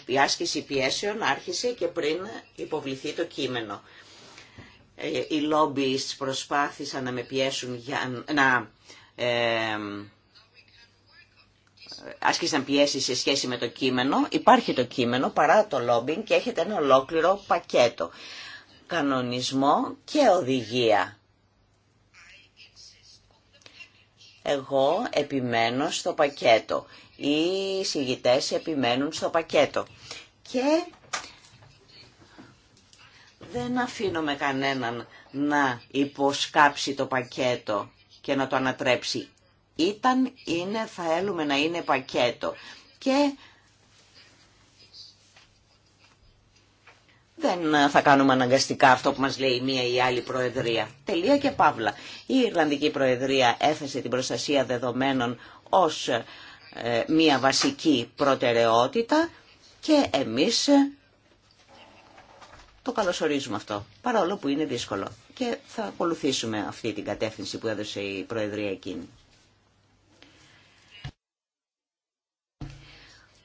η άσκηση πιέσεων άρχισε και πριν υποβληθεί το κείμενο. Ε, οι lobbyists προσπάθησαν να με πιέσουν για να ε, άσκησαν πιέσει σε σχέση με το κείμενο. Υπάρχει το κείμενο παρά το lobbying και έχετε ένα ολόκληρο πακέτο. Κανονισμό και οδηγία. Εγώ επιμένω στο πακέτο. Οι συγητές επιμένουν στο πακέτο. Και δεν αφήνουμε κανέναν να υποσκάψει το πακέτο και να το ανατρέψει. Ήταν, είναι, θα έλουμε να είναι πακέτο. Και δεν θα κάνουμε αναγκαστικά αυτό που μας λέει η μία ή η άλλη Προεδρία. Τελεία και παύλα. Η Ιρλανδική Προεδρία έθεσε την προστασία δεδομένων ως ε, μία βασική προτεραιότητα και εμείς το καλωσορίζουμε αυτό, παρόλο που είναι δύσκολο. Και θα ακολουθήσουμε αυτή την κατεύθυνση που έδωσε η Προεδρία εκείνη.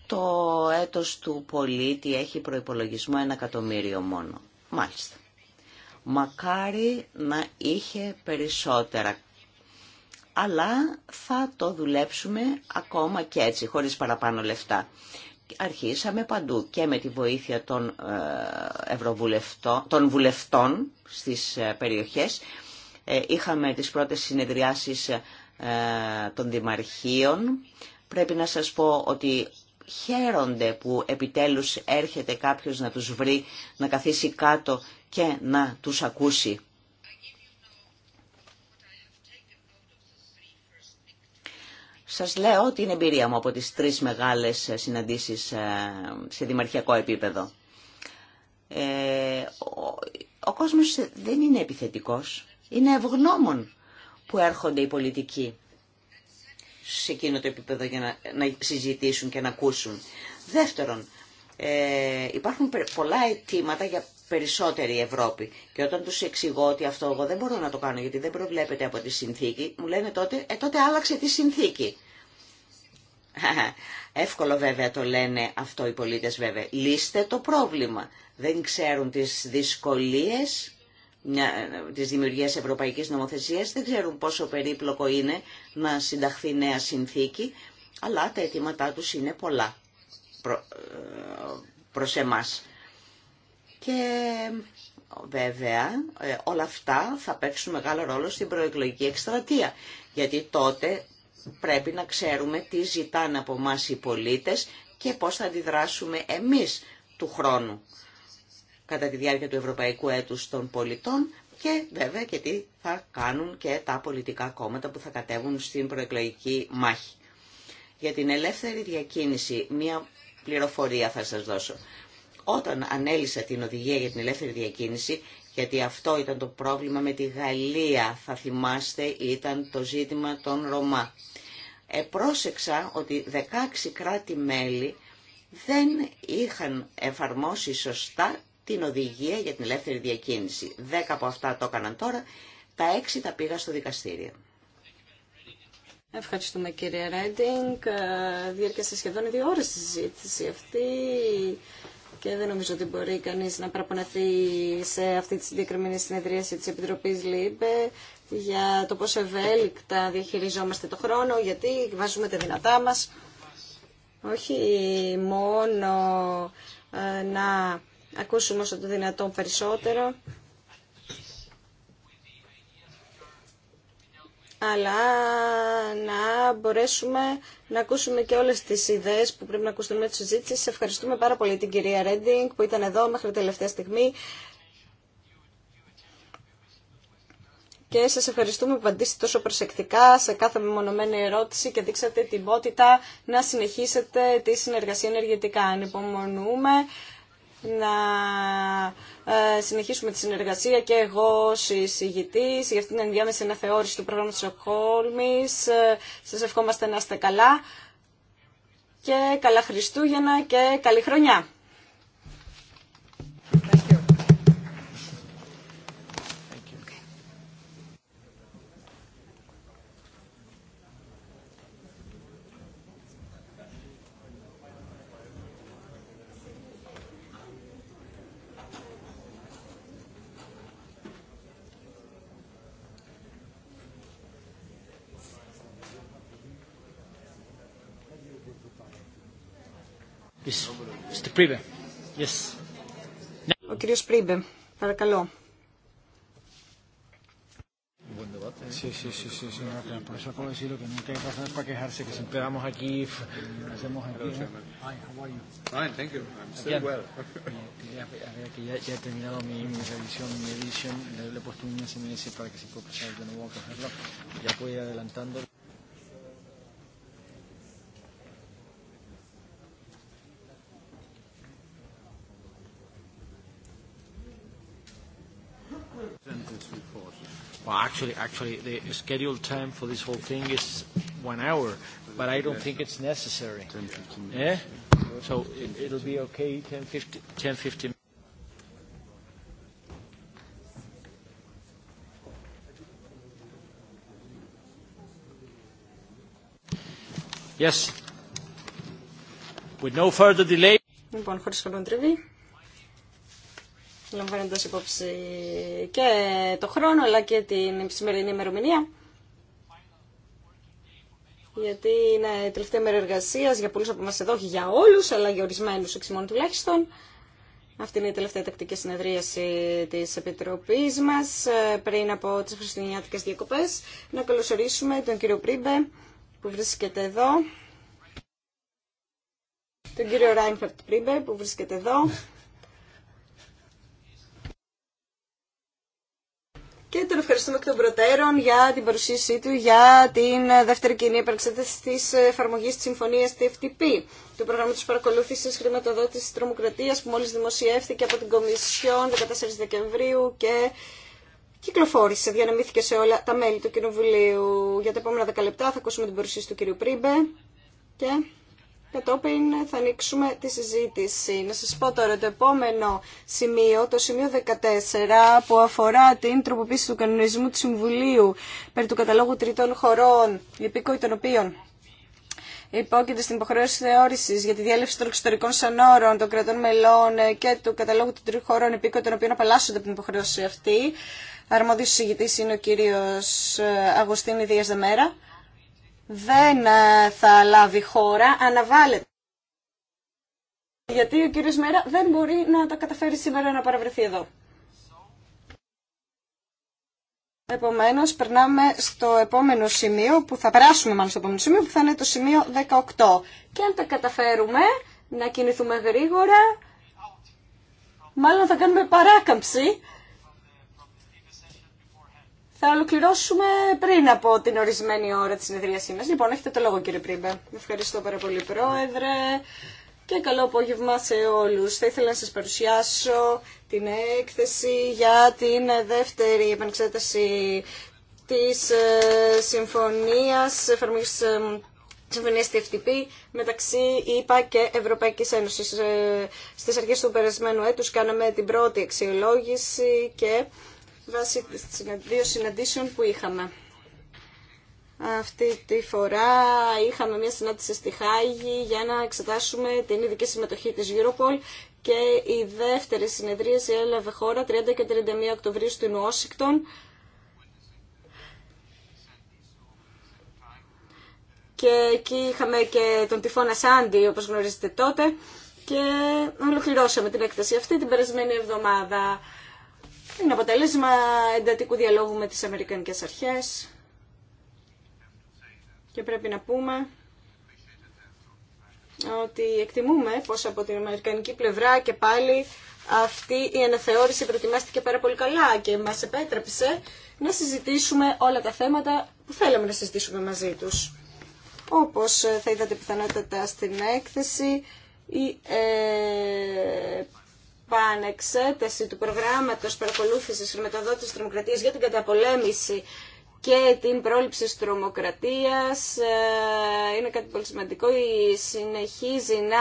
Το έτος του πολίτη έχει προϋπολογισμό ένα εκατομμύριο μόνο. Μάλιστα. Μακάρι να είχε περισσότερα. Αλλά θα το δουλέψουμε ακόμα και έτσι, χωρίς παραπάνω λεφτά αρχίσαμε παντού και με τη βοήθεια των, ε, ευρωβουλευτών, των βουλευτών στις ε, περιοχές. Ε, είχαμε τις πρώτες συνεδριάσεις των δημαρχείων. Πρέπει να σας πω ότι χαίρονται που επιτέλους έρχεται κάποιος να τους βρει, να καθίσει κάτω και να τους ακούσει. Σας λέω την εμπειρία μου από τις τρεις μεγάλες ε, συναντήσεις ε, σε δημαρχιακό επίπεδο. Ε, ο, ο κόσμος δεν είναι επιθετικός, είναι ευγνώμων που έρχονται οι πολιτικοί σε εκείνο το επίπεδο για να, να συζητήσουν και να ακούσουν. Δεύτερον, ε, υπάρχουν πολλά αιτήματα για περισσότερη Ευρώπη. Και όταν τους εξηγώ ότι αυτό εγώ δεν μπορώ να το κάνω γιατί δεν προβλέπεται από τη συνθήκη, μου λένε τότε, ε τότε άλλαξε τη συνθήκη. Εύκολο βέβαια το λένε αυτό οι πολίτες βέβαια. Λύστε το πρόβλημα. Δεν ξέρουν τις δυσκολίες της δημιουργίας ευρωπαϊκής νομοθεσίας, δεν ξέρουν πόσο περίπλοκο είναι να συνταχθεί νέα συνθήκη, αλλά τα αιτήματά τους είναι πολλά ε, προς εμάς. Και βέβαια ε, όλα αυτά θα παίξουν μεγάλο ρόλο στην προεκλογική εκστρατεία. Γιατί τότε πρέπει να ξέρουμε τι ζητάνε από εμά οι πολίτες και πώς θα αντιδράσουμε εμείς του χρόνου κατά τη διάρκεια του Ευρωπαϊκού Έτους των Πολιτών και βέβαια και τι θα κάνουν και τα πολιτικά κόμματα που θα κατέβουν στην προεκλογική μάχη. Για την ελεύθερη διακίνηση μία πληροφορία θα σας δώσω. Όταν ανέλησα την οδηγία για την ελεύθερη διακίνηση, γιατί αυτό ήταν το πρόβλημα με τη Γαλλία, θα θυμάστε, ήταν το ζήτημα των Ρωμά. Ε, πρόσεξα ότι 16 κράτη-μέλη δεν είχαν εφαρμόσει σωστά την οδηγία για την ελεύθερη διακίνηση. 10 από αυτά το έκαναν τώρα, τα 6 τα πήγα στο δικαστήριο. Ευχαριστούμε κύριε Ρέντινγκ. Ε, Διέρχεστε σχεδόν δύο ώρες τη συζήτηση αυτή και δεν νομίζω ότι μπορεί κανείς να παραπονεθεί σε αυτή τη συγκεκριμένη συνεδρίαση της Επιτροπής ΛΥΠΕ για το πόσο ευέλικτα διαχειριζόμαστε το χρόνο, γιατί βάζουμε τα δυνατά μας. Όχι μόνο ε, να ακούσουμε όσο το δυνατόν περισσότερο, αλλά να μπορέσουμε να ακούσουμε και όλες τις ιδέες που πρέπει να ακούσουμε με τη συζήτηση. Σε ευχαριστούμε πάρα πολύ την κυρία Ρέντινγκ που ήταν εδώ μέχρι τελευταία στιγμή. και σας ευχαριστούμε που απαντήσετε τόσο προσεκτικά σε κάθε μεμονωμένη ερώτηση και δείξατε την πότητα να συνεχίσετε τη συνεργασία ενεργετικά. Ανυπομονούμε να ε, συνεχίσουμε τη συνεργασία και εγώ ως εισηγητής για αυτήν την ενδιάμεση αναθεώρηση του πρόγραμματος της Οκόλμης. Ε, σας ευχόμαστε να είστε καλά και καλά Χριστούγεννα και καλή χρονιά. Πρίμπε. Yes. Ο κύριος Πρίμπε, παρακαλώ. Sí, sí, sí, sí, sí, no, por eso puedo decir lo que nunca hay razones para quejarse, que siempre vamos aquí, hacemos aquí. Hi, how are you? Fine, thank you. I'm still well. A ver, que ya, ya he terminado mi, mi revisión, mi edición, le, he puesto un SMS para que se pueda pasar no voy a cogerlo, ya voy adelantando. actually, actually, the scheduled time for this whole thing is one hour, but I don't think it's necessary. Yeah? So it, it'll be okay, 10, Yes. With no further delay λαμβάνοντας υπόψη και το χρόνο αλλά και την σημερινή ημερομηνία γιατί είναι η τελευταία μέρα εργασία για πολλού από εμά εδώ, όχι για όλου, αλλά για ορισμένου εξήμων τουλάχιστον. Αυτή είναι η τελευταία τακτική συνεδρίαση τη Επιτροπή μα ε, πριν από τι χριστουγεννιάτικε διακοπέ. Να καλωσορίσουμε τον κύριο Πρίμπε που βρίσκεται εδώ. Τον κύριο Ράινφερτ Πρίμπε που βρίσκεται εδώ. και τον ευχαριστούμε εκ των προτέρων για την παρουσίασή του για την ε, δεύτερη κοινή επεξέταση τη εφαρμογή τη συμφωνία TFTP, του προγράμματο παρακολούθηση χρηματοδότηση τρομοκρατία που μόλι δημοσιεύθηκε από την Κομισιόν 14 Δεκεμβρίου και κυκλοφόρησε, διανεμήθηκε σε όλα τα μέλη του Κοινοβουλίου. Για τα επόμενα 10 λεπτά θα ακούσουμε την παρουσίαση του κ. Πρίμπε και κατόπιν θα ανοίξουμε τη συζήτηση. Να σας πω τώρα το επόμενο σημείο, το σημείο 14, που αφορά την τροποποίηση του κανονισμού του Συμβουλίου περί του καταλόγου τριτών χωρών, υπήκοοι των οποίων υπόκειται στην υποχρέωση θεώρηση για τη διέλευση των εξωτερικών σανόρων των κρατών μελών και του καταλόγου των τριών χωρών υπήκοοι των οποίων απαλλάσσονται από την υποχρέωση αυτή. Αρμόδιος συζητής είναι ο κύριος ε, Αγουστίνη Δίας Δεμέρα δεν ε, θα λάβει χώρα, αναβάλλεται. Γιατί ο κύριος Μέρα δεν μπορεί να τα καταφέρει σήμερα να παραβρεθεί εδώ. Επομένως, περνάμε στο επόμενο σημείο, που θα περάσουμε μάλλον στο επόμενο σημείο, που θα είναι το σημείο 18. Και αν τα καταφέρουμε να κινηθούμε γρήγορα, μάλλον θα κάνουμε παράκαμψη θα ολοκληρώσουμε πριν από την ορισμένη ώρα της συνεδρία μας. Λοιπόν, έχετε το λόγο κύριε Πρίμπε. Ευχαριστώ πάρα πολύ πρόεδρε και καλό απόγευμα σε όλους. Θα ήθελα να σας παρουσιάσω την έκθεση για την δεύτερη επανεξέταση της ε, συμφωνίας εφαρμογής ε, Συμφωνία τη FTP μεταξύ ΕΠΑ και Ευρωπαϊκή Ένωση. Ε, Στι αρχέ του περασμένου έτου κάναμε την πρώτη αξιολόγηση και βάσει δύο συναντήσεων που είχαμε. Αυτή τη φορά είχαμε μια συνάντηση στη Χάγη για να εξετάσουμε την ειδική συμμετοχή της Europol και η δεύτερη συνεδρίαση έλαβε χώρα 30 και 31 Οκτωβρίου στην Ουόσικτον. Και εκεί είχαμε και τον τυφώνα Σάντι, όπως γνωρίζετε τότε, και ολοκληρώσαμε την έκθεση αυτή την περασμένη εβδομάδα. Είναι αποτέλεσμα εντατικού διαλόγου με τις Αμερικανικές Αρχές και πρέπει να πούμε ότι εκτιμούμε πως από την Αμερικανική πλευρά και πάλι αυτή η αναθεώρηση προετοιμάστηκε πάρα πολύ καλά και μας επέτρεψε να συζητήσουμε όλα τα θέματα που θέλαμε να συζητήσουμε μαζί τους. Όπως θα είδατε πιθανότατα στην έκθεση, η ε, Πάνεξέταση του προγράμματος παρακολούθησης χρηματοδότησης της τρομοκρατίας για την καταπολέμηση και την πρόληψη της τρομοκρατίας. Ε, είναι κάτι πολύ σημαντικό. Η συνεχίζει να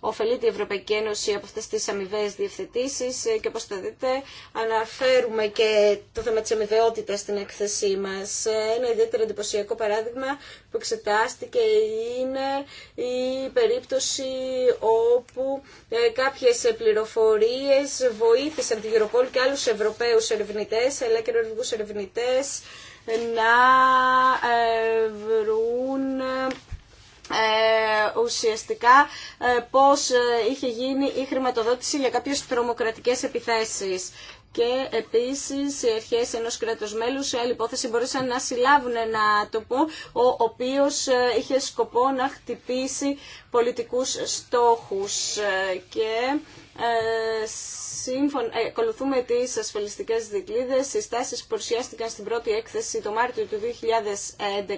ωφελεί την Ευρωπαϊκή Ένωση από αυτές τις αμοιβέ διευθετήσεις ε, και όπως θα δείτε αναφέρουμε και το θέμα της αμοιβαιότητας στην έκθεσή μας. Ε, ένα ιδιαίτερα εντυπωσιακό παράδειγμα που εξετάστηκε είναι η περίπτωση όπου κάποιες πληροφορίες βοήθησαν τη Γεροπόλη και άλλους Ευρωπαίους ερευνητές αλλά και ερευνητές να ε, βρουν ε, ουσιαστικά ε, πώς είχε γίνει η χρηματοδότηση για κάποιες τρομοκρατικές επιθέσεις. Και επίσης οι αρχές ενός κράτους μέλους σε άλλη υπόθεση μπορούσαν να συλλάβουν ένα άτομο ο οποίος είχε σκοπό να χτυπήσει πολιτικούς στόχους. Και ε, ε, ακολουθούμε ασφαλιστικέ ασφαλιστικές οι συστάσεις που παρουσιάστηκαν στην πρώτη έκθεση το Μάρτιο του 2011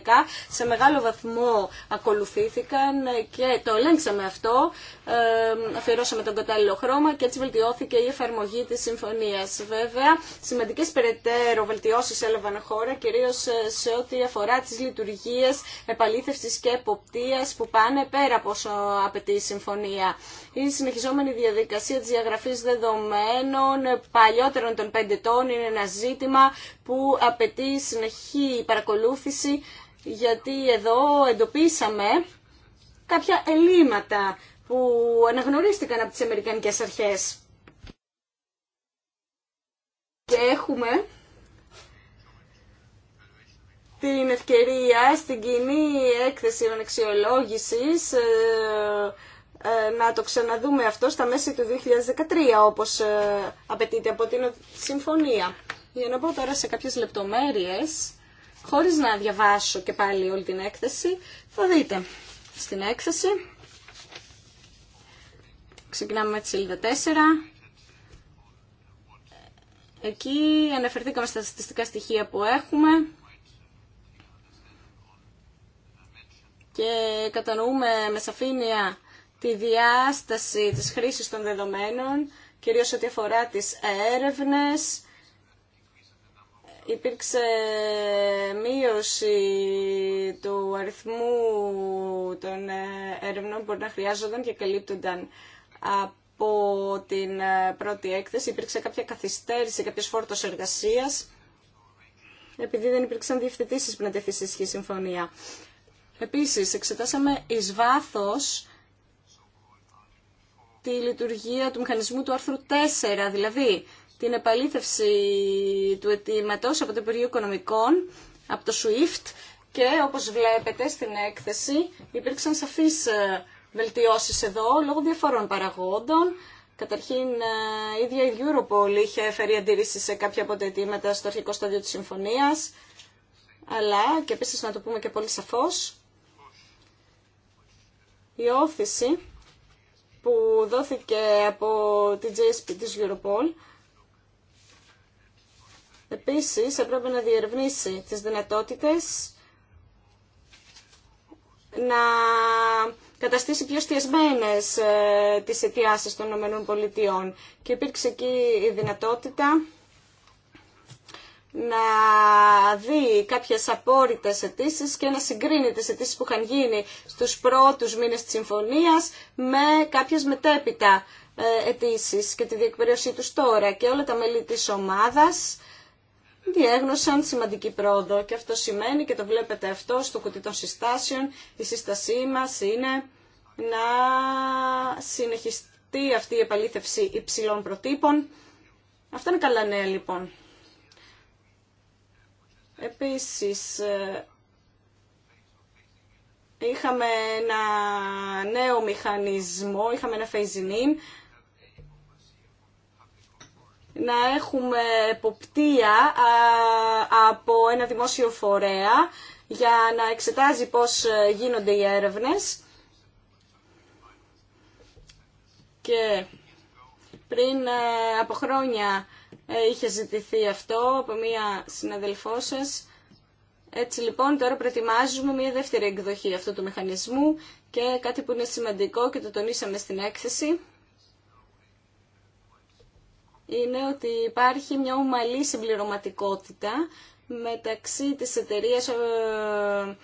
σε μεγάλο βαθμό ακολουθήθηκαν και το ελέγξαμε αυτό, ε, αφιερώσαμε τον κατάλληλο χρώμα και έτσι βελτιώθηκε η εφαρμογή τη συμφωνία. Βέβαια, Σημαντικέ περαιτέρω βελτιώσει έλαβαν χώρα, κυρίω σε ό,τι αφορά τι λειτουργίε επαλήθευση και εποπτεία που πάνε πέρα από όσο απαιτεί η συμφωνία. Η συνεχιζόμενη διαδικασία διαδικασία της διαγραφής δεδομένων παλιότερων των πέντε ετών είναι ένα ζήτημα που απαιτεί συνεχή παρακολούθηση γιατί εδώ εντοπίσαμε κάποια ελλείμματα που αναγνωρίστηκαν από τις Αμερικανικές αρχές. Και έχουμε την ευκαιρία στην κοινή έκθεση αναξιολόγησης ε, ε, να το ξαναδούμε αυτό στα μέσα του 2013, όπως ε, απαιτείται από την συμφωνία. Για να πω τώρα σε κάποιες λεπτομέρειες, χωρίς να διαβάσω και πάλι όλη την έκθεση, θα δείτε στην έκθεση. Ξεκινάμε με τη σελίδα 4. Εκεί αναφερθήκαμε στα στατιστικά στοιχεία που έχουμε και κατανοούμε με σαφήνεια τη διάσταση της χρήσης των δεδομένων, κυρίως ό,τι αφορά τις έρευνες. Υπήρξε μείωση του αριθμού των έρευνων που μπορεί να χρειάζονταν και καλύπτονταν από την πρώτη έκθεση. Υπήρξε κάποια καθυστέρηση, κάποιο φόρτο εργασίας, επειδή δεν υπήρξαν διευθετήσεις πριν να τεθεί σε συμφωνία. Επίσης, εξετάσαμε εις βάθος τη λειτουργία του μηχανισμού του άρθρου 4, δηλαδή την επαλήθευση του αιτήματο από το Υπουργείο Οικονομικών, από το SWIFT και όπως βλέπετε στην έκθεση υπήρξαν σαφείς ε, βελτιώσεις εδώ λόγω διαφορών παραγόντων. Καταρχήν, ε, η ίδια η Europol είχε φέρει αντίρρηση σε κάποια από τα αιτήματα στο αρχικό στάδιο της συμφωνίας, αλλά, και επίση να το πούμε και πολύ σαφώς, η όθηση που δόθηκε από την JSP της Europol. Επίσης, έπρεπε να διερευνήσει τις δυνατότητες να καταστήσει πιο στιασμένες ε, τις αιτιάσεις των ΗΠΑ. Και υπήρξε εκεί η δυνατότητα να δει κάποιες απόρριτες αιτήσει και να συγκρίνει τις αιτήσει που είχαν γίνει στους πρώτους μήνες της συμφωνίας με κάποιες μετέπειτα ε, αιτήσει και τη διεκπαιρέωσή του τώρα. Και όλα τα μέλη της ομάδας διέγνωσαν σημαντική πρόοδο και αυτό σημαίνει και το βλέπετε αυτό στο κουτί των συστάσεων. Η σύστασή μας είναι να συνεχιστεί αυτή η επαλήθευση υψηλών προτύπων. Αυτά είναι καλά νέα λοιπόν. Επίσης, ε, είχαμε ένα νέο μηχανισμό, είχαμε ένα phasing in, να έχουμε εποπτεία από ένα δημόσιο φορέα για να εξετάζει πώς ε, γίνονται οι έρευνες. Και πριν ε, από χρόνια ε, είχε ζητηθεί αυτό από μία συναδελφό σας. Έτσι λοιπόν τώρα προετοιμάζουμε μία δεύτερη εκδοχή αυτού του μηχανισμού και κάτι που είναι σημαντικό και το τονίσαμε στην έκθεση είναι ότι υπάρχει μια ομαλή συμπληρωματικότητα μεταξύ της εταιρείας ε,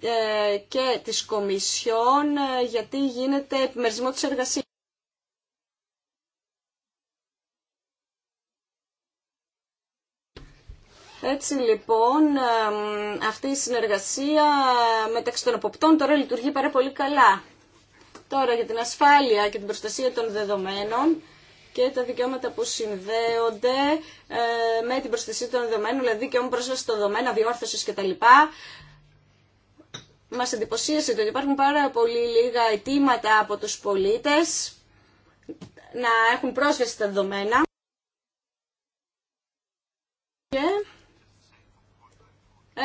ε, και της Κομισιόν γιατί γίνεται επιμερισμό της εργασίας. Έτσι λοιπόν αυτή η συνεργασία μεταξύ των εποπτών τώρα λειτουργεί πάρα πολύ καλά. Τώρα για την ασφάλεια και την προστασία των δεδομένων και τα δικαιώματα που συνδέονται ε, με την προστασία των δεδομένων, δηλαδή και όμως πρόσβαση στα δεδομένα, διόρθωσης κτλ. Μα εντυπωσίασε το ότι υπάρχουν πάρα πολύ λίγα αιτήματα από τους πολίτες να έχουν πρόσβαση στα δεδομένα.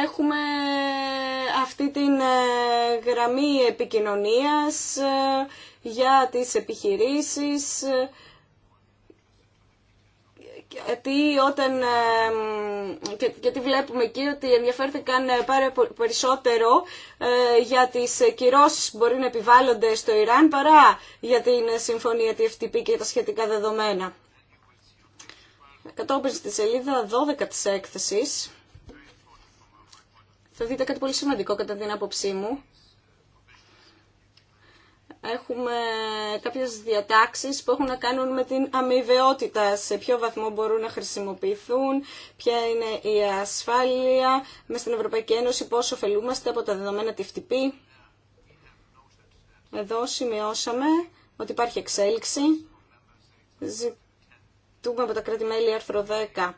έχουμε αυτή την ε, γραμμή επικοινωνίας ε, για τις επιχειρήσεις ε, γιατί, όταν, βλέπουμε εκεί ότι ενδιαφέρθηκαν πάρα περισσότερο για τις κυρώσεις που μπορεί να επιβάλλονται στο Ιράν παρά για την συμφωνία τη FTP και τα σχετικά δεδομένα. Κατόπιν στη σελίδα 12 της έκθεσης θα δείτε κάτι πολύ σημαντικό κατά την άποψή μου. Έχουμε κάποιες διατάξεις που έχουν να κάνουν με την αμοιβαιότητα, σε ποιο βαθμό μπορούν να χρησιμοποιηθούν, ποια είναι η ασφάλεια, με στην Ευρωπαϊκή Ένωση πόσο ωφελούμαστε από τα δεδομένα TFTP. Εδώ σημειώσαμε ότι υπάρχει εξέλιξη. Ζητούμε από τα κράτη-μέλη άρθρο 10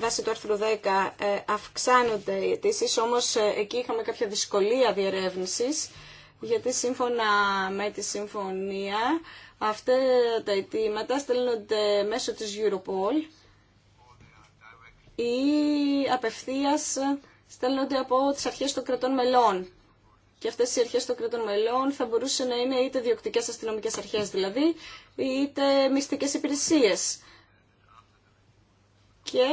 βάσει του άρθρου 10 ε, αυξάνονται οι αιτήσει, όμως ε, εκεί είχαμε κάποια δυσκολία διερεύνησης, γιατί σύμφωνα με τη συμφωνία αυτά τα αιτήματα στέλνονται μέσω της Europol ή απευθείας στέλνονται από τις αρχές των κρατών μελών. Και αυτές οι αρχές των κρατών μελών θα μπορούσαν να είναι είτε διοκτικές αστυνομικές αρχές δηλαδή, είτε μυστικές υπηρεσίες. Και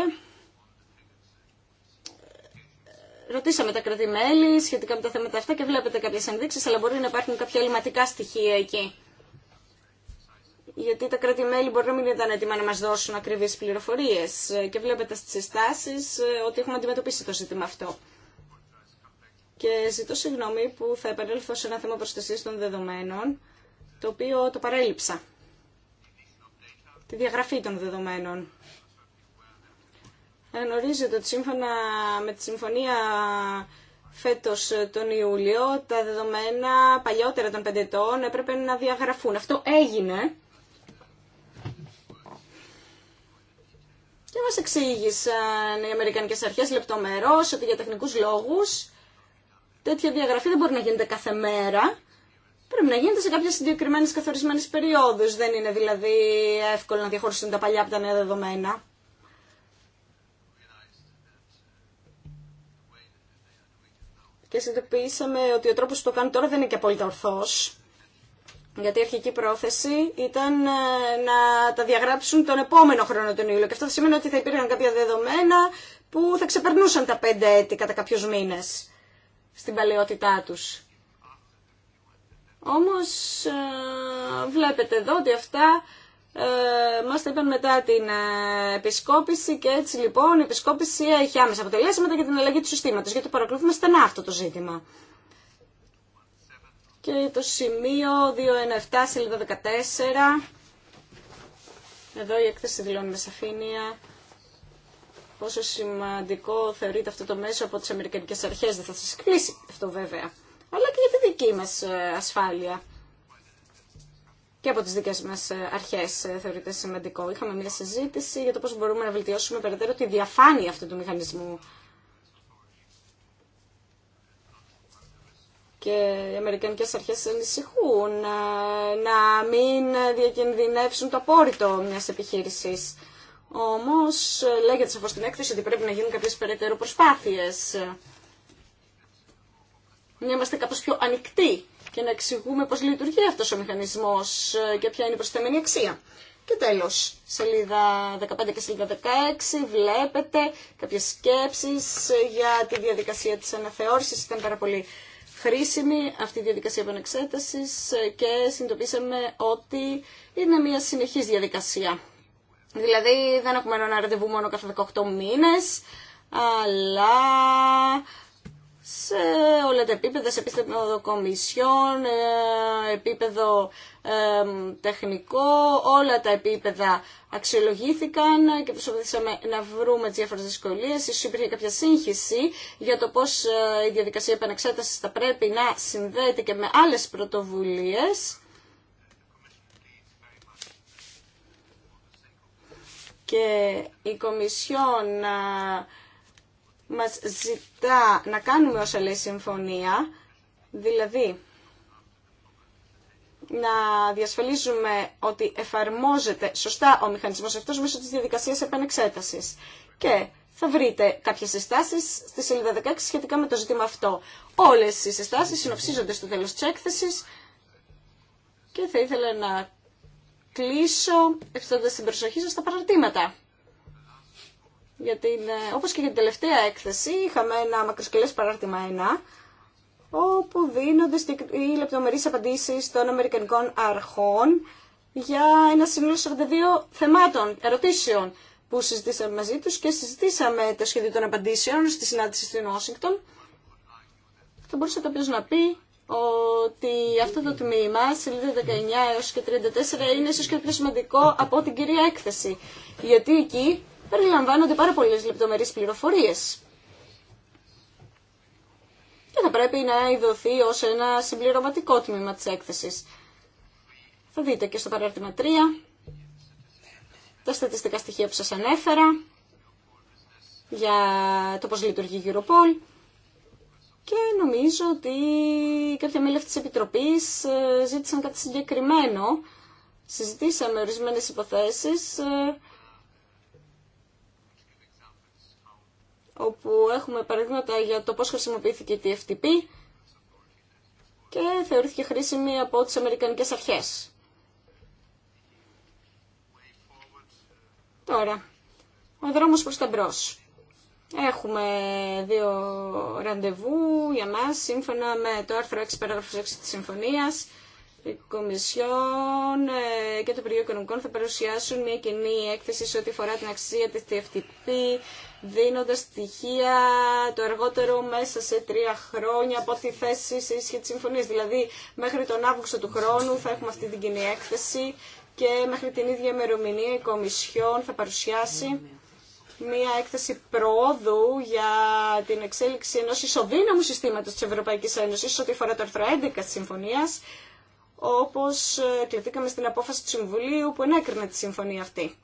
ρωτήσαμε τα κρατημέλη σχετικά με τα θέματα αυτά και βλέπετε κάποιες ενδείξεις, αλλά μπορεί να υπάρχουν κάποια ελληματικά στοιχεία εκεί. Γιατί τα κρατημέλη μπορεί να μην ήταν έτοιμα να μας δώσουν ακριβείς πληροφορίες και βλέπετε στις συστάσεις ε, ότι έχουμε αντιμετωπίσει το ζήτημα αυτό. Και ζητώ συγγνώμη που θα επανέλθω σε ένα θέμα προστασίας των δεδομένων, το οποίο το παρέλειψα. Τη διαγραφή των δεδομένων γνωρίζετε ότι σύμφωνα με τη συμφωνία φέτος τον Ιούλιο τα δεδομένα παλιότερα των πεντετών έπρεπε να διαγραφούν. Αυτό έγινε. Και μας εξήγησαν οι Αμερικανικές Αρχές λεπτομερώς ότι για τεχνικούς λόγους τέτοια διαγραφή δεν μπορεί να γίνεται κάθε μέρα. Πρέπει να γίνεται σε κάποιες συγκεκριμένες καθορισμένες περιόδους. Δεν είναι δηλαδή εύκολο να διαχωριστούν τα παλιά από τα νέα δεδομένα. και συνειδητοποιήσαμε ότι ο τρόπος που το κάνουν τώρα δεν είναι και απόλυτα ορθό. Γιατί η αρχική πρόθεση ήταν ε, να τα διαγράψουν τον επόμενο χρόνο τον Ιούλιο. Και αυτό θα σημαίνει ότι θα υπήρχαν κάποια δεδομένα που θα ξεπερνούσαν τα πέντε έτη κατά κάποιους μήνε στην παλαιότητά τους. Όμως ε, βλέπετε εδώ ότι αυτά ε, μας τα είπαν μετά την ε, επισκόπηση και έτσι λοιπόν η επισκόπηση έχει άμεσα αποτελέσματα για την αλλαγή του συστήματος γιατί παρακολουθούμε στενά αυτό το ζήτημα. Και το σημείο 217 σελίδα 14 εδώ η έκθεση δηλώνει με σαφήνεια πόσο σημαντικό θεωρείται αυτό το μέσο από τις Αμερικανικές Αρχές. Δεν θα σας κλείσει αυτό βέβαια. Αλλά και για τη δική μας ε, ασφάλεια και από τι δικέ μα ε, αρχές ε, θεωρείται σημαντικό. Είχαμε μια συζήτηση για το πώς μπορούμε να βελτιώσουμε περαιτέρω τη διαφάνεια αυτού του μηχανισμού. και οι αμερικανικέ αρχές ανησυχούν ε, να μην διακινδυνεύσουν το απόρριτο μιας επιχείρησης. Όμως λέγεται σαφώ την έκθεση ότι πρέπει να γίνουν κάποιες περαιτέρω προσπάθειες. Να είμαστε κάπω πιο ανοιχτοί και να εξηγούμε πώς λειτουργεί αυτός ο μηχανισμός ε, και ποια είναι η προσθεμένη αξία. Και τέλος, σελίδα 15 και σελίδα 16 βλέπετε κάποιες σκέψεις ε, για τη διαδικασία της αναθεώρησης. Ήταν πάρα πολύ χρήσιμη αυτή η διαδικασία επανεξέτασης ε, και συνειδητοποίησαμε ότι είναι μια συνεχής διαδικασία. Δηλαδή δεν έχουμε ένα ραντεβού μόνο κάθε 18 μήνες, αλλά σε όλα τα επίπεδα, σε επίπεδο κομισιών, ε, επίπεδο ε, τεχνικό, όλα τα επίπεδα αξιολογήθηκαν και προσπαθήσαμε να βρούμε τις διάφορες δυσκολίες. Ίσως υπήρχε κάποια σύγχυση για το πώς ε, η διαδικασία επαναξέτασης θα πρέπει να συνδέεται και με άλλες πρωτοβουλίες. Και η Κομισιόν μας ζητά να κάνουμε όσα λέει συμφωνία, δηλαδή να διασφαλίζουμε ότι εφαρμόζεται σωστά ο μηχανισμός αυτός μέσω της διαδικασίας επανεξέτασης. Και θα βρείτε κάποιες συστάσεις στη σελίδα 16 σχετικά με το ζήτημα αυτό. Όλες οι συστάσεις συνοψίζονται στο τέλος της έκθεσης και θα ήθελα να κλείσω ευθύντας την προσοχή σας στα παραρτήματα για την, ε, όπως και για την τελευταία έκθεση, είχαμε ένα μακροσκελές παράρτημα 1, όπου δίνονται οι λεπτομερείς απαντήσεις των Αμερικανικών αρχών για ένα σύνολο 42 θεμάτων, ερωτήσεων που συζητήσαμε μαζί τους και συζητήσαμε το σχέδιο των απαντήσεων στη συνάντηση στην Ουάσιγκτον. Θα μπορούσε κάποιο να πει ότι αυτό το τμήμα, σελίδα 19 έως και 34, είναι ίσως και πιο σημαντικό από την κυρία έκθεση. Γιατί εκεί περιλαμβάνονται πάρα πολλές λεπτομερείς πληροφορίες. Και θα πρέπει να ειδωθεί ως ένα συμπληρωματικό τμήμα της έκθεσης. Θα δείτε και στο παράρτημα 3 τα στατιστικά στοιχεία που σας ανέφερα για το πώς λειτουργεί η Europol και νομίζω ότι κάποια μέλη αυτής της Επιτροπής ε, ζήτησαν κάτι συγκεκριμένο. Συζητήσαμε ορισμένες υποθέσεις ε, όπου έχουμε παραδείγματα για το πώς χρησιμοποιήθηκε η TFTP και θεωρήθηκε χρήσιμη από τις Αμερικανικές αρχές. Τώρα, ο δρόμος προς τα μπρος. Έχουμε δύο ραντεβού για μας, σύμφωνα με το άρθρο 6 παράγραφος 6 της Συμφωνίας. Η Κομισιόν ε, και το Υπουργείο Οικονομικών θα παρουσιάσουν μια κοινή έκθεση σε ό,τι αφορά την αξία της TFTP, δίνοντας στοιχεία το εργότερο μέσα σε τρία χρόνια από τη θέση σε ίσχυ της συμφωνίας. Δηλαδή μέχρι τον Αύγουστο του χρόνου θα έχουμε αυτή την κοινή έκθεση και μέχρι την ίδια ημερομηνία η Κομισιόν θα παρουσιάσει μία έκθεση προόδου για την εξέλιξη ενός ισοδύναμου συστήματος της Ευρωπαϊκής Ένωσης ό,τι αφορά το άρθρο 11 της Συμφωνίας, όπως κληθήκαμε ε, στην απόφαση του Συμβουλίου που ενέκρινε τη συμφωνία αυτή.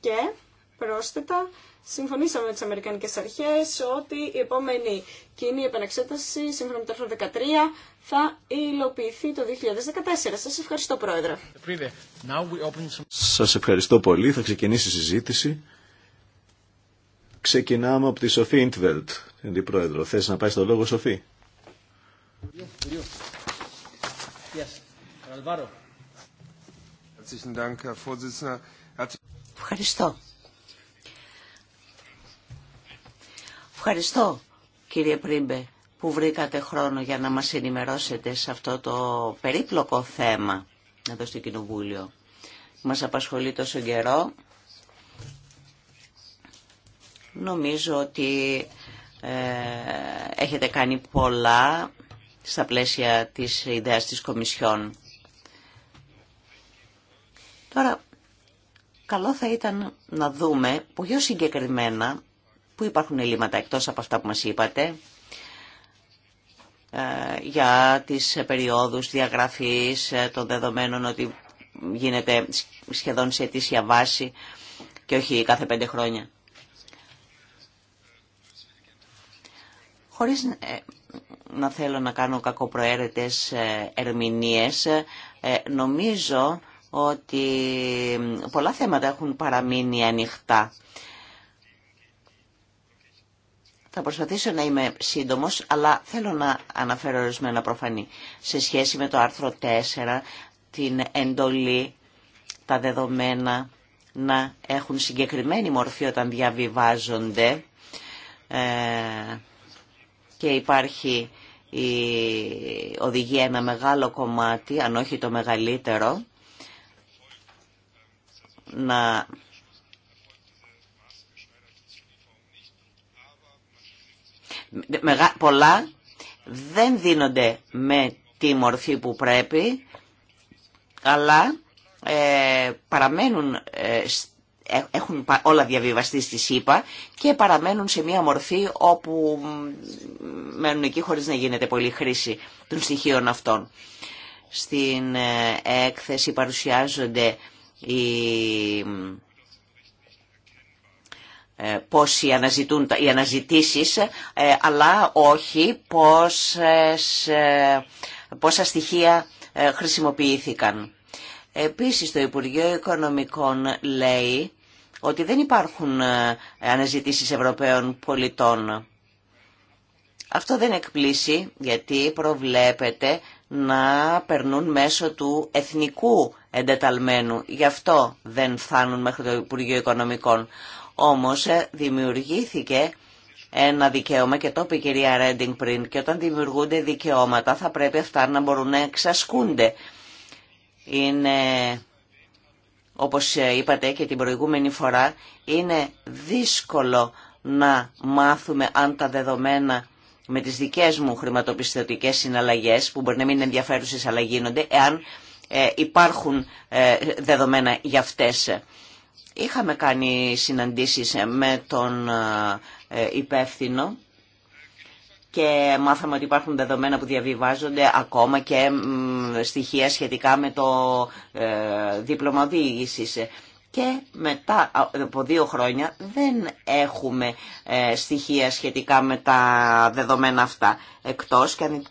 Και πρόσθετα συμφωνήσαμε με τις Αμερικανικές Αρχές ότι η επόμενη κοινή επαναξέταση, σύμφωνα με το άρθρο 13, θα υλοποιηθεί το 2014. Σας ευχαριστώ, Πρόεδρε. Σα ευχαριστώ πολύ. Θα ξεκινήσει η συζήτηση. Ξεκινάμε από τη Σοφή Ιντβελτ, την Αντιπρόεδρο. Θε να πάει στο λόγο, Σοφή. Ευχαριστώ. Ευχαριστώ κύριε Πρίμπε που βρήκατε χρόνο για να μας ενημερώσετε σε αυτό το περίπλοκο θέμα εδώ στο Κοινοβούλιο. Μας απασχολεί τόσο καιρό. Νομίζω ότι ε, έχετε κάνει πολλά στα πλαίσια της ιδέας της Κομισιόν. Τώρα, καλό θα ήταν να δούμε πιο συγκεκριμένα Πού υπάρχουν ελλείμματα εκτός από αυτά που μας είπατε ε, για τις περιόδους διαγραφής ε, των δεδομένων ότι γίνεται σχεδόν σε αιτήσια βάση και όχι κάθε πέντε χρόνια. Χωρίς ε, να θέλω να κάνω κακοπροαίρετες ερμηνείες, νομίζω ότι πολλά θέματα έχουν παραμείνει ανοιχτά θα προσπαθήσω να είμαι σύντομος, αλλά θέλω να αναφέρω ορισμένα προφανή. Σε σχέση με το άρθρο 4, την εντολή, τα δεδομένα να έχουν συγκεκριμένη μορφή όταν διαβιβάζονται ε, και υπάρχει η οδηγία ένα μεγάλο κομμάτι, αν όχι το μεγαλύτερο, να Πολλά δεν δίνονται με τη μορφή που πρέπει, αλλά ε, παραμένουν, ε, ε, έχουν όλα διαβιβαστεί στη ΣΥΠΑ και παραμένουν σε μια μορφή όπου μένουν εκεί χωρίς να γίνεται πολύ χρήση των στοιχείων αυτών. Στην έκθεση παρουσιάζονται οι ε, πώς αναζητούν, οι αναζητήσεις, ε, αλλά όχι πόσες, ε, πόσα στοιχεία χρησιμοποιήθηκαν. Επίσης το Υπουργείο Οικονομικών λέει ότι δεν υπάρχουν αναζητήσεις Ευρωπαίων πολιτών. Αυτό δεν εκπλήσει γιατί προβλέπεται να περνούν μέσω του εθνικού εντεταλμένου. Γι' αυτό δεν φτάνουν μέχρι το Υπουργείο Οικονομικών. Όμως ε, δημιουργήθηκε ένα δικαίωμα και το είπε η κυρία Ρέντινγκ πριν και όταν δημιουργούνται δικαιώματα θα πρέπει αυτά να μπορούν να εξασκούνται. Είναι, όπως ε, είπατε και την προηγούμενη φορά, είναι δύσκολο να μάθουμε αν τα δεδομένα με τις δικές μου χρηματοπιστωτικές συναλλαγές, που μπορεί να μην είναι ενδιαφέρουσες αλλά γίνονται, εάν ε, υπάρχουν δεδομένα για αυτές. Είχαμε κάνει συναντήσεις ε, με τον ε, ε, υπεύθυνο και μάθαμε ότι υπάρχουν δεδομένα που διαβιβάζονται ακόμα και στοιχεία σχετικά με το δίπλωμα οδήγησης. Και μετά από δύο χρόνια δεν έχουμε στοιχεία σχετικά με τα δεδομένα αυτά, εκτός και αν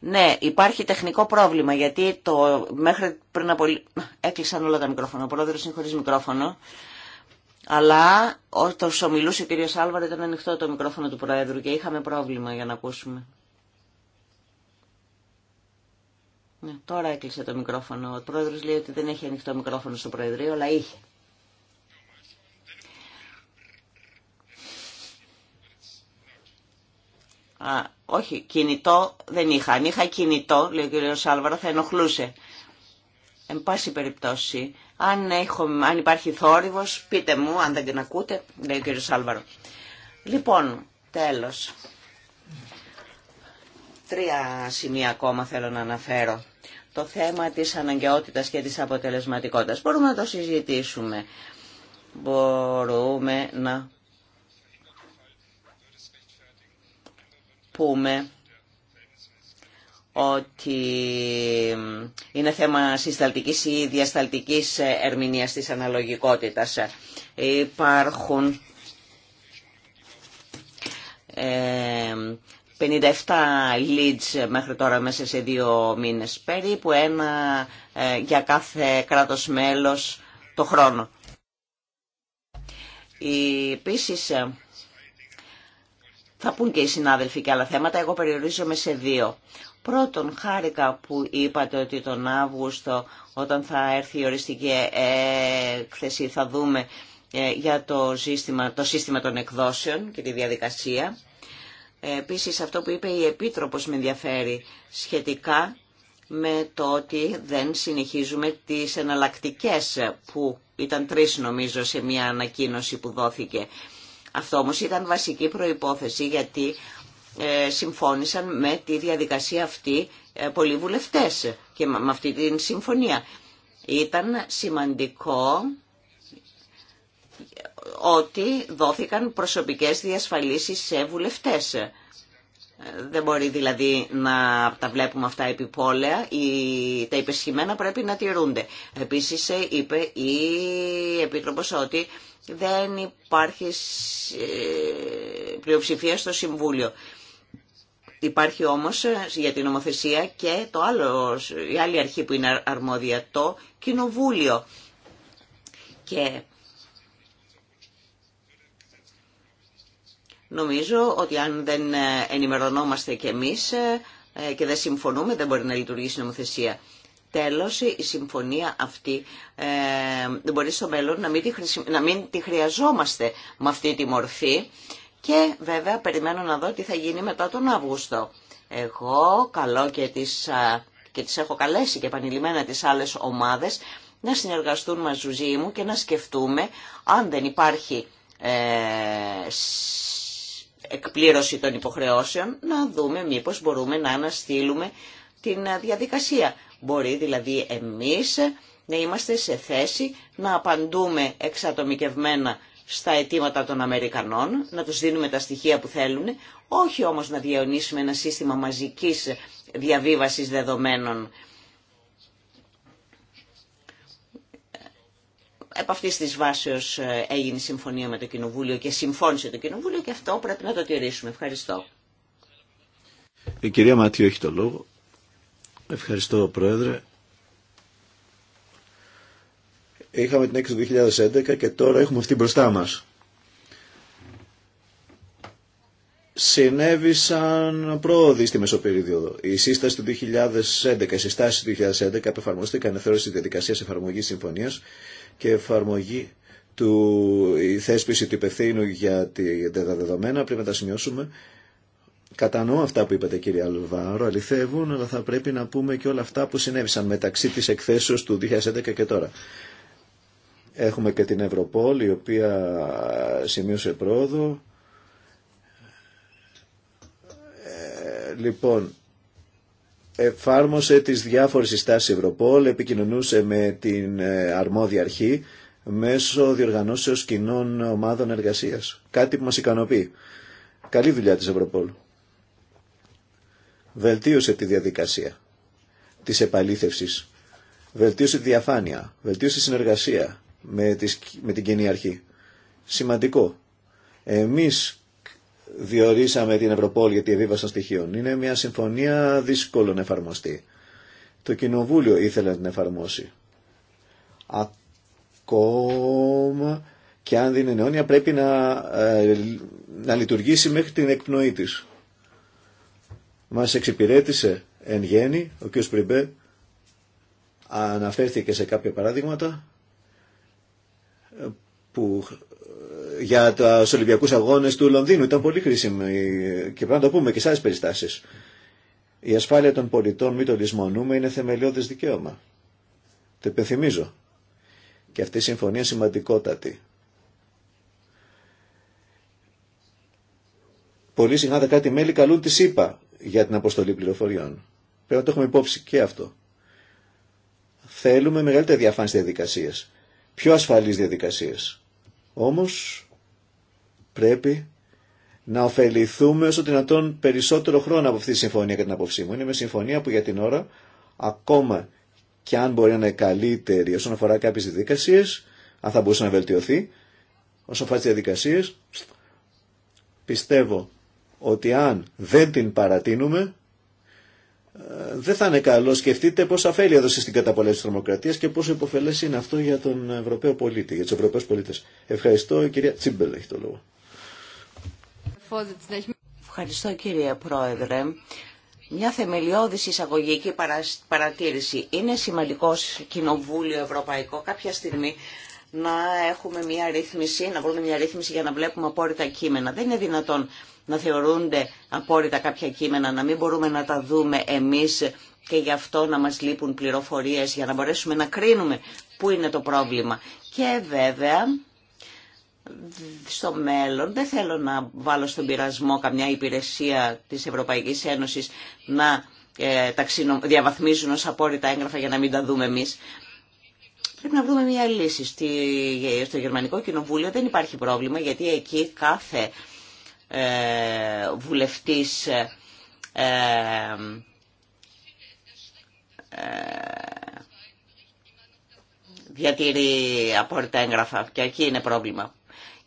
Ναι, υπάρχει τεχνικό πρόβλημα γιατί το μέχρι πριν από... Έκλεισαν όλα τα μικρόφωνα, ο πρόεδρος είναι χωρίς μικρόφωνο. Αλλά όταν ομιλούσε ο κύριος Άλβαρ ήταν ανοιχτό το μικρόφωνο του πρόεδρου και είχαμε πρόβλημα για να ακούσουμε. Ναι, τώρα έκλεισε το μικρόφωνο. Ο πρόεδρος λέει ότι δεν έχει ανοιχτό μικρόφωνο στο Προεδρείο, αλλά είχε. όχι, κινητό δεν είχα. Αν είχα κινητό, λέει ο κύριο Άλβαρο, θα ενοχλούσε. Εν πάση περιπτώσει, αν, έχω, αν υπάρχει θόρυβος, πείτε μου, αν δεν την ακούτε, λέει ο κύριο Άλβαρο. Λοιπόν, τέλος. Τρία σημεία ακόμα θέλω να αναφέρω. Το θέμα της αναγκαιότητας και της αποτελεσματικότητας. Μπορούμε να το συζητήσουμε. Μπορούμε να πούμε ότι είναι θέμα συσταλτικής ή διασταλτικής ερμηνείας της αναλογικότητας. Υπάρχουν 57 leads μέχρι τώρα μέσα σε δύο μήνες περίπου, ένα ε, για κάθε κράτος μέλος το χρόνο. Επίσης, θα πούν και οι συνάδελφοι και άλλα θέματα, εγώ περιορίζομαι σε δύο. Πρώτον, χάρηκα που είπατε ότι τον Αύγουστο όταν θα έρθει η οριστική έκθεση θα δούμε ε, για το σύστημα, το σύστημα των εκδόσεων και τη διαδικασία. Ε, επίσης αυτό που είπε η Επίτροπος με ενδιαφέρει σχετικά με το ότι δεν συνεχίζουμε τις εναλλακτικές που ήταν τρεις νομίζω σε μια ανακοίνωση που δόθηκε. Αυτό όμως ήταν βασική προϋπόθεση γιατί ε, συμφώνησαν με τη διαδικασία αυτή ε, πολλοί βουλευτές και με αυτή την συμφωνία. Ήταν σημαντικό ε, ότι δόθηκαν προσωπικές διασφαλίσεις σε βουλευτές δεν μπορεί δηλαδή να τα βλέπουμε αυτά επιπόλαια, τα υπεσχημένα πρέπει να τηρούνται. Επίσης ε, είπε η Επίτροπος ότι δεν υπάρχει ε, πλειοψηφία στο Συμβούλιο. Υπάρχει όμως ε, για την νομοθεσία και το άλλο, η άλλη αρχή που είναι αρμόδια, το Κοινοβούλιο. Και Νομίζω ότι αν δεν ε, ενημερωνόμαστε κι εμείς ε, ε, και δεν συμφωνούμε δεν μπορεί να λειτουργήσει η νομοθεσία. Τέλος, η συμφωνία αυτή δεν μπορεί στο μέλλον να μην, τη τη χρειαζόμαστε με αυτή τη μορφή και βέβαια περιμένω να δω τι θα γίνει μετά τον Αύγουστο. Εγώ καλώ και τις, και τις έχω καλέσει και επανειλημμένα τις άλλες ομάδες να συνεργαστούν μαζί μου και να σκεφτούμε αν δεν υπάρχει ε, εκπλήρωση των υποχρεώσεων, να δούμε μήπως μπορούμε να αναστείλουμε την ε, διαδικασία. Μπορεί δηλαδή εμείς να είμαστε σε θέση να απαντούμε εξατομικευμένα στα αιτήματα των Αμερικανών, να τους δίνουμε τα στοιχεία που θέλουν, όχι όμως να διαιωνίσουμε ένα σύστημα μαζικής διαβίβασης δεδομένων επ' αυτής της βάσεως ε, έγινε συμφωνία με το Κοινοβούλιο και συμφώνησε το Κοινοβούλιο και αυτό πρέπει να το τηρήσουμε. Ευχαριστώ. Η κυρία Ματιού έχει το λόγο. Ευχαριστώ Πρόεδρε. Είχαμε την έξοδο 2011 και τώρα έχουμε αυτή μπροστά μας. Συνέβησαν πρόοδοι στη Μεσοπερίδιοδο. Η σύσταση του 2011, η συστάση του 2011 απεφαρμόστηκαν εθέρω τη διαδικασία εφαρμογή συμφωνία και εφαρμογή του, η θέσπιση του υπευθύνου για τα δεδομένα, Πριν να τα σημειώσουμε. Κατανοώ αυτά που είπατε κύριε Αλβάρο, αληθεύουν, αλλά θα πρέπει να πούμε και όλα αυτά που συνέβησαν μεταξύ της εκθέσεως του 2011 και τώρα. Έχουμε και την Ευρωπόλη η οποία σημείωσε πρόοδο. Ε, λοιπόν, εφάρμοσε τις διάφορες συστάσεις Ευρωπόλ, επικοινωνούσε με την ε, αρμόδια αρχή μέσω διοργανώσεως κοινών ομάδων εργασίας. Κάτι που μας ικανοποιεί. Καλή δουλειά της Ευρωπόλ. Βελτίωσε τη διαδικασία της επαλήθευσης. Βελτίωσε τη διαφάνεια. Βελτίωσε τη συνεργασία με, τις, με την κοινή αρχή. Σημαντικό. Εμείς διορίσαμε την ευρωπόλη για τη εβίβαση των στοιχείων. Είναι μια συμφωνία δύσκολο να εφαρμοστεί. Το Κοινοβούλιο ήθελε να την εφαρμόσει. Ακόμα και αν δεν είναι αιώνια πρέπει να, ε, να λειτουργήσει μέχρι την εκπνοή της. Μας εξυπηρέτησε εν γέννη, ο κ. Πριμπέ αναφέρθηκε σε κάποια παράδειγματα που για του Ολυμπιακού Αγώνε του Λονδίνου. Ήταν πολύ χρήσιμη και πρέπει να το πούμε και σε άλλε περιστάσει. Η ασφάλεια των πολιτών, μην το λησμονούμε, είναι θεμελιώδε δικαίωμα. Το υπενθυμίζω. Και αυτή η συμφωνία σημαντικότατη. Πολύ συχνά τα κράτη-μέλη καλούν τη ΣΥΠΑ για την αποστολή πληροφοριών. Πρέπει να το έχουμε υπόψη και αυτό. Θέλουμε μεγαλύτερη διαφάνεια διαδικασίε. Πιο ασφαλεί διαδικασίε. Όμως Πρέπει να ωφεληθούμε όσο δυνατόν περισσότερο χρόνο από αυτή τη συμφωνία κατά την απόψή μου. Είναι μια συμφωνία που για την ώρα ακόμα και αν μπορεί να είναι καλύτερη όσον αφορά κάποιε διαδικασίε, αν θα μπορούσε να βελτιωθεί, όσον αφορά τι διαδικασίε, πιστεύω ότι αν δεν την παρατείνουμε, ε, δεν θα είναι καλό. Σκεφτείτε πόσα ωφέλη έδωσε στην καταπολέμηση τη τρομοκρατία και πόσο υποφελέ είναι αυτό για τον Ευρωπαίο πολίτη, για του Ευρωπαίου πολίτε. Ευχαριστώ, η κυρία Τσίμπελ έχει το λόγο. Ευχαριστώ κύριε Πρόεδρε. Μια θεμελιώδης εισαγωγική παρατήρηση. Είναι σημαντικό κοινοβούλιο ευρωπαϊκό κάποια στιγμή να έχουμε μια ρύθμιση, να βρούμε μια ρύθμιση για να βλέπουμε απόρριτα κείμενα. Δεν είναι δυνατόν να θεωρούνται απόρριτα κάποια κείμενα, να μην μπορούμε να τα δούμε εμείς και γι' αυτό να μας λείπουν πληροφορίες για να μπορέσουμε να κρίνουμε πού είναι το πρόβλημα. Και βέβαια στο μέλλον δεν θέλω να βάλω στον πειρασμό καμιά υπηρεσία της Ευρωπαϊκής Ένωσης να ε, διαβαθμίζουν ως απόρριτα έγγραφα για να μην τα δούμε εμείς. Πρέπει να βρούμε μια λύση. Στη, στο Γερμανικό Κοινοβούλιο δεν υπάρχει πρόβλημα γιατί εκεί κάθε ε, βουλευτής ε, ε, ε διατηρεί απόρριτα έγγραφα και εκεί είναι πρόβλημα.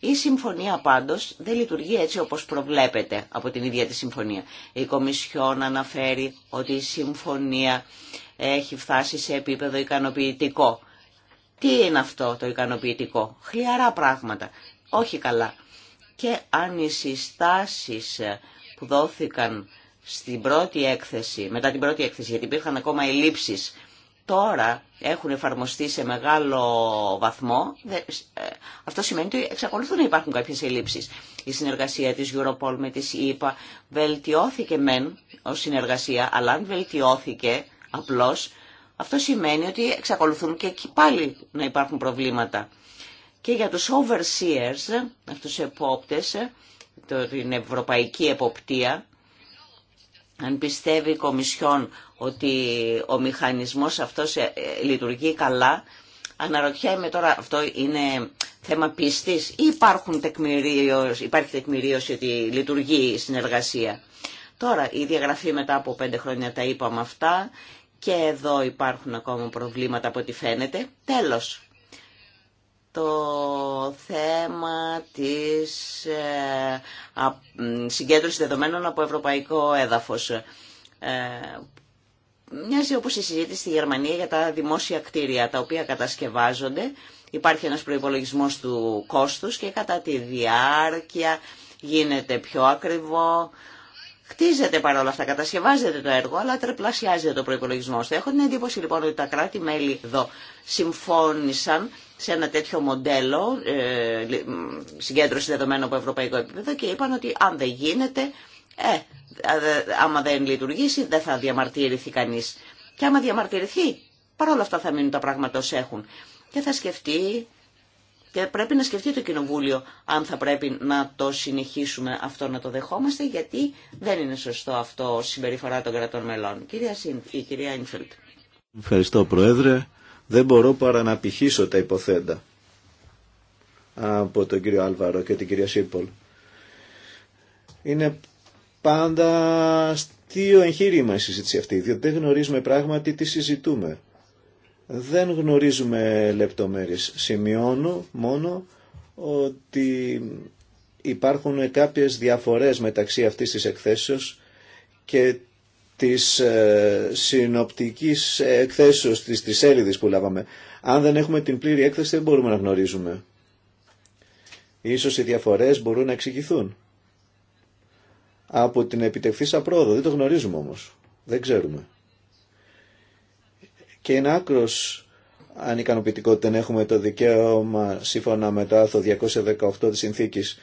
Η συμφωνία πάντως δεν λειτουργεί έτσι όπως προβλέπεται από την ίδια τη συμφωνία. Η Κομισιόν αναφέρει ότι η συμφωνία έχει φτάσει σε επίπεδο ικανοποιητικό. Τι είναι αυτό το ικανοποιητικό. Χλιαρά πράγματα. Όχι καλά. Και αν οι συστάσεις που δόθηκαν στην πρώτη έκθεση, μετά την πρώτη έκθεση, γιατί υπήρχαν ακόμα ελλείψεις τώρα έχουν εφαρμοστεί σε μεγάλο βαθμό, ε, αυτό σημαίνει ότι εξακολουθούν να υπάρχουν κάποιε ελλείψει. Η συνεργασία της Europol με τη ΕΙΠΑ βελτιώθηκε μεν ω συνεργασία, αλλά αν βελτιώθηκε απλώ αυτό σημαίνει ότι εξακολουθούν και εκεί πάλι να υπάρχουν προβλήματα. Και για τους overseers, αυτούς επόπτες, την ευρωπαϊκή εποπτεία, αν πιστεύει η Κομισιόν ότι ο μηχανισμός αυτός ε, ε, λειτουργεί καλά. Αναρωτιέμαι τώρα, αυτό είναι θέμα πίστης ή υπάρχουν τεκμηρίωση, υπάρχει τεκμηρίωση ότι λειτουργεί η συνεργασία. Τώρα, η διαγραφή μετά από πέντε χρόνια τα είπαμε αυτά και εδώ υπάρχουν ακόμα προβλήματα από ό,τι φαίνεται. Τέλος, το θέμα της ε, συγκέντρωσης δεδομένων από ευρωπαϊκό έδαφος Μοιάζει όπως η συζήτηση στη Γερμανία για τα δημόσια κτίρια τα οποία κατασκευάζονται. Υπάρχει ένας προϋπολογισμός του κόστους και κατά τη διάρκεια γίνεται πιο ακριβό. Χτίζεται παρόλα αυτά, κατασκευάζεται το έργο, αλλά τρεπλασιάζεται το προπολογισμό του. Έχω την εντύπωση λοιπόν ότι τα κράτη-μέλη εδώ συμφώνησαν σε ένα τέτοιο μοντέλο ε, συγκέντρωση δεδομένων από ευρωπαϊκό επίπεδο και είπαν ότι αν δεν γίνεται ε, άμα δεν λειτουργήσει δεν θα διαμαρτυρηθεί κανείς. Και άμα διαμαρτυρηθεί, παρόλα αυτά θα μείνουν τα πράγματα ως έχουν. Και θα σκεφτεί, και πρέπει να σκεφτεί το Κοινοβούλιο αν θα πρέπει να το συνεχίσουμε αυτό να το δεχόμαστε, γιατί δεν είναι σωστό αυτό συμπεριφορά των κρατών μελών. Κυρία, η κυρία Ίνφελτ. Ευχαριστώ Πρόεδρε. Δεν μπορώ παρά να πηχήσω τα υποθέντα από τον κύριο Άλβαρο και την κυρία Σίπολ πάντα αστείο εγχείρημα η συζήτηση αυτή, διότι δεν γνωρίζουμε πράγματι τι συζητούμε. Δεν γνωρίζουμε λεπτομέρειες. Σημειώνω μόνο ότι υπάρχουν κάποιες διαφορές μεταξύ αυτής της εκθέσεως και της ε, συνοπτικής εκθέσεως της τρισέλιδης που λάβαμε. Αν δεν έχουμε την πλήρη έκθεση δεν μπορούμε να γνωρίζουμε. Ίσως οι διαφορές μπορούν να εξηγηθούν από την επιτευχθήσα πρόοδο. Δεν το γνωρίζουμε όμως. Δεν ξέρουμε. Και είναι άκρος ανικανοποιητικό ότι δεν έχουμε το δικαίωμα σύμφωνα με το άρθρο 218 της συνθήκης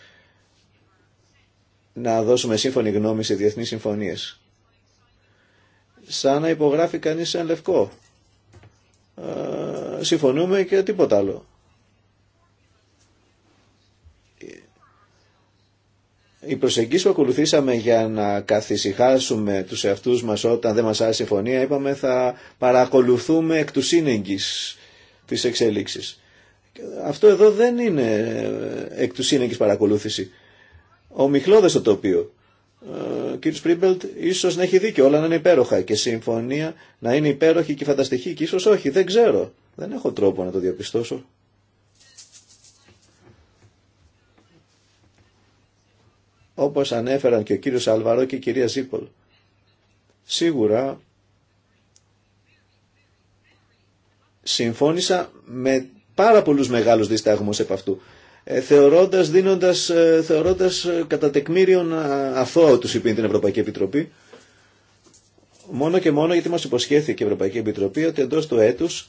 να δώσουμε σύμφωνη γνώμη σε διεθνείς συμφωνίες. Σαν να υπογράφει κανείς ένα λευκό. Ε, συμφωνούμε και τίποτα άλλο. η προσεγγίση που ακολουθήσαμε για να καθησυχάσουμε τους εαυτούς μας όταν δεν μας άρεσε η συμφωνία, είπαμε θα παρακολουθούμε εκ του σύνεγγης τις εξέλιξεις. Αυτό εδώ δεν είναι ε, εκ του σύνεγγης παρακολούθηση. Ο Μιχλώδες το τοπίο. Ε, ο κ. Πρίμπελτ ίσως να έχει δίκιο, όλα να είναι υπέροχα και συμφωνία να είναι υπέροχη και φανταστική και ίσως όχι, δεν ξέρω. Δεν έχω τρόπο να το διαπιστώσω. όπως ανέφεραν και ο κύριος Αλβαρό και η κυρία Ζήπολ. Σίγουρα συμφώνησα με πάρα πολλούς μεγάλους δισταγμούς επ' αυτού, ε, θεωρώντας, δίνοντας, ε, θεωρώντας κατά τεκμήριον ε, αθώο τους την Ευρωπαϊκή Επιτροπή, μόνο και μόνο γιατί μας υποσχέθηκε η Ευρωπαϊκή Επιτροπή ότι εντός του έτους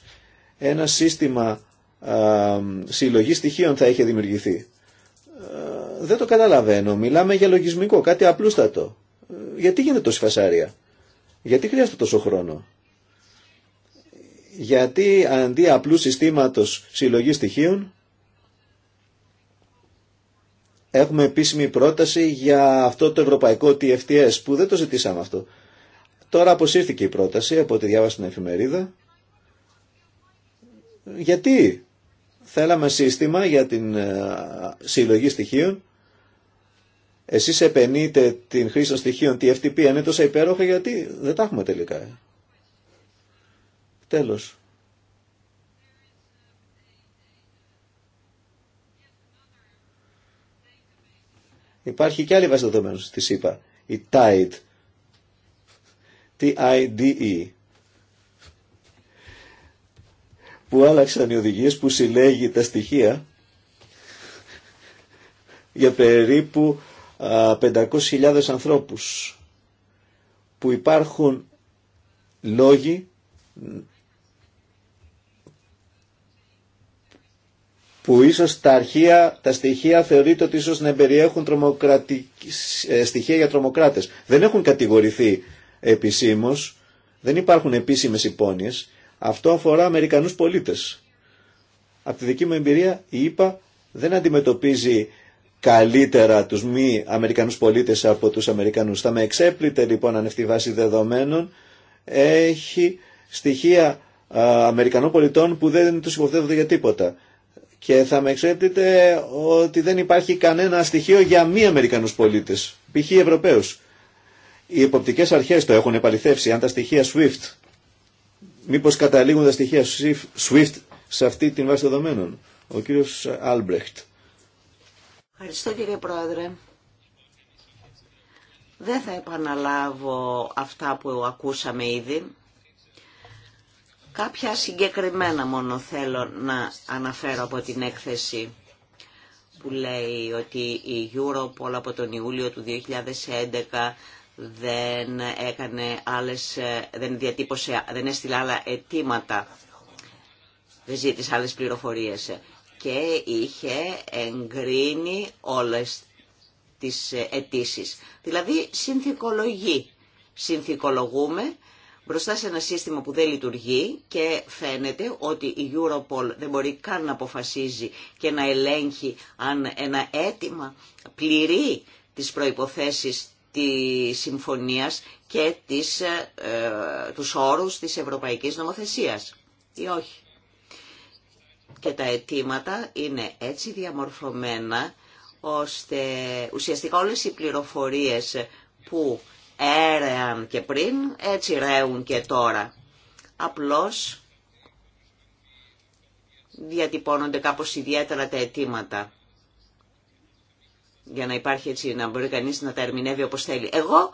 ένα σύστημα συλλογής στοιχείων θα είχε δημιουργηθεί δεν το καταλαβαίνω. Μιλάμε για λογισμικό, κάτι απλούστατο. Ε, γιατί γίνεται τόση φασάρια. Γιατί χρειάζεται τόσο χρόνο. Γιατί αντί απλού συστήματος συλλογής στοιχείων έχουμε επίσημη πρόταση για αυτό το ευρωπαϊκό TFTS που δεν το ζητήσαμε αυτό. Τώρα αποσύρθηκε η πρόταση από τη διάβαση στην εφημερίδα. Γιατί θέλαμε σύστημα για την ε, συλλογή στοιχείων εσείς επενείτε την χρήση των στοιχείων TFTP αν είναι τόσο υπέροχα γιατί δεν τα έχουμε τελικά. Ε. Τέλος. Υπάρχει και άλλη βάση δεδομένων τη είπα. Η TIDE. T-I-D-E. Που άλλαξαν οι οδηγίες που συλλέγει τα στοιχεία για περίπου 500.000 ανθρώπους που υπάρχουν λόγοι που ίσως τα αρχεία, τα στοιχεία θεωρείται ότι ίσως να περιέχουν ε, στοιχεία για τρομοκράτες. Δεν έχουν κατηγορηθεί επισήμως, δεν υπάρχουν επίσημες υπόνοιες. Αυτό αφορά Αμερικανούς πολίτες. Από τη δική μου εμπειρία η ΕΠΑ δεν αντιμετωπίζει καλύτερα τους μη Αμερικανούς πολίτες από τους Αμερικανούς. Θα με εξέπλητε λοιπόν αν αυτή η βάση δεδομένων έχει στοιχεία α, Αμερικανών πολιτών που δεν τους υποθέτονται για τίποτα. Και θα με εξέπλητε ότι δεν υπάρχει κανένα στοιχείο για μη Αμερικανούς πολίτες, π.χ. Ευρωπαίους. Οι υποπτικές αρχές το έχουν επαληθεύσει, αν τα στοιχεία SWIFT, μήπως καταλήγουν τα στοιχεία SWIFT σε αυτή την βάση δεδομένων. Ο κύριος Άλμπρεχτ. Ευχαριστώ κύριε Πρόεδρε. Δεν θα επαναλάβω αυτά που ακούσαμε ήδη. Κάποια συγκεκριμένα μόνο θέλω να αναφέρω από την έκθεση που λέει ότι η Europol από τον Ιούλιο του 2011 δεν έκανε άλλες, δεν διατύπωσε, δεν έστειλε άλλα αιτήματα, δεν ζήτησε άλλες πληροφορίες και είχε εγκρίνει όλες τις αιτήσει. Δηλαδή συνθηκολογεί. Συνθηκολογούμε μπροστά σε ένα σύστημα που δεν λειτουργεί και φαίνεται ότι η Europol δεν μπορεί καν να αποφασίζει και να ελέγχει αν ένα αίτημα πληρεί τις προϋποθέσεις της συμφωνίας και τις, ε, ε τους όρους της ευρωπαϊκής νομοθεσίας ή όχι και τα αιτήματα είναι έτσι διαμορφωμένα ώστε ουσιαστικά όλες οι πληροφορίες που έρεαν και πριν έτσι ρέουν και τώρα. Απλώς διατυπώνονται κάπως ιδιαίτερα τα αιτήματα για να υπάρχει έτσι, να μπορεί κανείς να τα ερμηνεύει όπως θέλει. Εγώ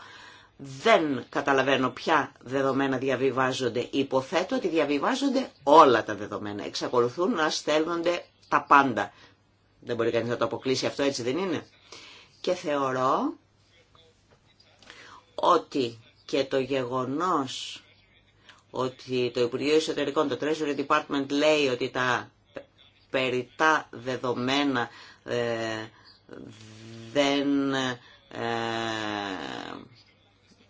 δεν καταλαβαίνω ποια δεδομένα διαβιβάζονται. Υποθέτω ότι διαβιβάζονται όλα τα δεδομένα. Εξακολουθούν να στέλνονται τα πάντα. Δεν μπορεί κανείς να το αποκλείσει αυτό, έτσι δεν είναι. Και θεωρώ ότι και το γεγονός ότι το Υπουργείο Εσωτερικών, το Treasury Department λέει ότι τα περιτά δεδομένα ε, δεν... Ε,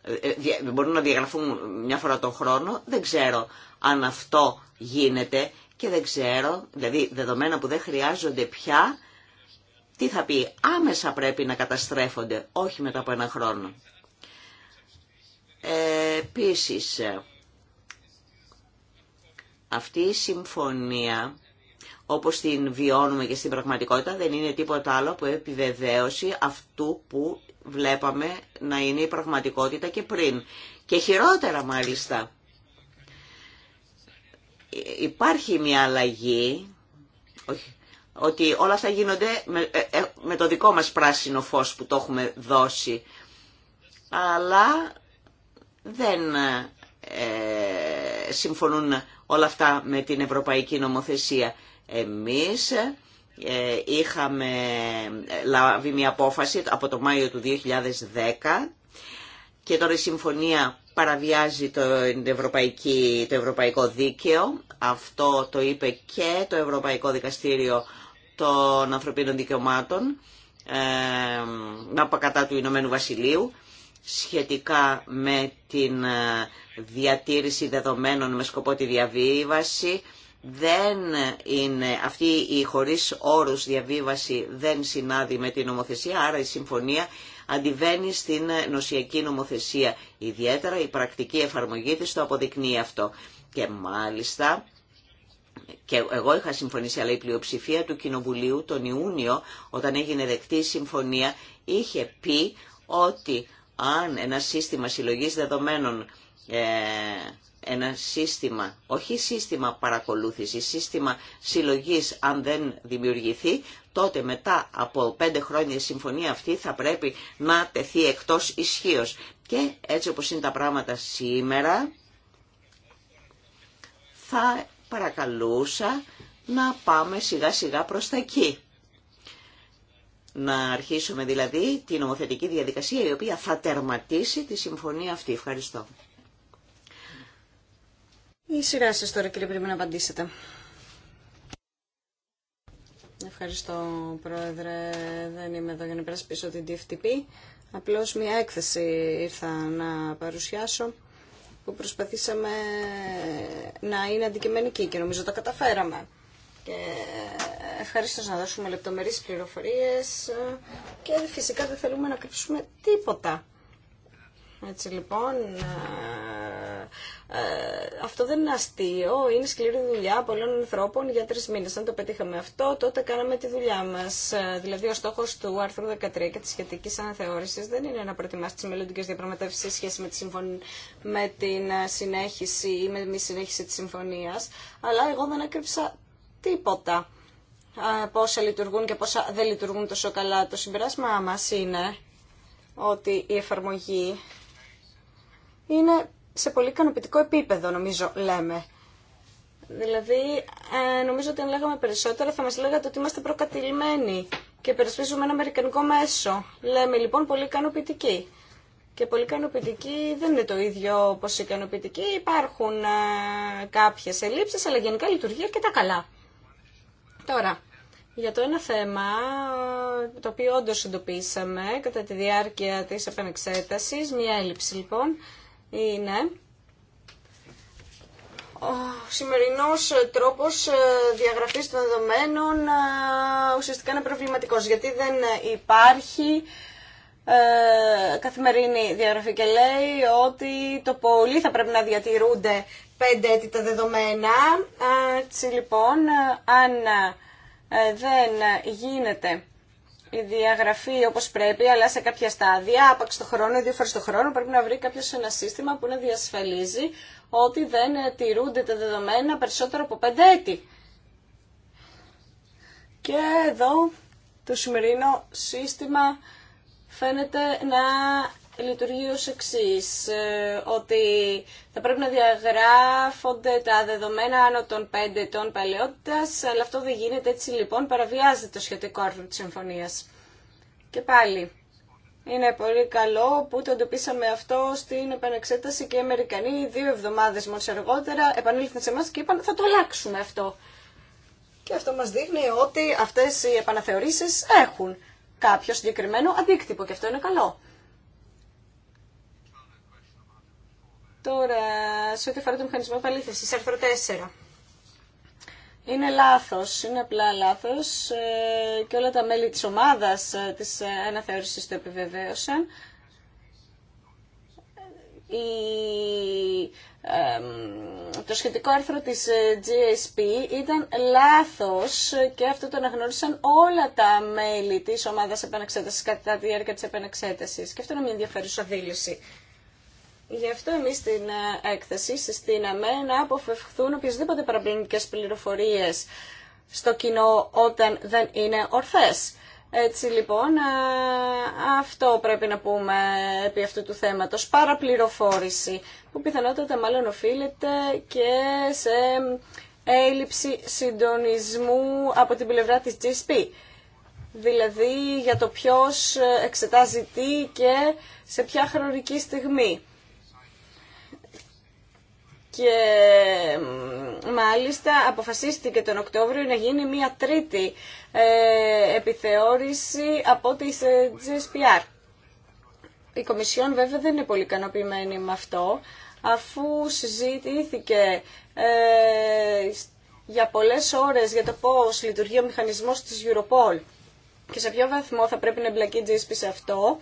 ε, ε, μπορούν να διαγραφούν μια φορά τον χρόνο. Δεν ξέρω αν αυτό γίνεται και δεν ξέρω, δηλαδή δεδομένα που δεν χρειάζονται πια, τι θα πει, άμεσα πρέπει να καταστρέφονται, όχι μετά από ένα χρόνο. Ε, επίσης, αυτή η συμφωνία, όπως την βιώνουμε και στην πραγματικότητα, δεν είναι τίποτα άλλο που επιβεβαίωση αυτού που βλέπαμε να είναι η πραγματικότητα και πριν. Και χειρότερα μάλιστα. Υπάρχει μια αλλαγή, ότι όλα αυτά γίνονται με, ε, ε, με το δικό μας πράσινο φως που το έχουμε δώσει. Αλλά δεν ε, συμφωνούν όλα αυτά με την Ευρωπαϊκή Νομοθεσία. Εμείς ε, είχαμε ε, λάβει μια απόφαση από το Μάιο του 2010 και τώρα η συμφωνία παραβιάζει το ευρωπαϊκό δίκαιο. Αυτό το είπε και το Ευρωπαϊκό Δικαστήριο των Ανθρωπίνων Δικαιωμάτων ε, κατά του Ηνωμένου Βασιλείου σχετικά με την ε, διατήρηση δεδομένων με σκοπό τη διαβίβαση δεν είναι αυτή η χωρίς όρους διαβίβαση δεν συνάδει με την νομοθεσία, άρα η συμφωνία αντιβαίνει στην νοσιακή νομοθεσία. Ιδιαίτερα η πρακτική εφαρμογή της το αποδεικνύει αυτό. Και μάλιστα, και εγώ είχα συμφωνήσει, αλλά η πλειοψηφία του Κοινοβουλίου τον Ιούνιο, όταν έγινε δεκτή η συμφωνία, είχε πει ότι αν ένα σύστημα συλλογής δεδομένων ε, ένα σύστημα, όχι σύστημα παρακολούθησης, σύστημα συλλογής αν δεν δημιουργηθεί, τότε μετά από πέντε χρόνια η συμφωνία αυτή θα πρέπει να τεθεί εκτός ισχύω. Και έτσι όπως είναι τα πράγματα σήμερα, θα παρακαλούσα να πάμε σιγά σιγά προς τα εκεί. Να αρχίσουμε δηλαδή την νομοθετική διαδικασία η οποία θα τερματίσει τη συμφωνία αυτή. Ευχαριστώ. Η σειρά σας τώρα κύριε πρέπει να απαντήσετε. Ευχαριστώ πρόεδρε, δεν είμαι εδώ για να υπερασπίσω την DFTP. Απλώς μια έκθεση ήρθα να παρουσιάσω που προσπαθήσαμε να είναι αντικειμενική και νομίζω τα καταφέραμε. Και ευχαριστώ να δώσουμε λεπτομερείς πληροφορίες και φυσικά δεν θέλουμε να κρύψουμε τίποτα. Έτσι λοιπόν, ε, αυτό δεν είναι αστείο, είναι σκληρή δουλειά πολλών ανθρώπων για τρει μήνε. Αν το πετύχαμε αυτό, τότε κάναμε τη δουλειά μα. Ε, δηλαδή, ο στόχο του άρθρου 13 και τη σχετική αναθεώρηση δεν είναι να προετοιμάσει τι μελλοντικέ διαπραγματεύσει σε σχέση με, τη συμφων... την ε, συνέχιση ή με μη συνέχιση τη συμφωνία. Αλλά εγώ δεν έκρυψα τίποτα. πόσα λειτουργούν και πόσα δεν λειτουργούν τόσο καλά. Το συμπεράσμά μα είναι ότι η εφαρμογή είναι σε πολύ ικανοποιητικό επίπεδο, νομίζω, λέμε. Δηλαδή, ε, νομίζω ότι αν λέγαμε περισσότερα θα μας λέγατε ότι είμαστε προκατηλημένοι και περισπίζουμε ένα αμερικανικό μέσο. Λέμε λοιπόν πολύ ικανοποιητικοί. Και πολύ ικανοποιητικοί δεν είναι το ίδιο όπως ικανοποιητικοί. Υπάρχουν ε, κάποιες ελλείψεις, αλλά γενικά λειτουργεί αρκετά καλά. Τώρα, για το ένα θέμα, ε, το οποίο όντω εντοπίσαμε κατά τη διάρκεια τη επανεξέταση, μία έλλειψη λοιπόν, είναι ο σημερινός ε, τρόπος ε, διαγραφής των δεδομένων ε, ουσιαστικά είναι προβληματικός γιατί δεν υπάρχει καθημερινή διαγραφή και λέει ότι το πολύ θα πρέπει να διατηρούνται πέντε έτη τα δεδομένα. Έτσι λοιπόν, αν δεν γίνεται η διαγραφή όπως πρέπει, αλλά σε κάποια στάδια, άπαξ το χρόνο ή δύο φορές το χρόνο, πρέπει να βρει κάποιο ένα σύστημα που να διασφαλίζει ότι δεν τηρούνται τα δεδομένα περισσότερο από πέντε έτη. Και εδώ το σημερινό σύστημα φαίνεται να λειτουργεί ως εξή ε, ότι θα πρέπει να διαγράφονται τα δεδομένα άνω των πέντε ετών παλαιότητας, αλλά αυτό δεν γίνεται έτσι λοιπόν, παραβιάζεται το σχετικό άρθρο της συμφωνίας. Και πάλι, είναι πολύ καλό που το εντοπίσαμε αυτό στην επανεξέταση και οι Αμερικανοί δύο εβδομάδες μόλις αργότερα επανήλθαν σε εμά και είπαν θα το αλλάξουμε αυτό. Και αυτό μας δείχνει ότι αυτές οι επαναθεωρήσεις έχουν κάποιο συγκεκριμένο αντίκτυπο και αυτό είναι καλό. Τώρα, σε ό,τι αφορά το μηχανισμό επαλήθευσης, άρθρο 4. Είναι λάθο, είναι απλά λάθος ε, και όλα τα μέλη της ομάδα ε, τη ε, αναθεώρηση το επιβεβαίωσαν. Η, το σχετικό άρθρο της GSP ήταν λάθος και αυτό το αναγνώρισαν όλα τα μέλη της ομάδας επαναξέτασης κατά τη διάρκεια της επαναξέτασης. Και αυτό είναι μια ενδιαφέρουσα δήλωση. Γι' αυτό εμείς στην ε, έκθεση συστήναμε να αποφευχθούν οποιασδήποτε παραπλανητικέ πληροφορίε στο κοινό όταν δεν είναι ορθές. Έτσι λοιπόν, ε, αυτό πρέπει να πούμε επί αυτού του θέματος, παραπληροφόρηση, που πιθανότατα μάλλον οφείλεται και σε έλλειψη συντονισμού από την πλευρά της GSP. Δηλαδή για το ποιος ε, εξετάζει τι και σε ποια χρονική στιγμή και μάλιστα αποφασίστηκε τον Οκτώβριο να γίνει μια τρίτη ε, επιθεώρηση από τις GSPR. Ε, η Κομισιόν βέβαια δεν είναι πολύ ικανοποιημένη με αυτό, αφού συζητήθηκε ε, για πολλές ώρες για το πώς λειτουργεί ο μηχανισμός της Europol και σε ποιο βαθμό θα πρέπει να εμπλακεί η GSP σε αυτό.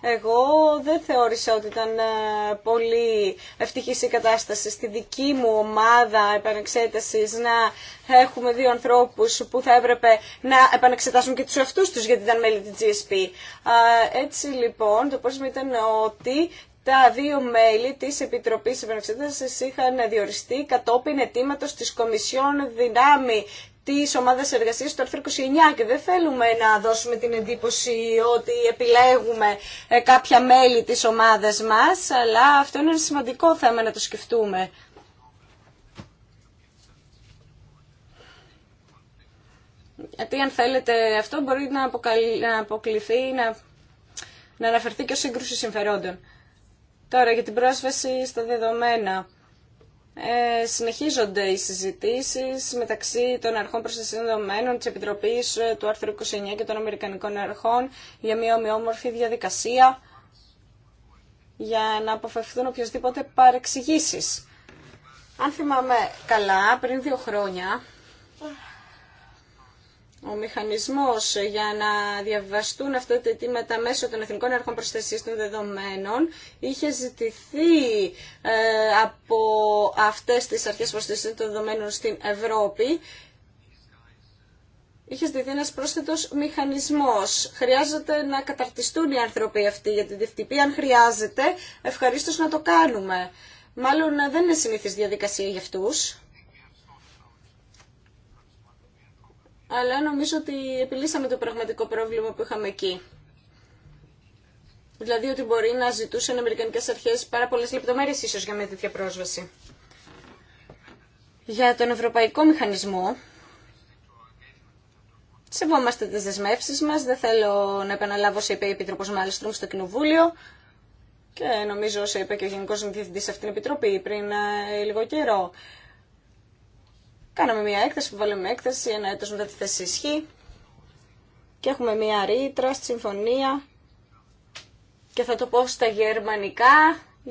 Εγώ δεν θεώρησα ότι ήταν ε, πολύ ευτυχής η κατάσταση. Στη δική μου ομάδα επανεξέτασης να έχουμε δύο ανθρώπους που θα έπρεπε να επανεξετάσουν και τους αυτούς τους γιατί ήταν μέλη της GSP. Έτσι λοιπόν το πρόσημο ήταν ότι τα δύο μέλη της Επιτροπής Επανεξέτασης είχαν διοριστεί κατόπιν αιτήματος της Κομισιόν Δυνάμει τη ομάδα εργασία του άρθρου 29 και δεν θέλουμε να δώσουμε την εντύπωση ότι επιλέγουμε ε, κάποια μέλη τη ομάδα μας, αλλά αυτό είναι ένα σημαντικό θέμα να το σκεφτούμε. Γιατί αν θέλετε αυτό μπορεί να, αποκαλυ... να αποκλειθεί, να... να αναφερθεί και ως σύγκρουση συμφερόντων. Τώρα για την πρόσβαση στα δεδομένα ε, συνεχίζονται οι συζητήσεις μεταξύ των αρχών προστασία δεδομένων της Επιτροπής ε, του άρθρου 29 και των Αμερικανικών αρχών για μια ομοιόμορφη διαδικασία για να αποφευθούν οποιασδήποτε παρεξηγήσεις. Αν θυμάμαι καλά, πριν δύο χρόνια ο μηχανισμός για να διαβαστούν αυτά τα αιτήματα μέσω των Εθνικών Αρχών Προστασίας των Δεδομένων είχε ζητηθεί ε, από αυτές τις αρχές προστασίας των δεδομένων στην Ευρώπη είχε ζητηθεί ένα πρόσθετο μηχανισμό. Χρειάζεται να καταρτιστούν οι άνθρωποι αυτοί για την DFTP. Αν χρειάζεται, ευχαρίστω να το κάνουμε. Μάλλον ε, δεν είναι συνήθι διαδικασία για αυτού. αλλά νομίζω ότι επιλύσαμε το πραγματικό πρόβλημα που είχαμε εκεί. Δηλαδή ότι μπορεί να ζητούσαν οι Αμερικανικέ Αρχέ πάρα πολλέ λεπτομέρειε ίσω για μια τέτοια πρόσβαση. Για τον Ευρωπαϊκό Μηχανισμό, σεβόμαστε τι δεσμεύσει μα. Δεν θέλω να επαναλάβω όσα είπε η στο Κοινοβούλιο και νομίζω όσα είπε και ο Γενικό Διευθυντή σε αυτήν την Επιτροπή πριν ε, λίγο καιρό. Κάναμε μια έκθεση που βάλαμε έκθεση, ένα έτος μετά τη θέση ισχύ και έχουμε μια ρήτρα στη συμφωνία και θα το πω στα γερμανικά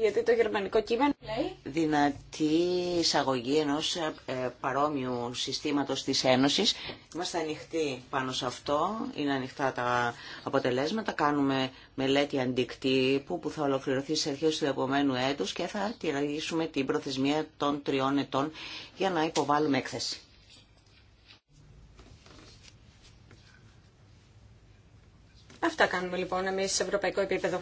γιατί το γερμανικό κείμενο λέει... Δυνατή εισαγωγή ενός ε, παρόμοιου συστήματος της Ένωσης. Είμαστε ανοιχτοί πάνω σε αυτό, είναι ανοιχτά τα αποτελέσματα. Κάνουμε μελέτη αντικτύπου που θα ολοκληρωθεί σε αρχές του επόμενου έτους και θα τηρήσουμε την προθεσμία των τριών ετών για να υποβάλουμε έκθεση. Αυτά κάνουμε λοιπόν εμείς σε ευρωπαϊκό επίπεδο.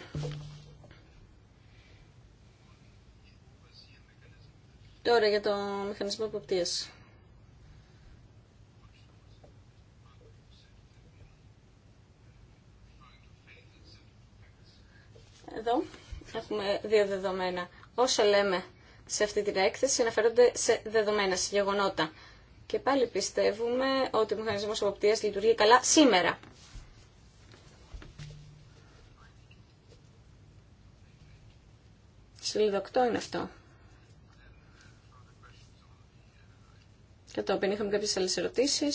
Τώρα για το μηχανισμό υποπτίας. Εδώ έχουμε δύο δεδομένα. Όσα λέμε σε αυτή την έκθεση αναφέρονται σε δεδομένα, σε γεγονότα. Και πάλι πιστεύουμε ότι ο μηχανισμός αποπτίας λειτουργεί καλά σήμερα. Σελίδα είναι αυτό. Κατόπιν είχαμε κάποιε άλλε ερωτήσει.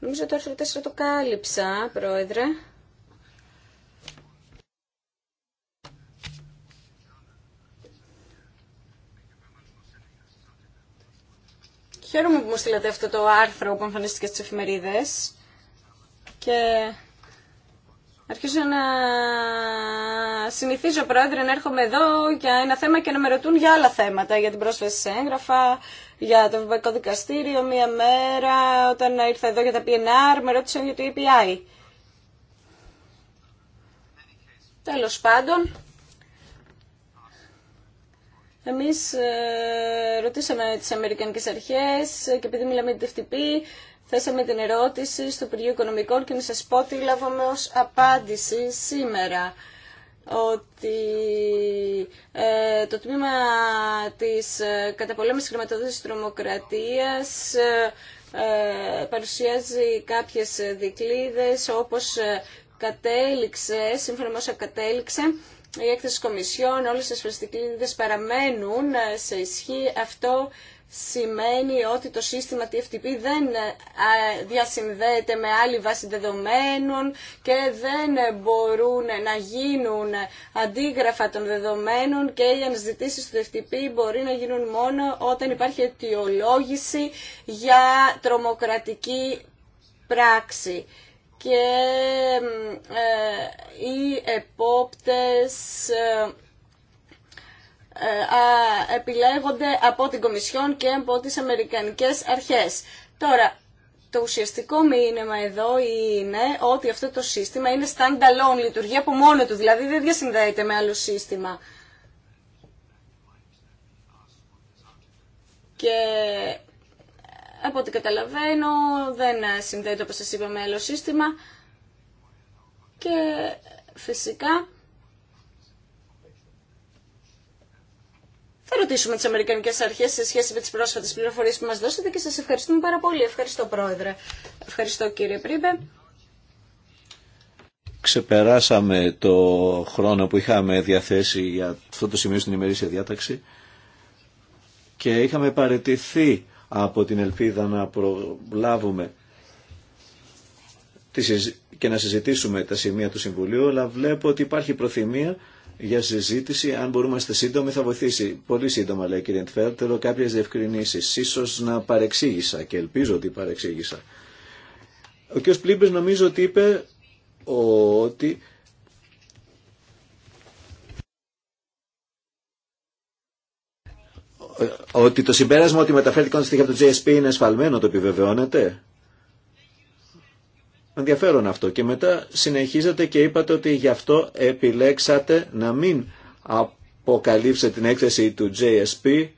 Νομίζω το άρθρο 4 το κάλυψα, Πρόεδρε. Χαίρομαι που μου στείλατε αυτό το άρθρο που εμφανίστηκε στις εφημερίδες και Αρχίζω να συνηθίζω πρόεδρε να έρχομαι εδώ για ένα θέμα και να με ρωτούν για άλλα θέματα, για την πρόσβαση σε έγγραφα, για το Ευρωπαϊκό Δικαστήριο. Μία μέρα όταν ήρθα εδώ για τα PNR με ρώτησαν για το EPI. Τέλος πάντων, εμείς ε, ρωτήσαμε τις Αμερικανικές Αρχές και επειδή μιλάμε για την FTP, Θέσαμε την ερώτηση στο Υπουργείο Οικονομικών και να σας πω τι λάβαμε ως απάντηση σήμερα ότι ε, το τμήμα της ε, καταπολέμησης χρηματοδότησης τρομοκρατίας ε, ε, παρουσιάζει κάποιες δικλίδες όπως κατέληξε, σύμφωνα με όσα κατέληξε, η έκθεση κομισιών, όλες τις δικλίδες παραμένουν σε ισχύ. Αυτό σημαίνει ότι το σύστημα TFTP δεν ε, διασυνδέεται με άλλη βάση δεδομένων και δεν μπορούν να γίνουν αντίγραφα των δεδομένων και οι αναζητήσεις του TFTP μπορεί να γίνουν μόνο όταν υπάρχει αιτιολόγηση για τρομοκρατική πράξη. Και ε, οι επόπτες ε, ε, επιλέγονται από την Κομισιόν και από τις Αμερικανικές αρχές. Τώρα, το ουσιαστικό μήνυμα εδώ είναι ότι αυτό το σύστημα είναι stand-alone, λειτουργεί από μόνο του, δηλαδή δεν διασυνδέεται με άλλο σύστημα. Και από ό,τι καταλαβαίνω δεν συνδέεται όπως σας είπα με άλλο σύστημα και φυσικά Θα ρωτήσουμε τι Αμερικανικέ Αρχέ σε σχέση με τι πρόσφατε πληροφορίε που μα δώσατε και σα ευχαριστούμε πάρα πολύ. Ευχαριστώ, Πρόεδρε. Ευχαριστώ, κύριε Πρίμπε. Ξεπεράσαμε το χρόνο που είχαμε διαθέσει για αυτό το σημείο στην ημερήσια διάταξη και είχαμε παρετηθεί από την ελπίδα να προλάβουμε και να συζητήσουμε τα σημεία του Συμβουλίου, αλλά βλέπω ότι υπάρχει προθυμία για συζήτηση. Αν μπορούμε να είστε σύντομοι θα βοηθήσει. Πολύ σύντομα λέει κύριε Εντφέλ, θέλω κάποιες διευκρινήσει. σω να παρεξήγησα και ελπίζω ότι παρεξήγησα. Ο κ. Πλήμπε νομίζω ότι είπε ότι ότι το συμπέρασμα ότι μεταφέρθηκαν στοιχεία από το JSP είναι ασφαλμένο το επιβεβαιώνεται. Ενδιαφέρον αυτό. Και μετά συνεχίζετε και είπατε ότι γι' αυτό επιλέξατε να μην αποκαλύψετε την έκθεση του JSP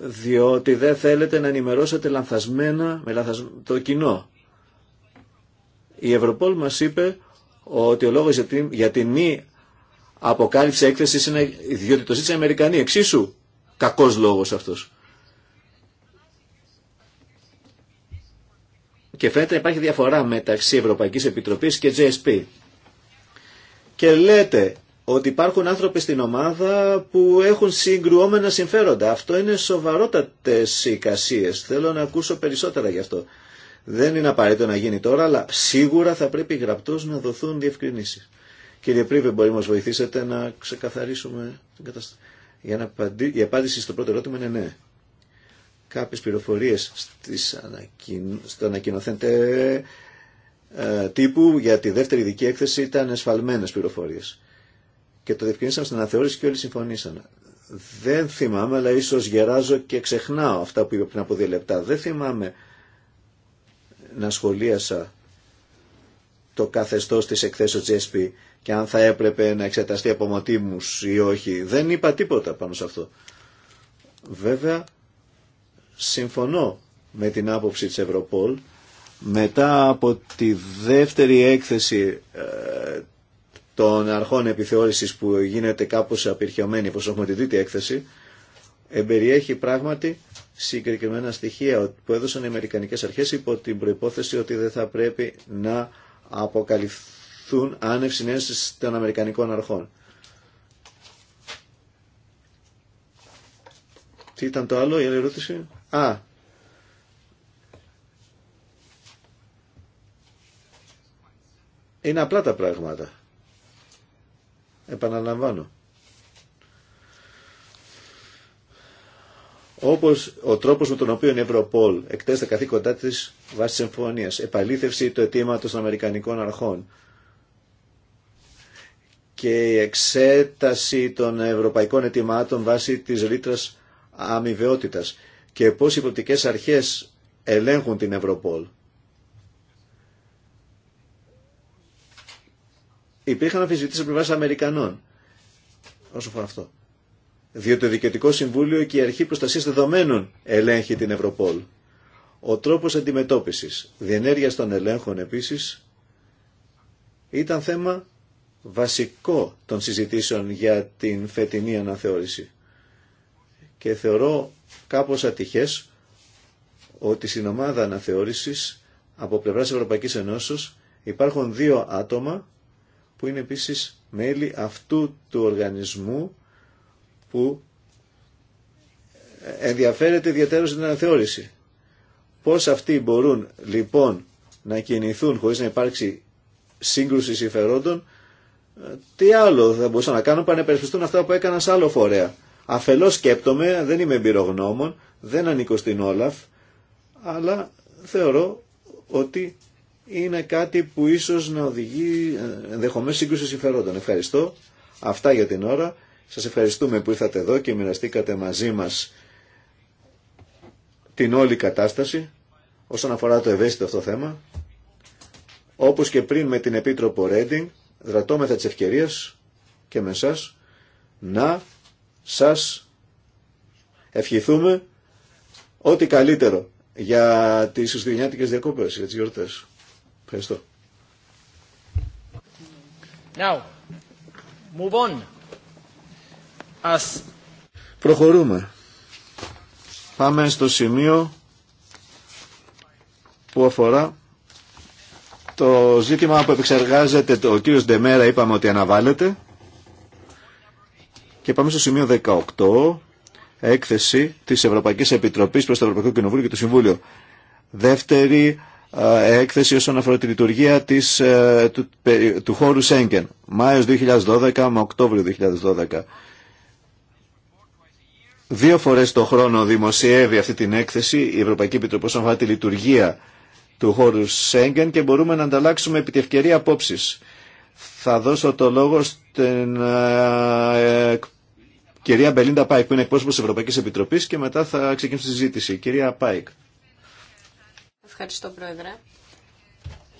διότι δεν θέλετε να ενημερώσετε λανθασμένα με το κοινό. Η Ευρωπόλ μας είπε ότι ο λόγος για την μη αποκάλυψη έκθεση είναι διότι το ζήτησαν οι Αμερικανοί. Εξίσου κακός λόγος αυτός. Και φαίνεται υπάρχει διαφορά μεταξύ Ευρωπαϊκής Επιτροπής και JSP. Και λέτε ότι υπάρχουν άνθρωποι στην ομάδα που έχουν συγκρουόμενα συμφέροντα. Αυτό είναι σοβαρότατες εικασίες. Θέλω να ακούσω περισσότερα γι' αυτό. Δεν είναι απαραίτητο να γίνει τώρα, αλλά σίγουρα θα πρέπει γραπτώς να δοθούν διευκρινήσεις. Κύριε Πρίβε, μπορεί να μας βοηθήσετε να ξεκαθαρίσουμε την κατάσταση. Για να απαντή... Η απάντηση στο πρώτο ερώτημα είναι ναι κάποιες πληροφορίες στις στο ανακοινωθέντε τύπου για τη δεύτερη δική έκθεση ήταν εσφαλμένες πληροφορίες. Και το διευκρινίσαμε στην αναθεώρηση και όλοι συμφωνήσαν. Δεν θυμάμαι, αλλά ίσως γεράζω και ξεχνάω αυτά που είπα πριν από δύο λεπτά. Δεν θυμάμαι να σχολίασα το καθεστώς της εκθέσεως JSP και αν θα έπρεπε να εξεταστεί από μοτίμους ή όχι. Δεν είπα τίποτα πάνω σε αυτό. Βέβαια, Συμφωνώ με την άποψη της Ευρωπόλ μετά από τη δεύτερη έκθεση ε, των αρχών επιθεώρησης που γίνεται κάπως απειρχιωμένη, όπως έχουμε τη έκθεση, εμπεριέχει πράγματι συγκεκριμένα στοιχεία που έδωσαν οι Αμερικανικές αρχές υπό την προϋπόθεση ότι δεν θα πρέπει να αποκαλυφθούν άνευ συνένσεις των Αμερικανικών αρχών. Τι ήταν το άλλο, η άλλη ερώτηση. Α. Είναι απλά τα πράγματα. Επαναλαμβάνω. Όπως ο τρόπος με τον οποίο η Ευρωπόλ εκτέστα τα καθήκοντά της βάσει συμφωνίας, επαλήθευση του αιτήματο των Αμερικανικών αρχών και η εξέταση των ευρωπαϊκών αιτημάτων βάσει της ρήτρας αμοιβαιότητας και πώς οι πολιτικές αρχές ελέγχουν την Ευρωπόλ. Υπήρχαν αμφισβητήσεις από πλευράς Αμερικανών όσο φορά αυτό. Διότι το Δικαιωτικό Συμβούλιο και η Αρχή Προστασίας Δεδομένων ελέγχει την Ευρωπόλ. Ο τρόπος αντιμετώπισης διενέργειας των ελέγχων επίσης ήταν θέμα βασικό των συζητήσεων για την φετινή αναθεώρηση και θεωρώ κάπως ατυχές ότι στην ομάδα αναθεώρησης από πλευράς Ευρωπαϊκής Ενώσεως υπάρχουν δύο άτομα που είναι επίσης μέλη αυτού του οργανισμού που ενδιαφέρεται ιδιαίτερα στην αναθεώρηση. Πώς αυτοί μπορούν λοιπόν να κινηθούν χωρίς να υπάρξει σύγκρουση συμφερόντων, ε, τι άλλο θα μπορούσαν να κάνουν παρά να αυτά που έκαναν σε άλλο φορέα. Αφελώς σκέπτομαι, δεν είμαι εμπειρογνώμων, δεν ανήκω στην Όλαφ, αλλά θεωρώ ότι είναι κάτι που ίσως να οδηγεί ε, ενδεχομένω σύγκρουση συμφερόντων. Ευχαριστώ. Αυτά για την ώρα. Σα ευχαριστούμε που ήρθατε εδώ και μοιραστήκατε μαζί μας την όλη κατάσταση όσον αφορά το ευαίσθητο αυτό θέμα. Όπως και πριν με την Επίτροπο Ρέντινγκ, δρατώμεθα της ευκαιρίας και με εσάς να σας ευχηθούμε ό,τι καλύτερο για τις χριστουγεννιάτικες διακόπες, για τις γιορτές. Ευχαριστώ. Now, move on. As... Προχωρούμε. Πάμε στο σημείο που αφορά το ζήτημα που επεξεργάζεται το, ο κύριος Ντεμέρα είπαμε ότι αναβάλλεται και πάμε στο σημείο 18, έκθεση της Ευρωπαϊκής Επιτροπής προς το Ευρωπαϊκό Κοινοβούλιο και το Συμβούλιο. Δεύτερη έκθεση όσον αφορά τη λειτουργία της, του, χώρου Σέγγεν, Μάιος 2012 με Οκτώβριο 2012. Δύο φορές το χρόνο δημοσιεύει αυτή την έκθεση η Ευρωπαϊκή Επιτροπή όσον αφορά τη λειτουργία του χώρου Σέγγεν και μπορούμε να ανταλλάξουμε επί τη ευκαιρία απόψεις. Θα δώσω το λόγο στην ε, κυρία Μπελίντα Πάικ που είναι εκπρόσωπος της Ευρωπαϊκής Επιτροπής και μετά θα ξεκινήσει τη συζήτηση. Κυρία Πάικ. Ευχαριστώ Πρόεδρε.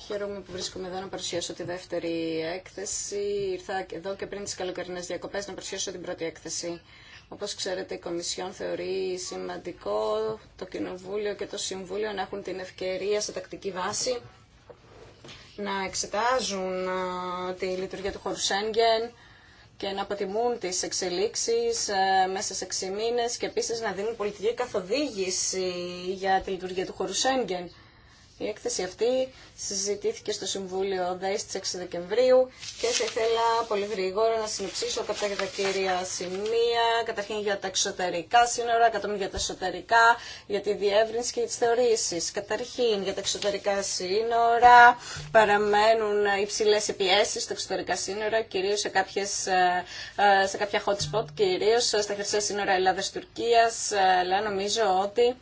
Χαίρομαι που βρίσκομαι εδώ να παρουσιάσω τη δεύτερη έκθεση. Ήρθα εδώ και πριν τις καλοκαιρινές διακοπές να παρουσιάσω την πρώτη έκθεση. Όπως ξέρετε, η Κομισιόν θεωρεί σημαντικό το Κοινοβούλιο και το Συμβούλιο να έχουν την ευκαιρία σε τακτική βάση να εξετάζουν τη λειτουργία του χώρου Σέγγεν και να αποτιμούν τις εξελίξεις ε, μέσα σε 6 μήνες και επίσης να δίνουν πολιτική καθοδήγηση για τη λειτουργία του χώρου Σέγγεν. Η έκθεση αυτή συζητήθηκε στο Συμβούλιο ΔΕΗ στις 6 Δεκεμβρίου και θα ήθελα πολύ γρήγορα να συνοψίσω κάποια τα κύρια σημεία, καταρχήν για τα εξωτερικά σύνορα, κατόπιν για τα εσωτερικά, για τη διεύρυνση και τις θεωρήσεις. Καταρχήν για τα εξωτερικά σύνορα παραμένουν υψηλέ οι πιέσεις στα εξωτερικά σύνορα, κυρίως σε, ε, ε, σε κάποια hot spot, κυρίως στα χρυσά σύνορα Ελλάδας-Τουρκίας, ε, αλλά νομίζω ότι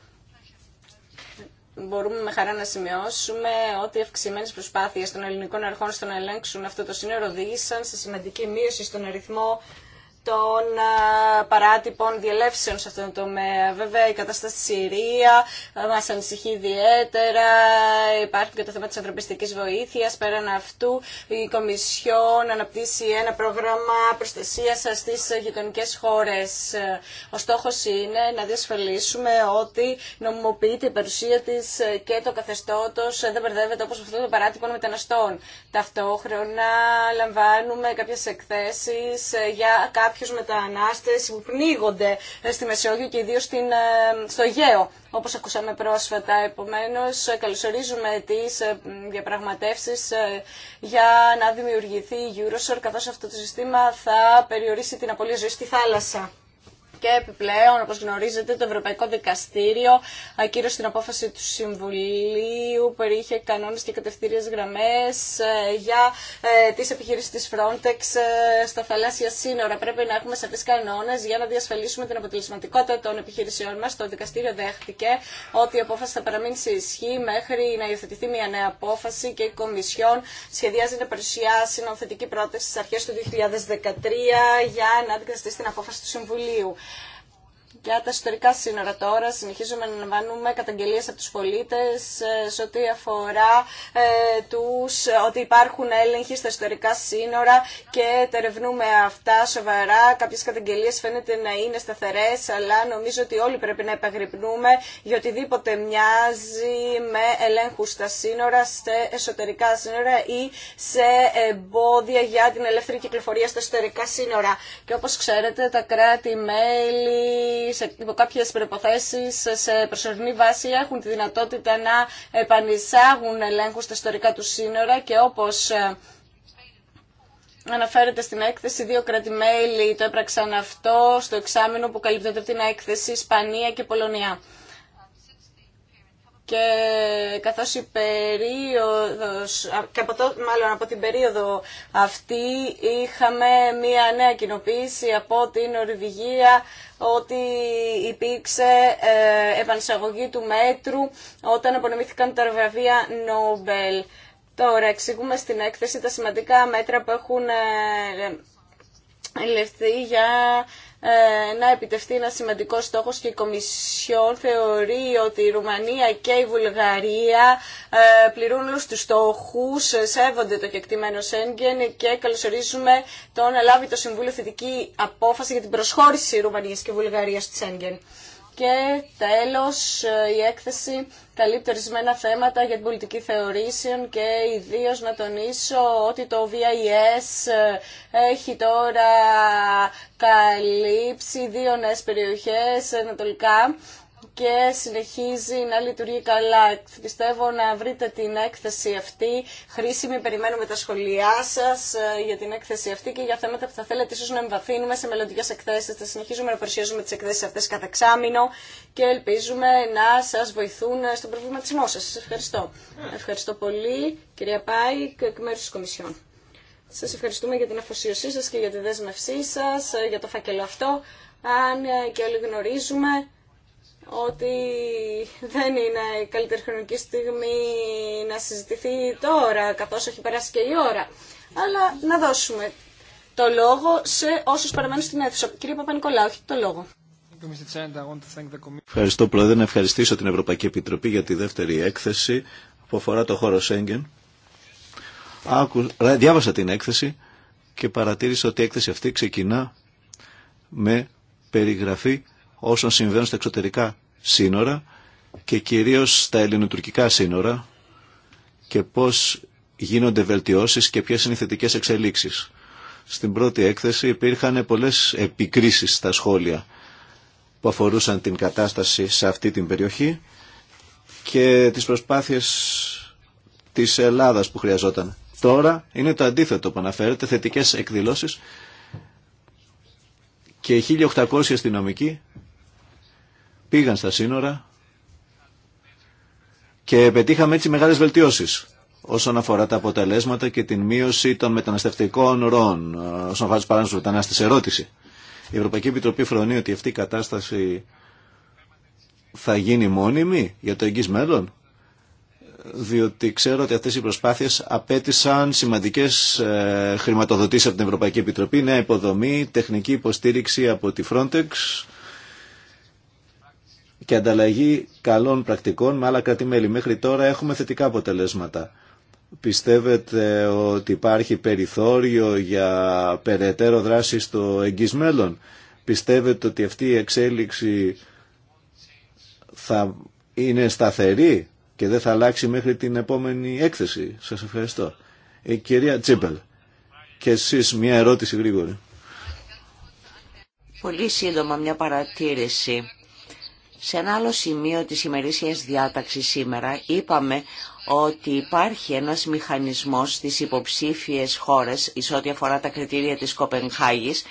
μπορούμε με χαρά να σημειώσουμε ότι οι αυξημένε προσπάθειε των ελληνικών αρχών στο να ελέγξουν αυτό το σύνορο οδήγησαν σε σημαντική μείωση στον αριθμό των παράτυπων διελεύσεων σε αυτόν τον τομέα. Βέβαια η κατάσταση στη Συρία μα ανησυχεί ιδιαίτερα, υπάρχει και το θέμα τη ανθρωπιστική βοήθεια, Πέραν αυτού η Κομισιόν αναπτύσσει ένα πρόγραμμα προστασία στι γειτονικέ χώρε. Ο στόχο είναι να διασφαλίσουμε ότι νομιμοποιείται η παρουσία τη και το καθεστώτο δεν μπερδεύεται όπω αυτό το παράτυπο μεταναστών. Ταυτόχρονα λαμβάνουμε κάποιε εκθέσει για κάποιου κάποιου μετανάστε που πνίγονται ε, στη Μεσόγειο και ιδίω ε, στο Αιγαίο, όπως ακούσαμε πρόσφατα. Επομένω, ε, καλωσορίζουμε τι διαπραγματεύσει για να δημιουργηθεί η Eurosur, καθώ αυτό το σύστημα θα περιορίσει την απολύτω ζωή στη θάλασσα. Και επιπλέον, όπως γνωρίζετε, το Ευρωπαϊκό Δικαστήριο ακύρωσε την απόφαση του Συμβουλίου που κανόνε κανόνες και κατευθύριες γραμμές ε, για ε, τις επιχειρήσεις της Frontex ε, στα θαλάσσια σύνορα. Πρέπει να έχουμε σαφείς κανόνες για να διασφαλίσουμε την αποτελεσματικότητα των επιχειρησιών μας. Το Δικαστήριο δέχτηκε ότι η απόφαση θα παραμείνει σε ισχύ μέχρι να υιοθετηθεί μια νέα απόφαση και η Κομισιόν σχεδιάζει να παρουσιάσει νομοθετική πρόταση στις αρχές του 2013 για να αντικαταστήσει την απόφαση του Συμβουλίου. Για τα εσωτερικά σύνορα τώρα συνεχίζουμε να λαμβάνουμε καταγγελίες από τους πολίτες ε, σε ό,τι αφορά ε, τους, ότι υπάρχουν έλεγχοι στα εσωτερικά σύνορα και τερευνούμε αυτά σοβαρά. Κάποιες καταγγελίες φαίνεται να είναι σταθερές, αλλά νομίζω ότι όλοι πρέπει να επαγρυπνούμε για οτιδήποτε μοιάζει με ελέγχους στα σύνορα, σε εσωτερικά σύνορα ή σε εμπόδια για την ελεύθερη κυκλοφορία στα εσωτερικά σύνορα. Και όπως ξέρετε, τα κράτη-μέλη υπό κάποιε προποθέσει σε προσωρινή βάση έχουν τη δυνατότητα να επανεισάγουν ελέγχου στα ιστορικά του σύνορα και όπω ε, αναφέρεται στην έκθεση, δύο κράτη-μέλη το έπραξαν αυτό στο εξάμεινο που καλύπτεται την έκθεση Ισπανία και Πολωνία και καθώς η περίοδος, από μάλλον από την περίοδο αυτή είχαμε μία νέα κοινοποίηση από την Ορβηγία ότι υπήρξε ε, του μέτρου όταν απονομήθηκαν τα βραβεία Νόμπελ. Τώρα εξηγούμε στην έκθεση τα σημαντικά μέτρα που έχουν ελευθεί για ε, να επιτευχθεί ένα σημαντικό στόχο και η Κομισιόν θεωρεί ότι η Ρουμανία και η Βουλγαρία ε, πληρούν όλου τους στόχους, ε, σέβονται το κεκτημένο Σέγγεν και καλωσορίζουμε το να λάβει το Συμβούλιο θετική απόφαση για την προσχώρηση Ρουμανίας και Βουλγαρίας στη Σέγγεν. Και τέλος ε, η έκθεση καλύπτει ορισμένα θέματα για την πολιτική θεωρήσεων και ιδίω να τονίσω ότι το VIS ε, έχει τώρα καλύψει δύο νέες περιοχές ανατολικά και συνεχίζει να λειτουργεί καλά. Πιστεύω να βρείτε την έκθεση αυτή χρήσιμη. Περιμένουμε τα σχόλιά σα ε, για την έκθεση αυτή και για θέματα που θα θέλετε ίσω να εμβαθύνουμε σε μελλοντικέ εκθέσει. Θα συνεχίζουμε να παρουσιάζουμε τι εκθέσει αυτέ κατά εξάμεινο και ελπίζουμε να σα βοηθούν στον προβληματισμό σα. Σα ευχαριστώ. Ευχαριστώ πολύ κυρία Πάη εκ μέρου τη Κομισιόν. Σα ευχαριστούμε για την αφοσίωσή σα και για τη δέσμευσή σα ε, για το φάκελο αυτό. Αν ε, και όλοι γνωρίζουμε ότι δεν είναι η καλύτερη χρονική στιγμή να συζητηθεί τώρα, καθώς έχει περάσει και η ώρα. Αλλά να δώσουμε το λόγο σε όσους παραμένουν στην αίθουσα. Κύριε Παπα-Νικολάου, το λόγο. Ευχαριστώ Πρόεδρε, να ευχαριστήσω την Ευρωπαϊκή Επιτροπή για τη δεύτερη έκθεση που αφορά το χώρο Σέγγεν. Άκου, ε, διάβασα την έκθεση και παρατήρησα ότι η έκθεση αυτή ξεκινά με περιγραφή όσων συμβαίνουν στα εξωτερικά σύνορα και κυρίως στα ελληνοτουρκικά σύνορα και πώς γίνονται βελτιώσεις και ποιες είναι οι θετικές εξελίξεις. Στην πρώτη έκθεση υπήρχαν πολλές επικρίσεις στα σχόλια που αφορούσαν την κατάσταση σε αυτή την περιοχή και τις προσπάθειες της Ελλάδας που χρειαζόταν. Τώρα είναι το αντίθετο που αναφέρεται, θετικές εκδηλώσεις και 1.800 αστυνομικοί πήγαν στα σύνορα και πετύχαμε έτσι μεγάλες βελτιώσεις όσον αφορά τα αποτελέσματα και την μείωση των μεταναστευτικών ροών, όσον αφορά τους παράνομους μετανάστες. Ερώτηση. Η Ευρωπαϊκή Επιτροπή φρονεί ότι αυτή η κατάσταση θα γίνει μόνιμη για το εγγύς μέλλον, διότι ξέρω ότι αυτές οι προσπάθειες απέτησαν σημαντικές ε, χρηματοδοτήσεις από την Ευρωπαϊκή Επιτροπή, νέα υποδομή, τεχνική υποστήριξη από τη Frontex, και ανταλλαγή καλών πρακτικών με άλλα Μέχρι τώρα έχουμε θετικά αποτελέσματα. Πιστεύετε ότι υπάρχει περιθώριο για περαιτέρω δράση στο εγγύς μέλλον. Πιστεύετε ότι αυτή η εξέλιξη θα είναι σταθερή και δεν θα αλλάξει μέχρι την επόμενη έκθεση. Σας ευχαριστώ. Η ε, κυρία Τσίπελ. Και εσείς μια ερώτηση γρήγορη. Πολύ σύντομα μια παρατήρηση σε ένα άλλο σημείο της ημερήσιας διάταξης σήμερα είπαμε ότι υπάρχει ένας μηχανισμός στις υποψήφιες χώρες εις ό,τι αφορά τα κριτήρια της Κοπενχάγης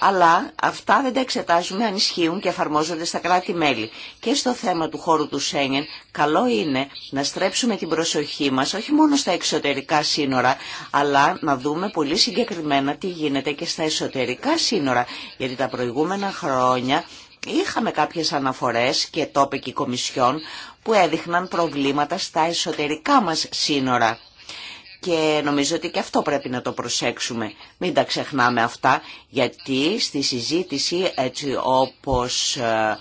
αλλά αυτά δεν τα εξετάζουμε αν ισχύουν και εφαρμόζονται στα κράτη-μέλη. Και στο θέμα του χώρου του Σέγγεν, καλό είναι να στρέψουμε την προσοχή μας όχι μόνο στα εξωτερικά σύνορα, αλλά να δούμε πολύ συγκεκριμένα τι γίνεται και στα εσωτερικά σύνορα. Γιατί τα προηγούμενα χρόνια Είχαμε κάποιες αναφορές και τόπικοι κομισιόν που έδειχναν προβλήματα στα εσωτερικά μας σύνορα. Και νομίζω ότι και αυτό πρέπει να το προσέξουμε. Μην τα ξεχνάμε αυτά, γιατί στη συζήτηση έτσι όπως ε,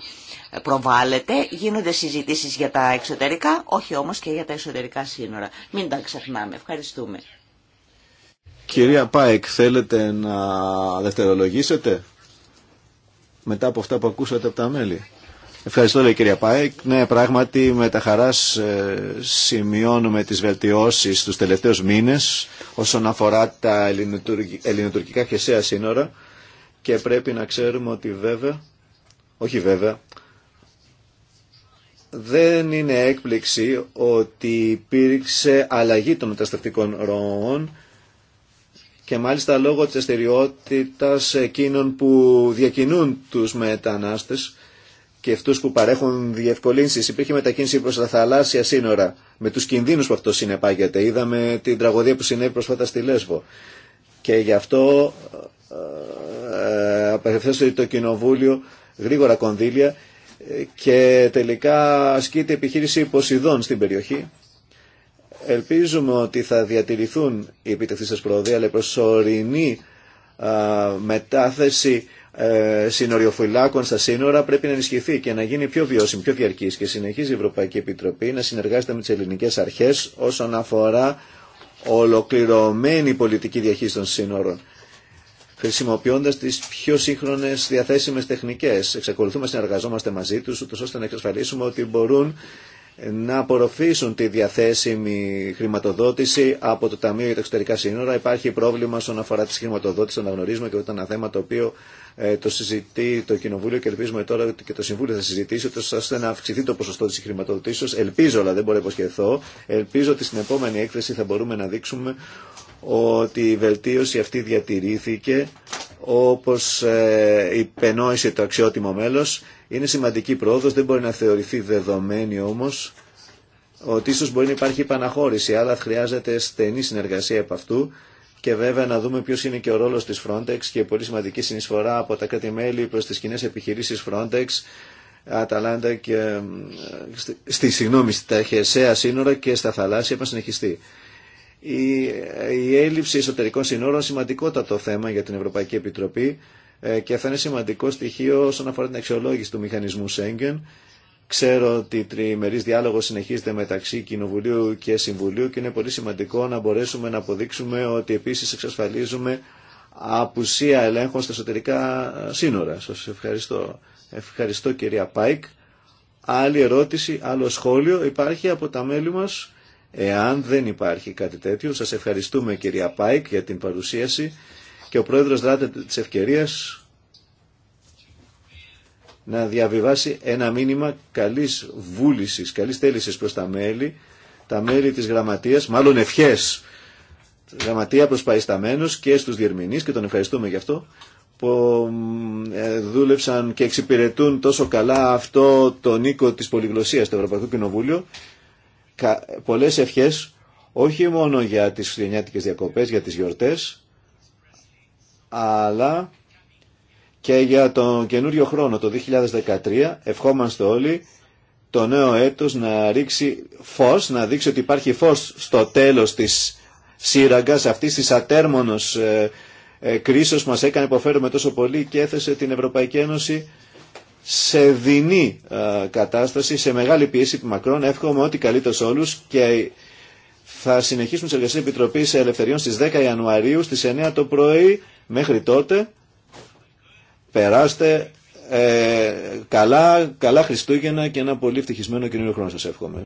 προβάλλεται γίνονται συζητήσεις για τα εξωτερικά, όχι όμως και για τα εσωτερικά σύνορα. Μην τα ξεχνάμε. Ευχαριστούμε. Κυρία Πάεκ, θέλετε να δευτερολογήσετε μετά από αυτά που ακούσατε από τα μέλη. Ευχαριστώ λέει κυρία Πάικ. Ναι, πράγματι με τα χαράς ε, σημειώνουμε τις βελτιώσεις τους τελευταίους μήνες όσον αφορά τα ελληνοτουρκικά χεσαία σύνορα και πρέπει να ξέρουμε ότι βέβαια, όχι βέβαια, δεν είναι έκπληξη ότι υπήρξε αλλαγή των μεταστατικών ροών και μάλιστα λόγω της αστεριότητας εκείνων που διακινούν τους μετανάστες και αυτού που παρέχουν διευκολύνσεις. Υπήρχε μετακίνηση προς τα θαλάσσια σύνορα με τους κινδύνους που αυτό συνεπάγεται. Είδαμε την τραγωδία που συνέβη προσφάτα στη Λέσβο. Και γι' αυτό ε, απευθύνεται το Κοινοβούλιο γρήγορα κονδύλια και τελικά ασκείται επιχείρηση Ποσειδών στην περιοχή Ελπίζουμε ότι θα διατηρηθούν οι επιτευχθείς πρόοδοι, αλλά η προσωρινή μετάθεση ε, συνοριοφυλάκων στα σύνορα πρέπει να ενισχυθεί και να γίνει πιο βιώσιμη, πιο διαρκής και συνεχίζει η Ευρωπαϊκή Επιτροπή να συνεργάζεται με τις ελληνικές αρχές όσον αφορά ολοκληρωμένη πολιτική διαχείριση των σύνορων χρησιμοποιώντας τις πιο σύγχρονες διαθέσιμες τεχνικές. Εξακολουθούμε να συνεργαζόμαστε μαζί τους, ούτως ώστε να εξασφαλίσουμε ότι μπορούν να απορροφήσουν τη διαθέσιμη χρηματοδότηση από το Ταμείο για τα Εξωτερικά Σύνορα. Υπάρχει πρόβλημα στον αφορά τη χρηματοδότηση, το αναγνωρίζουμε και ήταν ένα θέμα το οποίο ε, το συζητεί το Κοινοβούλιο και ελπίζουμε τώρα και το Συμβούλιο θα συζητήσει, ώστε να αυξηθεί το ποσοστό τη χρηματοδοτήσεω. Ελπίζω, αλλά δεν μπορώ να υποσχεθώ, ελπίζω ότι στην επόμενη έκθεση θα μπορούμε να δείξουμε ότι η βελτίωση αυτή διατηρήθηκε όπως ε, υπενόησε το αξιότιμο μέλος. Είναι σημαντική πρόοδος, δεν μπορεί να θεωρηθεί δεδομένη όμως ότι ίσως μπορεί να υπάρχει επαναχώρηση, αλλά χρειάζεται στενή συνεργασία από αυτού και βέβαια να δούμε ποιος είναι και ο ρόλος της Frontex και πολύ σημαντική συνεισφορά από τα κράτη-μέλη προς τις κοινέ επιχειρήσεις Frontex, Αταλάντα και ε, στη, συγγνώμη, στα χερσαία σύνορα και στα θαλάσσια να η, η έλλειψη εσωτερικών συνόρων σημαντικότατο θέμα για την Ευρωπαϊκή Επιτροπή ε, και θα είναι σημαντικό στοιχείο όσον αφορά την αξιολόγηση του μηχανισμού Σέγγεν. Ξέρω ότι η τριμερής διάλογος συνεχίζεται μεταξύ Κοινοβουλίου και Συμβουλίου και είναι πολύ σημαντικό να μπορέσουμε να αποδείξουμε ότι επίσης εξασφαλίζουμε απουσία ελέγχων στα εσωτερικά ε, σύνορα. Σας ευχαριστώ. Ευχαριστώ κυρία Πάικ. Άλλη ερώτηση, άλλο σχόλιο υπάρχει από τα μέλη μας. Εάν δεν υπάρχει κάτι τέτοιο, σας ευχαριστούμε κυρία Πάικ για την παρουσίαση και ο Πρόεδρος δράτε της ευκαιρίας να διαβιβάσει ένα μήνυμα καλής βούλησης, καλής θέλησης προς τα μέλη, τα μέλη της γραμματείας, μάλλον ευχές. Γραμματεία προσπαϊσταμένος και στους διερμηνείς και τον ευχαριστούμε γι' αυτό που ε, δούλεψαν και εξυπηρετούν τόσο καλά αυτό το νίκο της πολυγλωσσίας του Ευρωπαϊκό Κοινοβούλιο πολλές ευχές όχι μόνο για τις χριστιανιάτικες διακοπές, για τις γιορτές, αλλά και για τον καινούριο χρόνο, το 2013, ευχόμαστε όλοι το νέο έτος να ρίξει φως, να δείξει ότι υπάρχει φως στο τέλος της σύραγγας αυτής της ατέρμονος ε, ε, που μας έκανε υποφέρουμε τόσο πολύ και έθεσε την Ευρωπαϊκή Ένωση σε δεινή ε, κατάσταση, σε μεγάλη πίεση επί μακρόν. Εύχομαι ό,τι καλύτερο σε όλους και θα συνεχίσουμε τις εργασίες Επιτροπής Ελευθεριών στις 10 Ιανουαρίου στις 9 το πρωί. Μέχρι τότε περάστε ε, καλά, καλά Χριστούγεννα και ένα πολύ ευτυχισμένο καινούριο χρόνο σας εύχομαι.